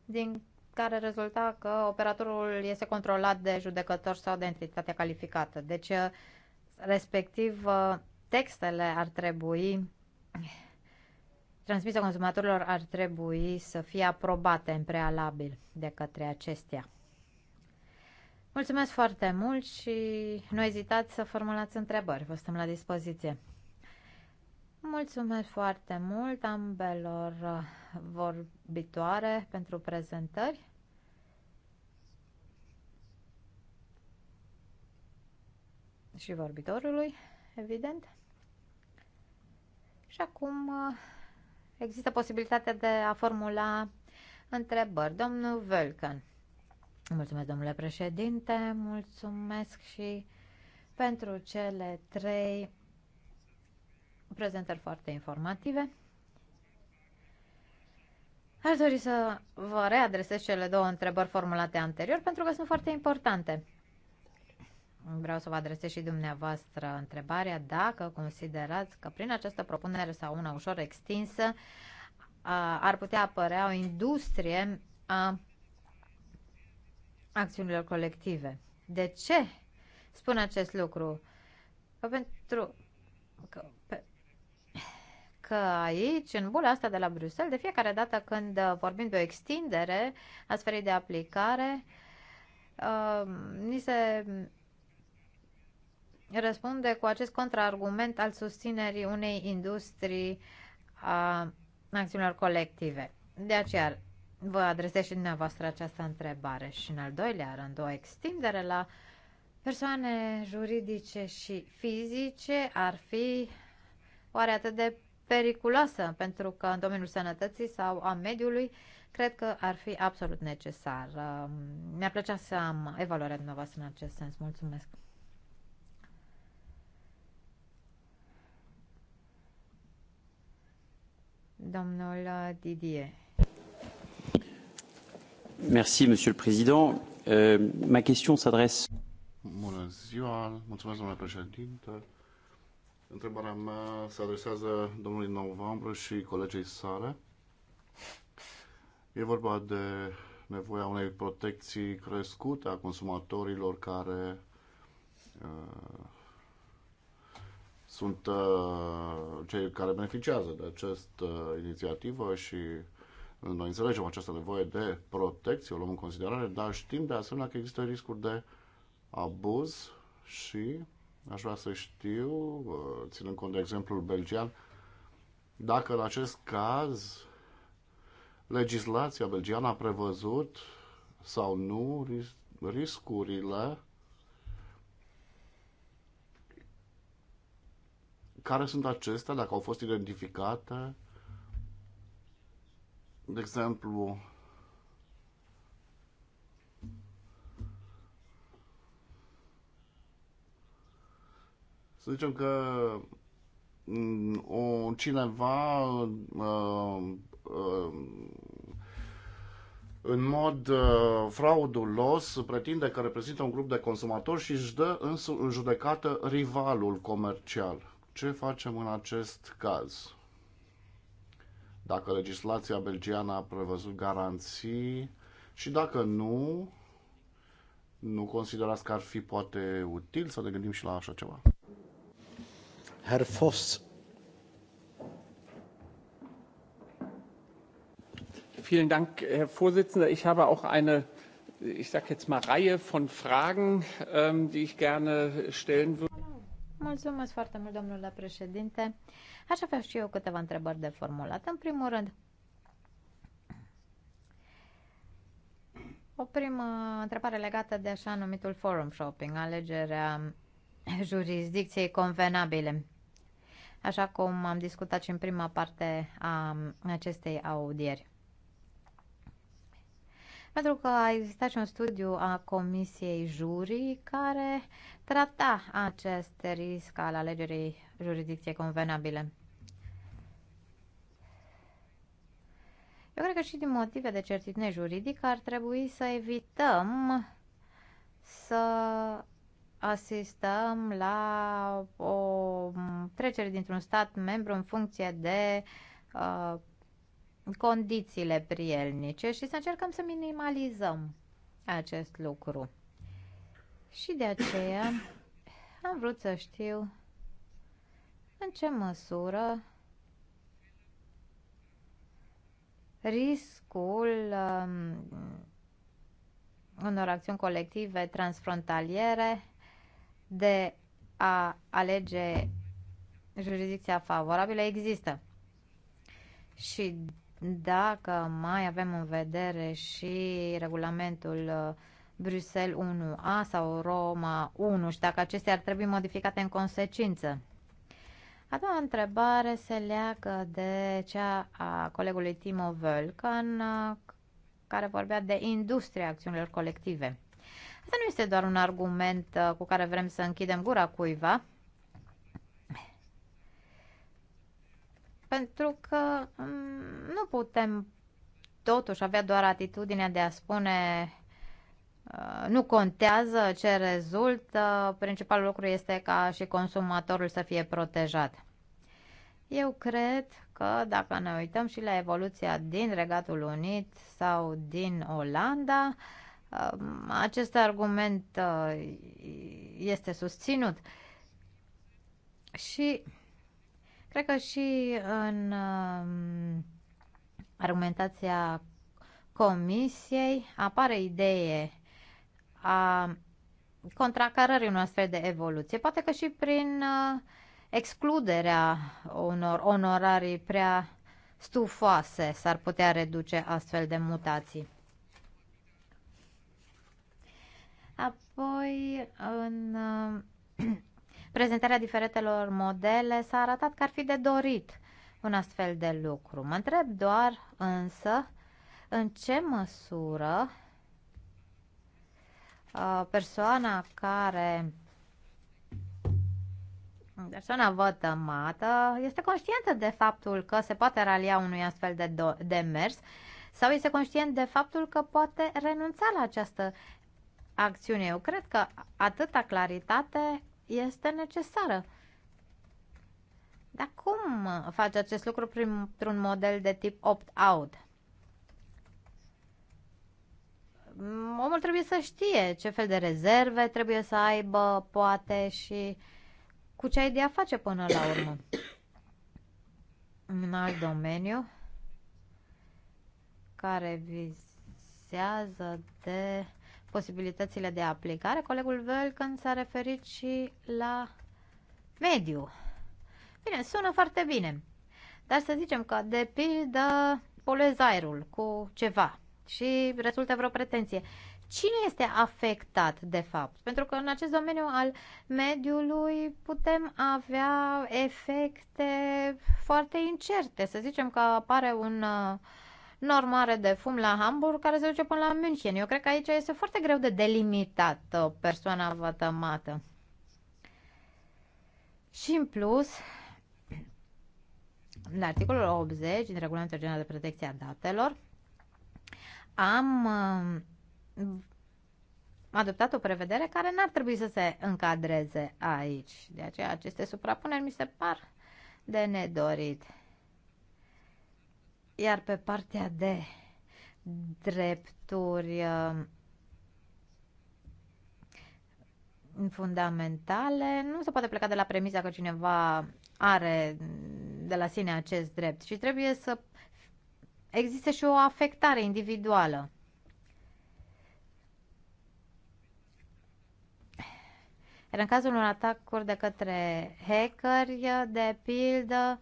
[SPEAKER 1] Din care rezulta că operatorul este controlat de judecător sau de entitate calificată. Deci, uh, respectiv, uh, textele ar trebui transmise consumatorilor ar trebui să fie aprobate în prealabil de către acestea. Mulțumesc foarte mult și nu ezitați să formulați întrebări. Vă stăm la dispoziție. Mulțumesc foarte mult ambelor uh, vorbitoare pentru prezentări. Și vorbitorului, evident. Și acum uh, există posibilitatea de a formula întrebări. Domnul Vulcan. Mulțumesc, domnule președinte, mulțumesc și pentru cele trei prezentări foarte informative. Aș dori să vă readresez cele două întrebări formulate anterior pentru că sunt foarte importante. Vreau să vă adresez și dumneavoastră întrebarea dacă considerați că prin această propunere sau una ușor extinsă ar putea apărea o industrie a acțiunilor colective. De ce spun acest lucru? pentru că aici, în bula asta de la Bruxelles, de fiecare dată când vorbim de o extindere a sferei de aplicare, uh, ni se răspunde cu acest contraargument al susținerii unei industrii a acțiunilor colective. De aceea vă adresez și dumneavoastră această întrebare. Și în al doilea rând, o extindere la persoane juridice și fizice ar fi oare atât de periculoasă, pentru că în domeniul sănătății sau a mediului cred că ar fi absolut necesar. Um, mi-a plăcea să am evaluarea dumneavoastră în acest sens. Mulțumesc! Domnul uh, Didier.
[SPEAKER 2] Merci, Monsieur le Président. Euh, ma question s'adresse. Bună ziua, mulțumesc, domnule președinte. Întrebarea mea se adresează domnului Novambru și colegii sale. E vorba de nevoia unei protecții crescute a consumatorilor care uh, sunt uh, cei care beneficiază de această uh, inițiativă și noi înțelegem această nevoie de protecție, o luăm în considerare, dar știm de asemenea că există riscuri de abuz și Aș vrea să știu, ținând cont de exemplul belgian, dacă în acest caz legislația belgiană a prevăzut sau nu riscurile care sunt acestea, dacă au fost identificate, de exemplu, Să zicem că mm, o, cineva uh, uh, în mod uh, fraudulos pretinde că reprezintă un grup de consumatori și își dă în, în judecată rivalul comercial. Ce facem în acest caz? Dacă legislația belgiană a prevăzut garanții și dacă nu, nu considerați că ar fi poate util să ne gândim și la așa ceva? Herr
[SPEAKER 3] Voss.
[SPEAKER 1] Vielen Dank, Herr Vorsitzender. Ich habe auch eine, ich sage jetzt mal, Reihe von Fragen, ähm, die ich gerne stellen würde. Mulțumesc foarte mult, domnule președinte. Aș avea și eu câteva întrebări de formulat. În primul rând, o primă întrebare legată de așa numitul forum shopping, alegerea jurisdicției convenabile. Așa cum am discutat și în prima parte a acestei audieri. Pentru că a existat și un studiu a Comisiei Jurii care trata acest risc al alegerii jurisdicției convenabile. Eu cred că și din motive de certitudine juridică ar trebui să evităm să asistăm la o trecere dintr-un stat membru în funcție de uh, condițiile prielnice și să încercăm să minimalizăm acest lucru. Și de aceea am vrut să știu în ce măsură riscul um, unor acțiuni colective transfrontaliere de a alege jurisdicția favorabilă există. Și dacă mai avem în vedere și regulamentul uh, Bruxelles 1A sau Roma 1 și dacă acestea ar trebui modificate în consecință. A doua întrebare se leagă de cea a colegului Timo Völkan, uh, care vorbea de industria acțiunilor colective. Asta nu este doar un argument uh, cu care vrem să închidem gura cuiva, pentru că mm, nu putem totuși avea doar atitudinea de a spune uh, nu contează ce rezultă, principalul lucru este ca și consumatorul să fie protejat. Eu cred că dacă ne uităm și la evoluția din Regatul Unit sau din Olanda, uh, Um, acest argument uh, este susținut și cred că și în um, argumentația comisiei apare idee a contracarării unui astfel de evoluție, poate că și prin uh, excluderea unor onorarii prea stufoase s-ar putea reduce astfel de mutații. Apoi, în uh, prezentarea diferitelor modele, s-a arătat că ar fi de dorit un astfel de lucru. Mă întreb doar însă în ce măsură uh, persoana care persoana vătămată este conștientă de faptul că se poate ralia unui astfel de de mers sau este conștient de faptul că poate renunța la această acțiune. Eu cred că atâta claritate este necesară. Dar cum face acest lucru printr-un model de tip opt-out? Omul trebuie să știe ce fel de rezerve trebuie să aibă, poate, și cu ce ai de a face până la urmă. Un alt domeniu care vizează de posibilitățile de aplicare. Colegul Velcan s-a referit și la mediu. Bine, sună foarte bine. Dar să zicem că, de pildă, poluezi aerul cu ceva și rezultă vreo pretenție. Cine este afectat, de fapt? Pentru că în acest domeniu al mediului putem avea efecte foarte incerte. Să zicem că apare un uh, normare de fum la Hamburg care se duce până la München. Eu cred că aici este foarte greu de delimitat uh, persoana vătămată. Și în plus, în articolul 80 din Regulamentul General de Protecție a Datelor, am uh, adoptat o prevedere care n-ar trebui să se încadreze aici. De aceea aceste suprapuneri mi se par de nedorit. Iar pe partea de drepturi uh, fundamentale, nu se poate pleca de la premisa că cineva are de la sine acest drept, ci trebuie să existe și o afectare individuală. Iar în cazul unor atacuri de către hackeri, de pildă,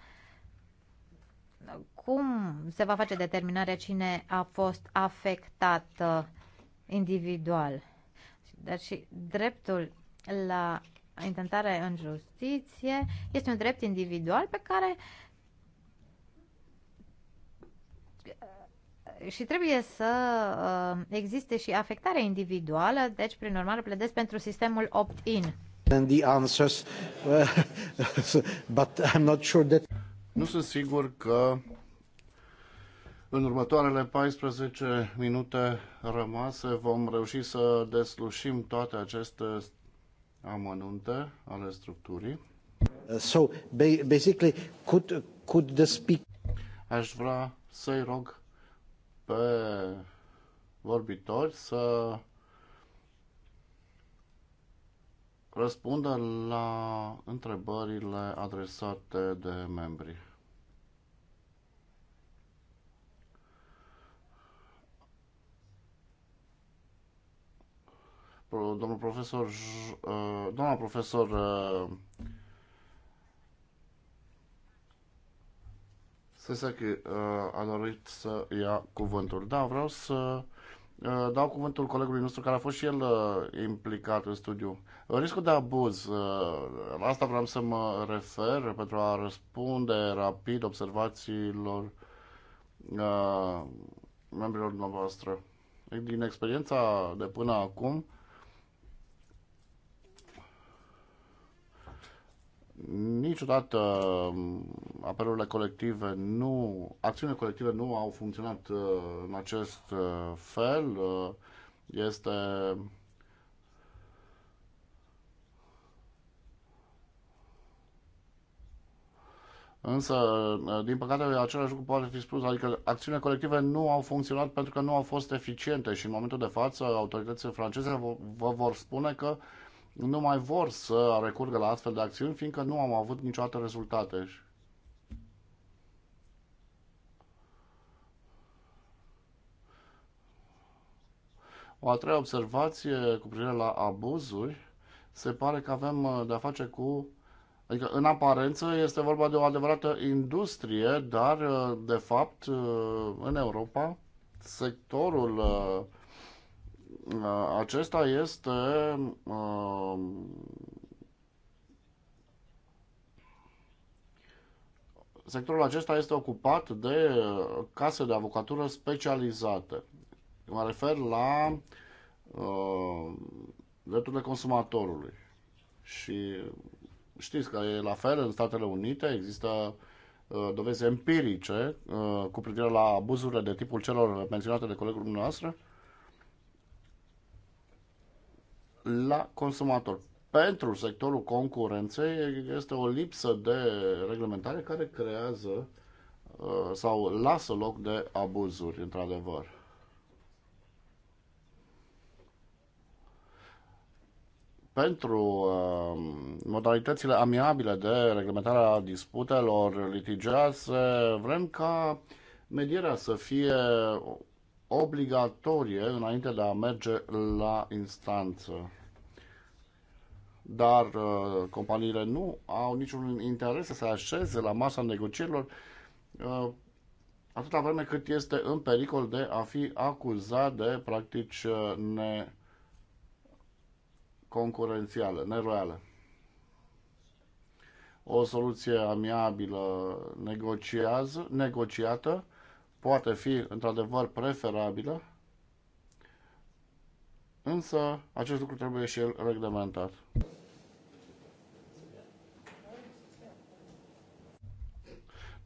[SPEAKER 1] cum se va face determinarea cine a fost afectat uh, individual, dar și dreptul la intentare în justiție este un drept individual pe care uh, și trebuie să uh, existe și afectarea individuală, deci prin urmare pledez pentru sistemul opt-in.
[SPEAKER 2] And the answers, but I'm not sure that nu sunt sigur că în următoarele 14 minute rămase vom reuși să deslușim toate aceste amănunte ale structurii.
[SPEAKER 1] Uh, so, basically, could, could the speak...
[SPEAKER 2] Aș vrea să-i rog pe vorbitori să răspundă la întrebările adresate de membri. domnul profesor, uh, domnul profesor uh, că uh, a dorit să ia cuvântul. Da, vreau să dau cuvântul colegului nostru care a fost și el implicat în studiu. Riscul de abuz, la asta vreau să mă refer pentru a răspunde rapid observațiilor membrilor dumneavoastră. Din experiența de până acum, niciodată mm, apelurile colective nu, acțiunile colective nu au funcționat uh, în acest uh, fel. Uh, este Însă, din păcate, același lucru poate fi spus, adică acțiunile colective nu au funcționat pentru că nu au fost eficiente și în momentul de față autoritățile franceze vă vor spune că uh, nu mai vor să recurgă la astfel de acțiuni, fiindcă nu am avut niciodată rezultate. O a treia observație cu privire la abuzuri, se pare că avem uh, de-a face cu Adică, în aparență, este vorba de o adevărată industrie, dar, uh, de fapt, uh, în Europa, sectorul Uh, acesta este uh, sectorul acesta este ocupat de case de avocatură specializate. Mă refer la uh, drepturile consumatorului. Și știți că e la fel în Statele Unite, există dovezi empirice cu privire la abuzurile de tipul celor menționate de colegul dumneavoastră, la consumator. Pentru sectorul concurenței este o lipsă de reglementare care creează uh, sau lasă loc de abuzuri, într-adevăr. pentru uh, modalitățile amiabile de reglementare a disputelor litigioase, vrem ca medierea să fie obligatorie înainte de a merge la instanță dar uh, companiile nu au niciun interes să se așeze la masa negocierilor uh, atâta vreme cât este în pericol de a fi acuzat de practici uh, neconcurențiale, neroiale. O soluție amiabilă negociază, negociată poate fi într-adevăr preferabilă, însă acest lucru trebuie și el reglementat.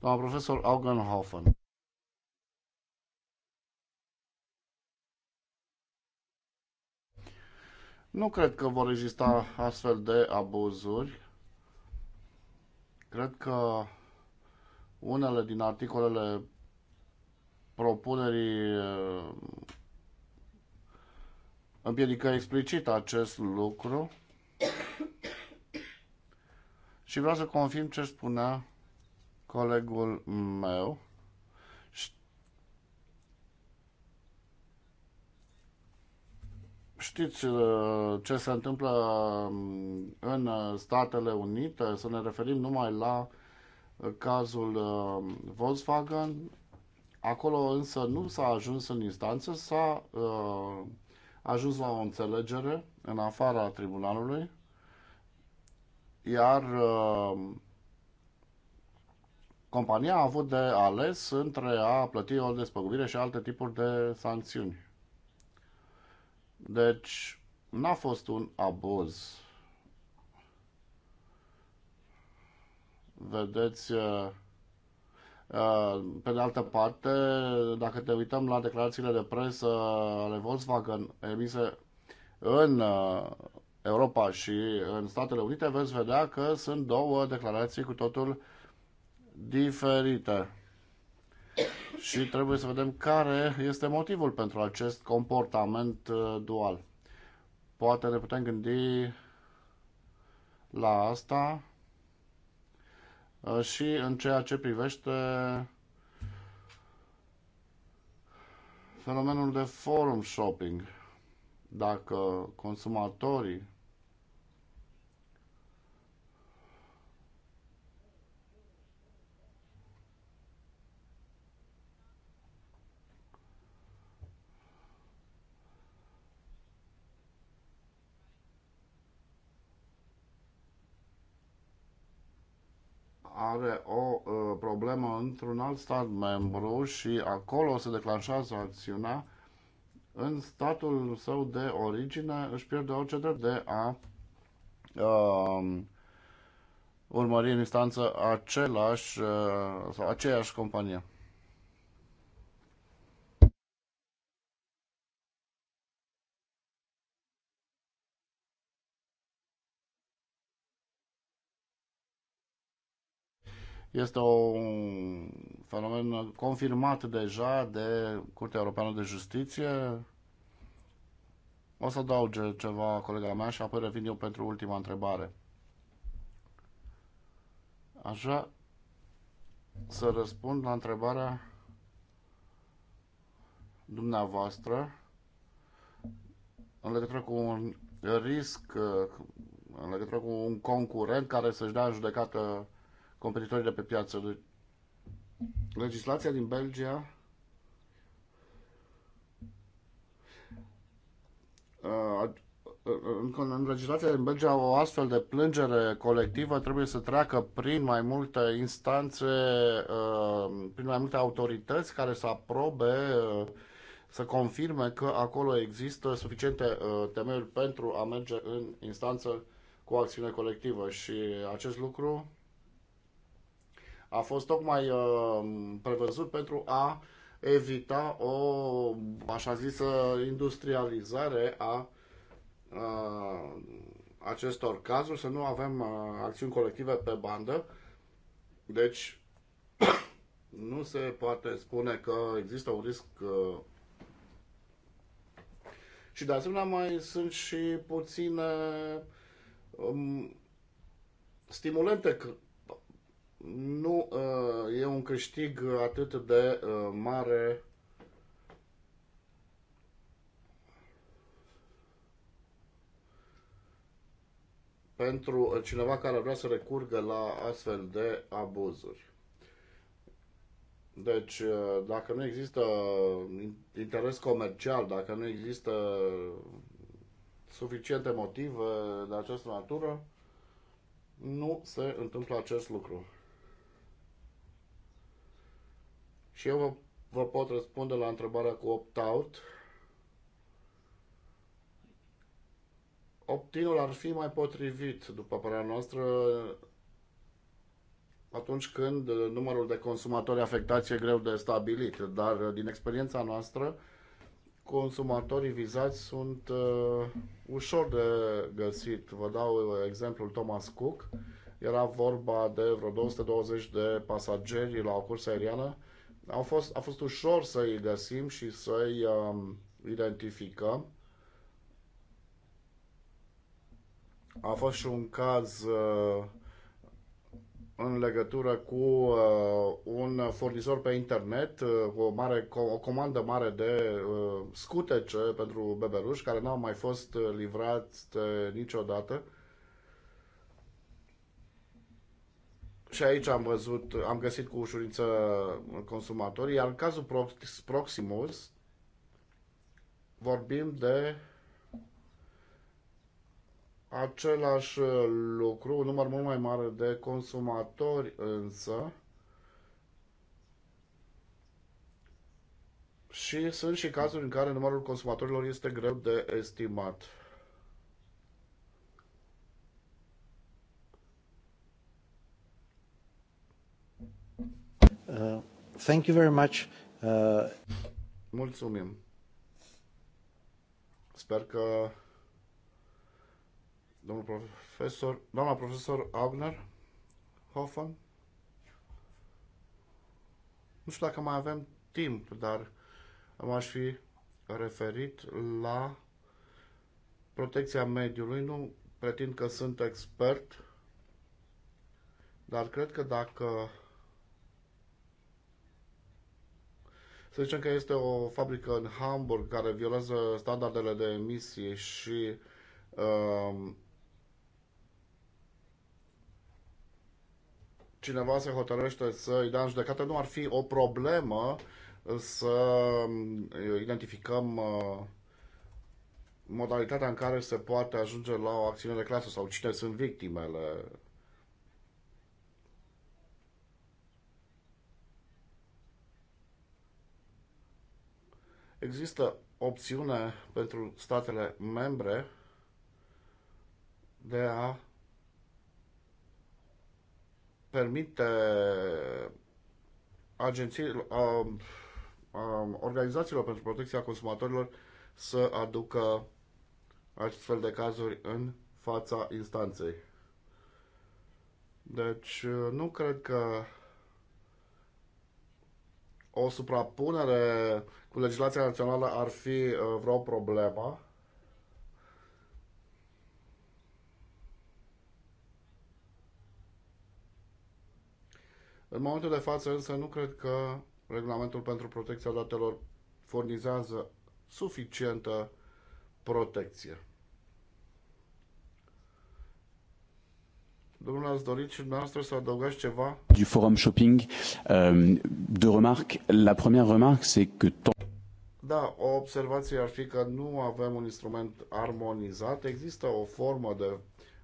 [SPEAKER 2] doamna profesor Augenhofen. Nu cred că vor exista astfel de abuzuri. Cred că unele din articolele propunerii eh, împiedică explicit acest lucru. Și vreau să confirm ce spunea Colegul meu știți uh, ce se întâmplă um, în uh, Statele Unite, să ne referim numai la uh, cazul um, Volkswagen. Acolo însă nu s-a ajuns în instanță, s-a ajuns la o înțelegere în afara tribunalului, iar compania a avut de ales între a plăti o despăgubire și alte tipuri de sancțiuni. Deci, n-a fost un abuz. Vedeți, uh, uh, pe de altă parte, dacă te uităm la declarațiile de presă ale Volkswagen emise în uh, Europa și în Statele Unite, veți vedea că sunt două declarații cu totul uh, diferite. Și trebuie să vedem care este motivul pentru acest comportament uh, dual. Poate ne putem gândi la asta uh, și în ceea ce privește fenomenul de forum shopping. Dacă consumatorii are o uh, problemă într-un alt stat membru și acolo se declanșează acțiunea, în statul său de origine își pierde orice drept de a uh, urmări în instanță același, uh, sau aceeași companie. Este un fenomen confirmat deja de Curtea Europeană de Justiție. O să adauge ceva colega mea și apoi revin eu pentru ultima întrebare. Așa să răspund la întrebarea dumneavoastră în legătură cu un risc, în legătură cu un concurent care să-și dea în judecată competitorii de pe piață. Deci, legislația din Belgia uh, uh, în, legislația din Belgia o astfel de plângere colectivă trebuie să treacă prin mai multe instanțe, uh, prin mai multe autorități care să aprobe, să confirme că acolo există suficiente temeri pentru a merge în instanță cu acțiune colectivă și acest lucru a fost tocmai uh, prevăzut pentru a evita o, așa zisă, industrializare a, a uh, acestor cazuri, să nu avem uh, acțiuni colective pe bandă. Deci, nu se poate spune că există un risc. A... Și, de asemenea, mai sunt și puține um, stimulente nu uh, e un câștig atât de uh, mare pentru uh, cineva care vrea să recurgă la astfel de abuzuri. Deci, dacă nu există interes comercial, dacă nu există suficiente motive de această natură, nu se întâmplă acest lucru. Și eu vă, vă pot răspunde la întrebarea cu opt-out. Optinul ar fi mai potrivit, după părerea noastră, atunci când numărul de consumatori afectați e greu de stabilit, dar din experiența noastră, consumatorii vizați sunt uh, ușor de găsit. Vă dau uh, exemplul Thomas Cook. Era vorba de vreo 220 de pasageri la o cursă aeriană a fost, a fost ușor să îi găsim și să îi um, identificăm. A fost și un caz uh, în legătură cu uh, un furnizor pe internet uh, cu o, mare, o comandă mare de uh, scutece pentru bebeluși care n-au mai fost livrat uh, niciodată. Uh, și aici am văzut, am găsit cu ușurință consumatorii, iar în cazul Proximus vorbim de același lucru, un număr mult mai mare de consumatori însă și sunt și cazuri în care numărul consumatorilor este greu de estimat. Uh, thank you very much. Uh... Mulțumim. Sper că domnul profesor, doamna profesor Agner Hoffman, nu știu dacă mai avem timp, dar m-aș fi referit la protecția mediului. Nu pretind că sunt expert, dar cred că dacă Să zicem că este o fabrică în Hamburg care violează standardele de emisie și um, cineva se hotărăște să îi dea în judecată, nu ar fi o problemă să um, identificăm uh, modalitatea în care se poate ajunge la o acțiune de clasă sau cine sunt victimele Există opțiune pentru statele membre de a permite agențiilor, a, a, organizațiilor pentru protecția consumatorilor să aducă astfel de cazuri în fața instanței. Deci nu cred că o suprapunere cu legislația națională ar fi uh, vreo problemă? În momentul de față însă nu cred că regulamentul pentru protecția datelor furnizează suficientă protecție. Domnule, ați dorit și dumneavoastră să adăugați ceva?
[SPEAKER 3] Du forum shopping, euh, de remarques. La première remarque, c'est que Ton...
[SPEAKER 2] Da, o observație ar fi că nu avem un instrument armonizat. Există o formă de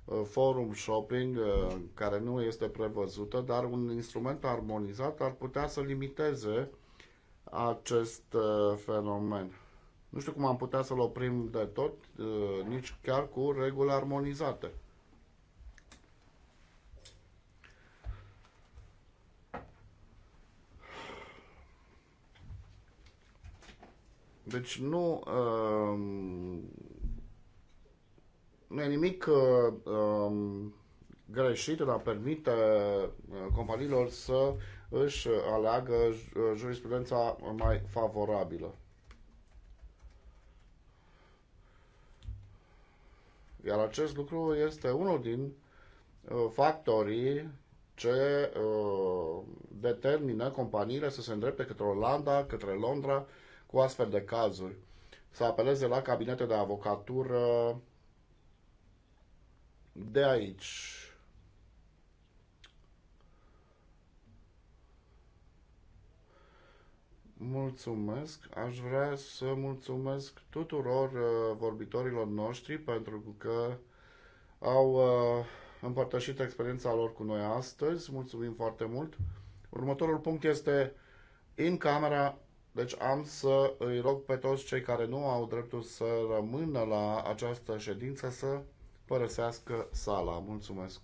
[SPEAKER 2] uh, forum shopping uh, care nu este prevăzută, dar un instrument armonizat ar putea să limiteze acest uh, fenomen. Nu știu cum am putea să-l oprim de tot, nici chiar cu reguli armonizate. Deci nu, Um, nu e nimic um, greșit în a permite uh, companiilor să își aleagă uh, jurisprudența mai favorabilă. Iar acest lucru este unul din uh, factorii ce determină companiile să se îndrepte către Olanda, către Londra, cu astfel de cazuri, să apeleze la cabinete de avocatură de aici. Mulțumesc, aș vrea să mulțumesc tuturor uh, vorbitorilor noștri pentru că au uh, împărtășit experiența lor cu noi astăzi. Mulțumim foarte mult. Următorul punct este în camera deci am să îi rog pe toți cei care nu au dreptul să rămână la această ședință să părăsească sala. Mulțumesc!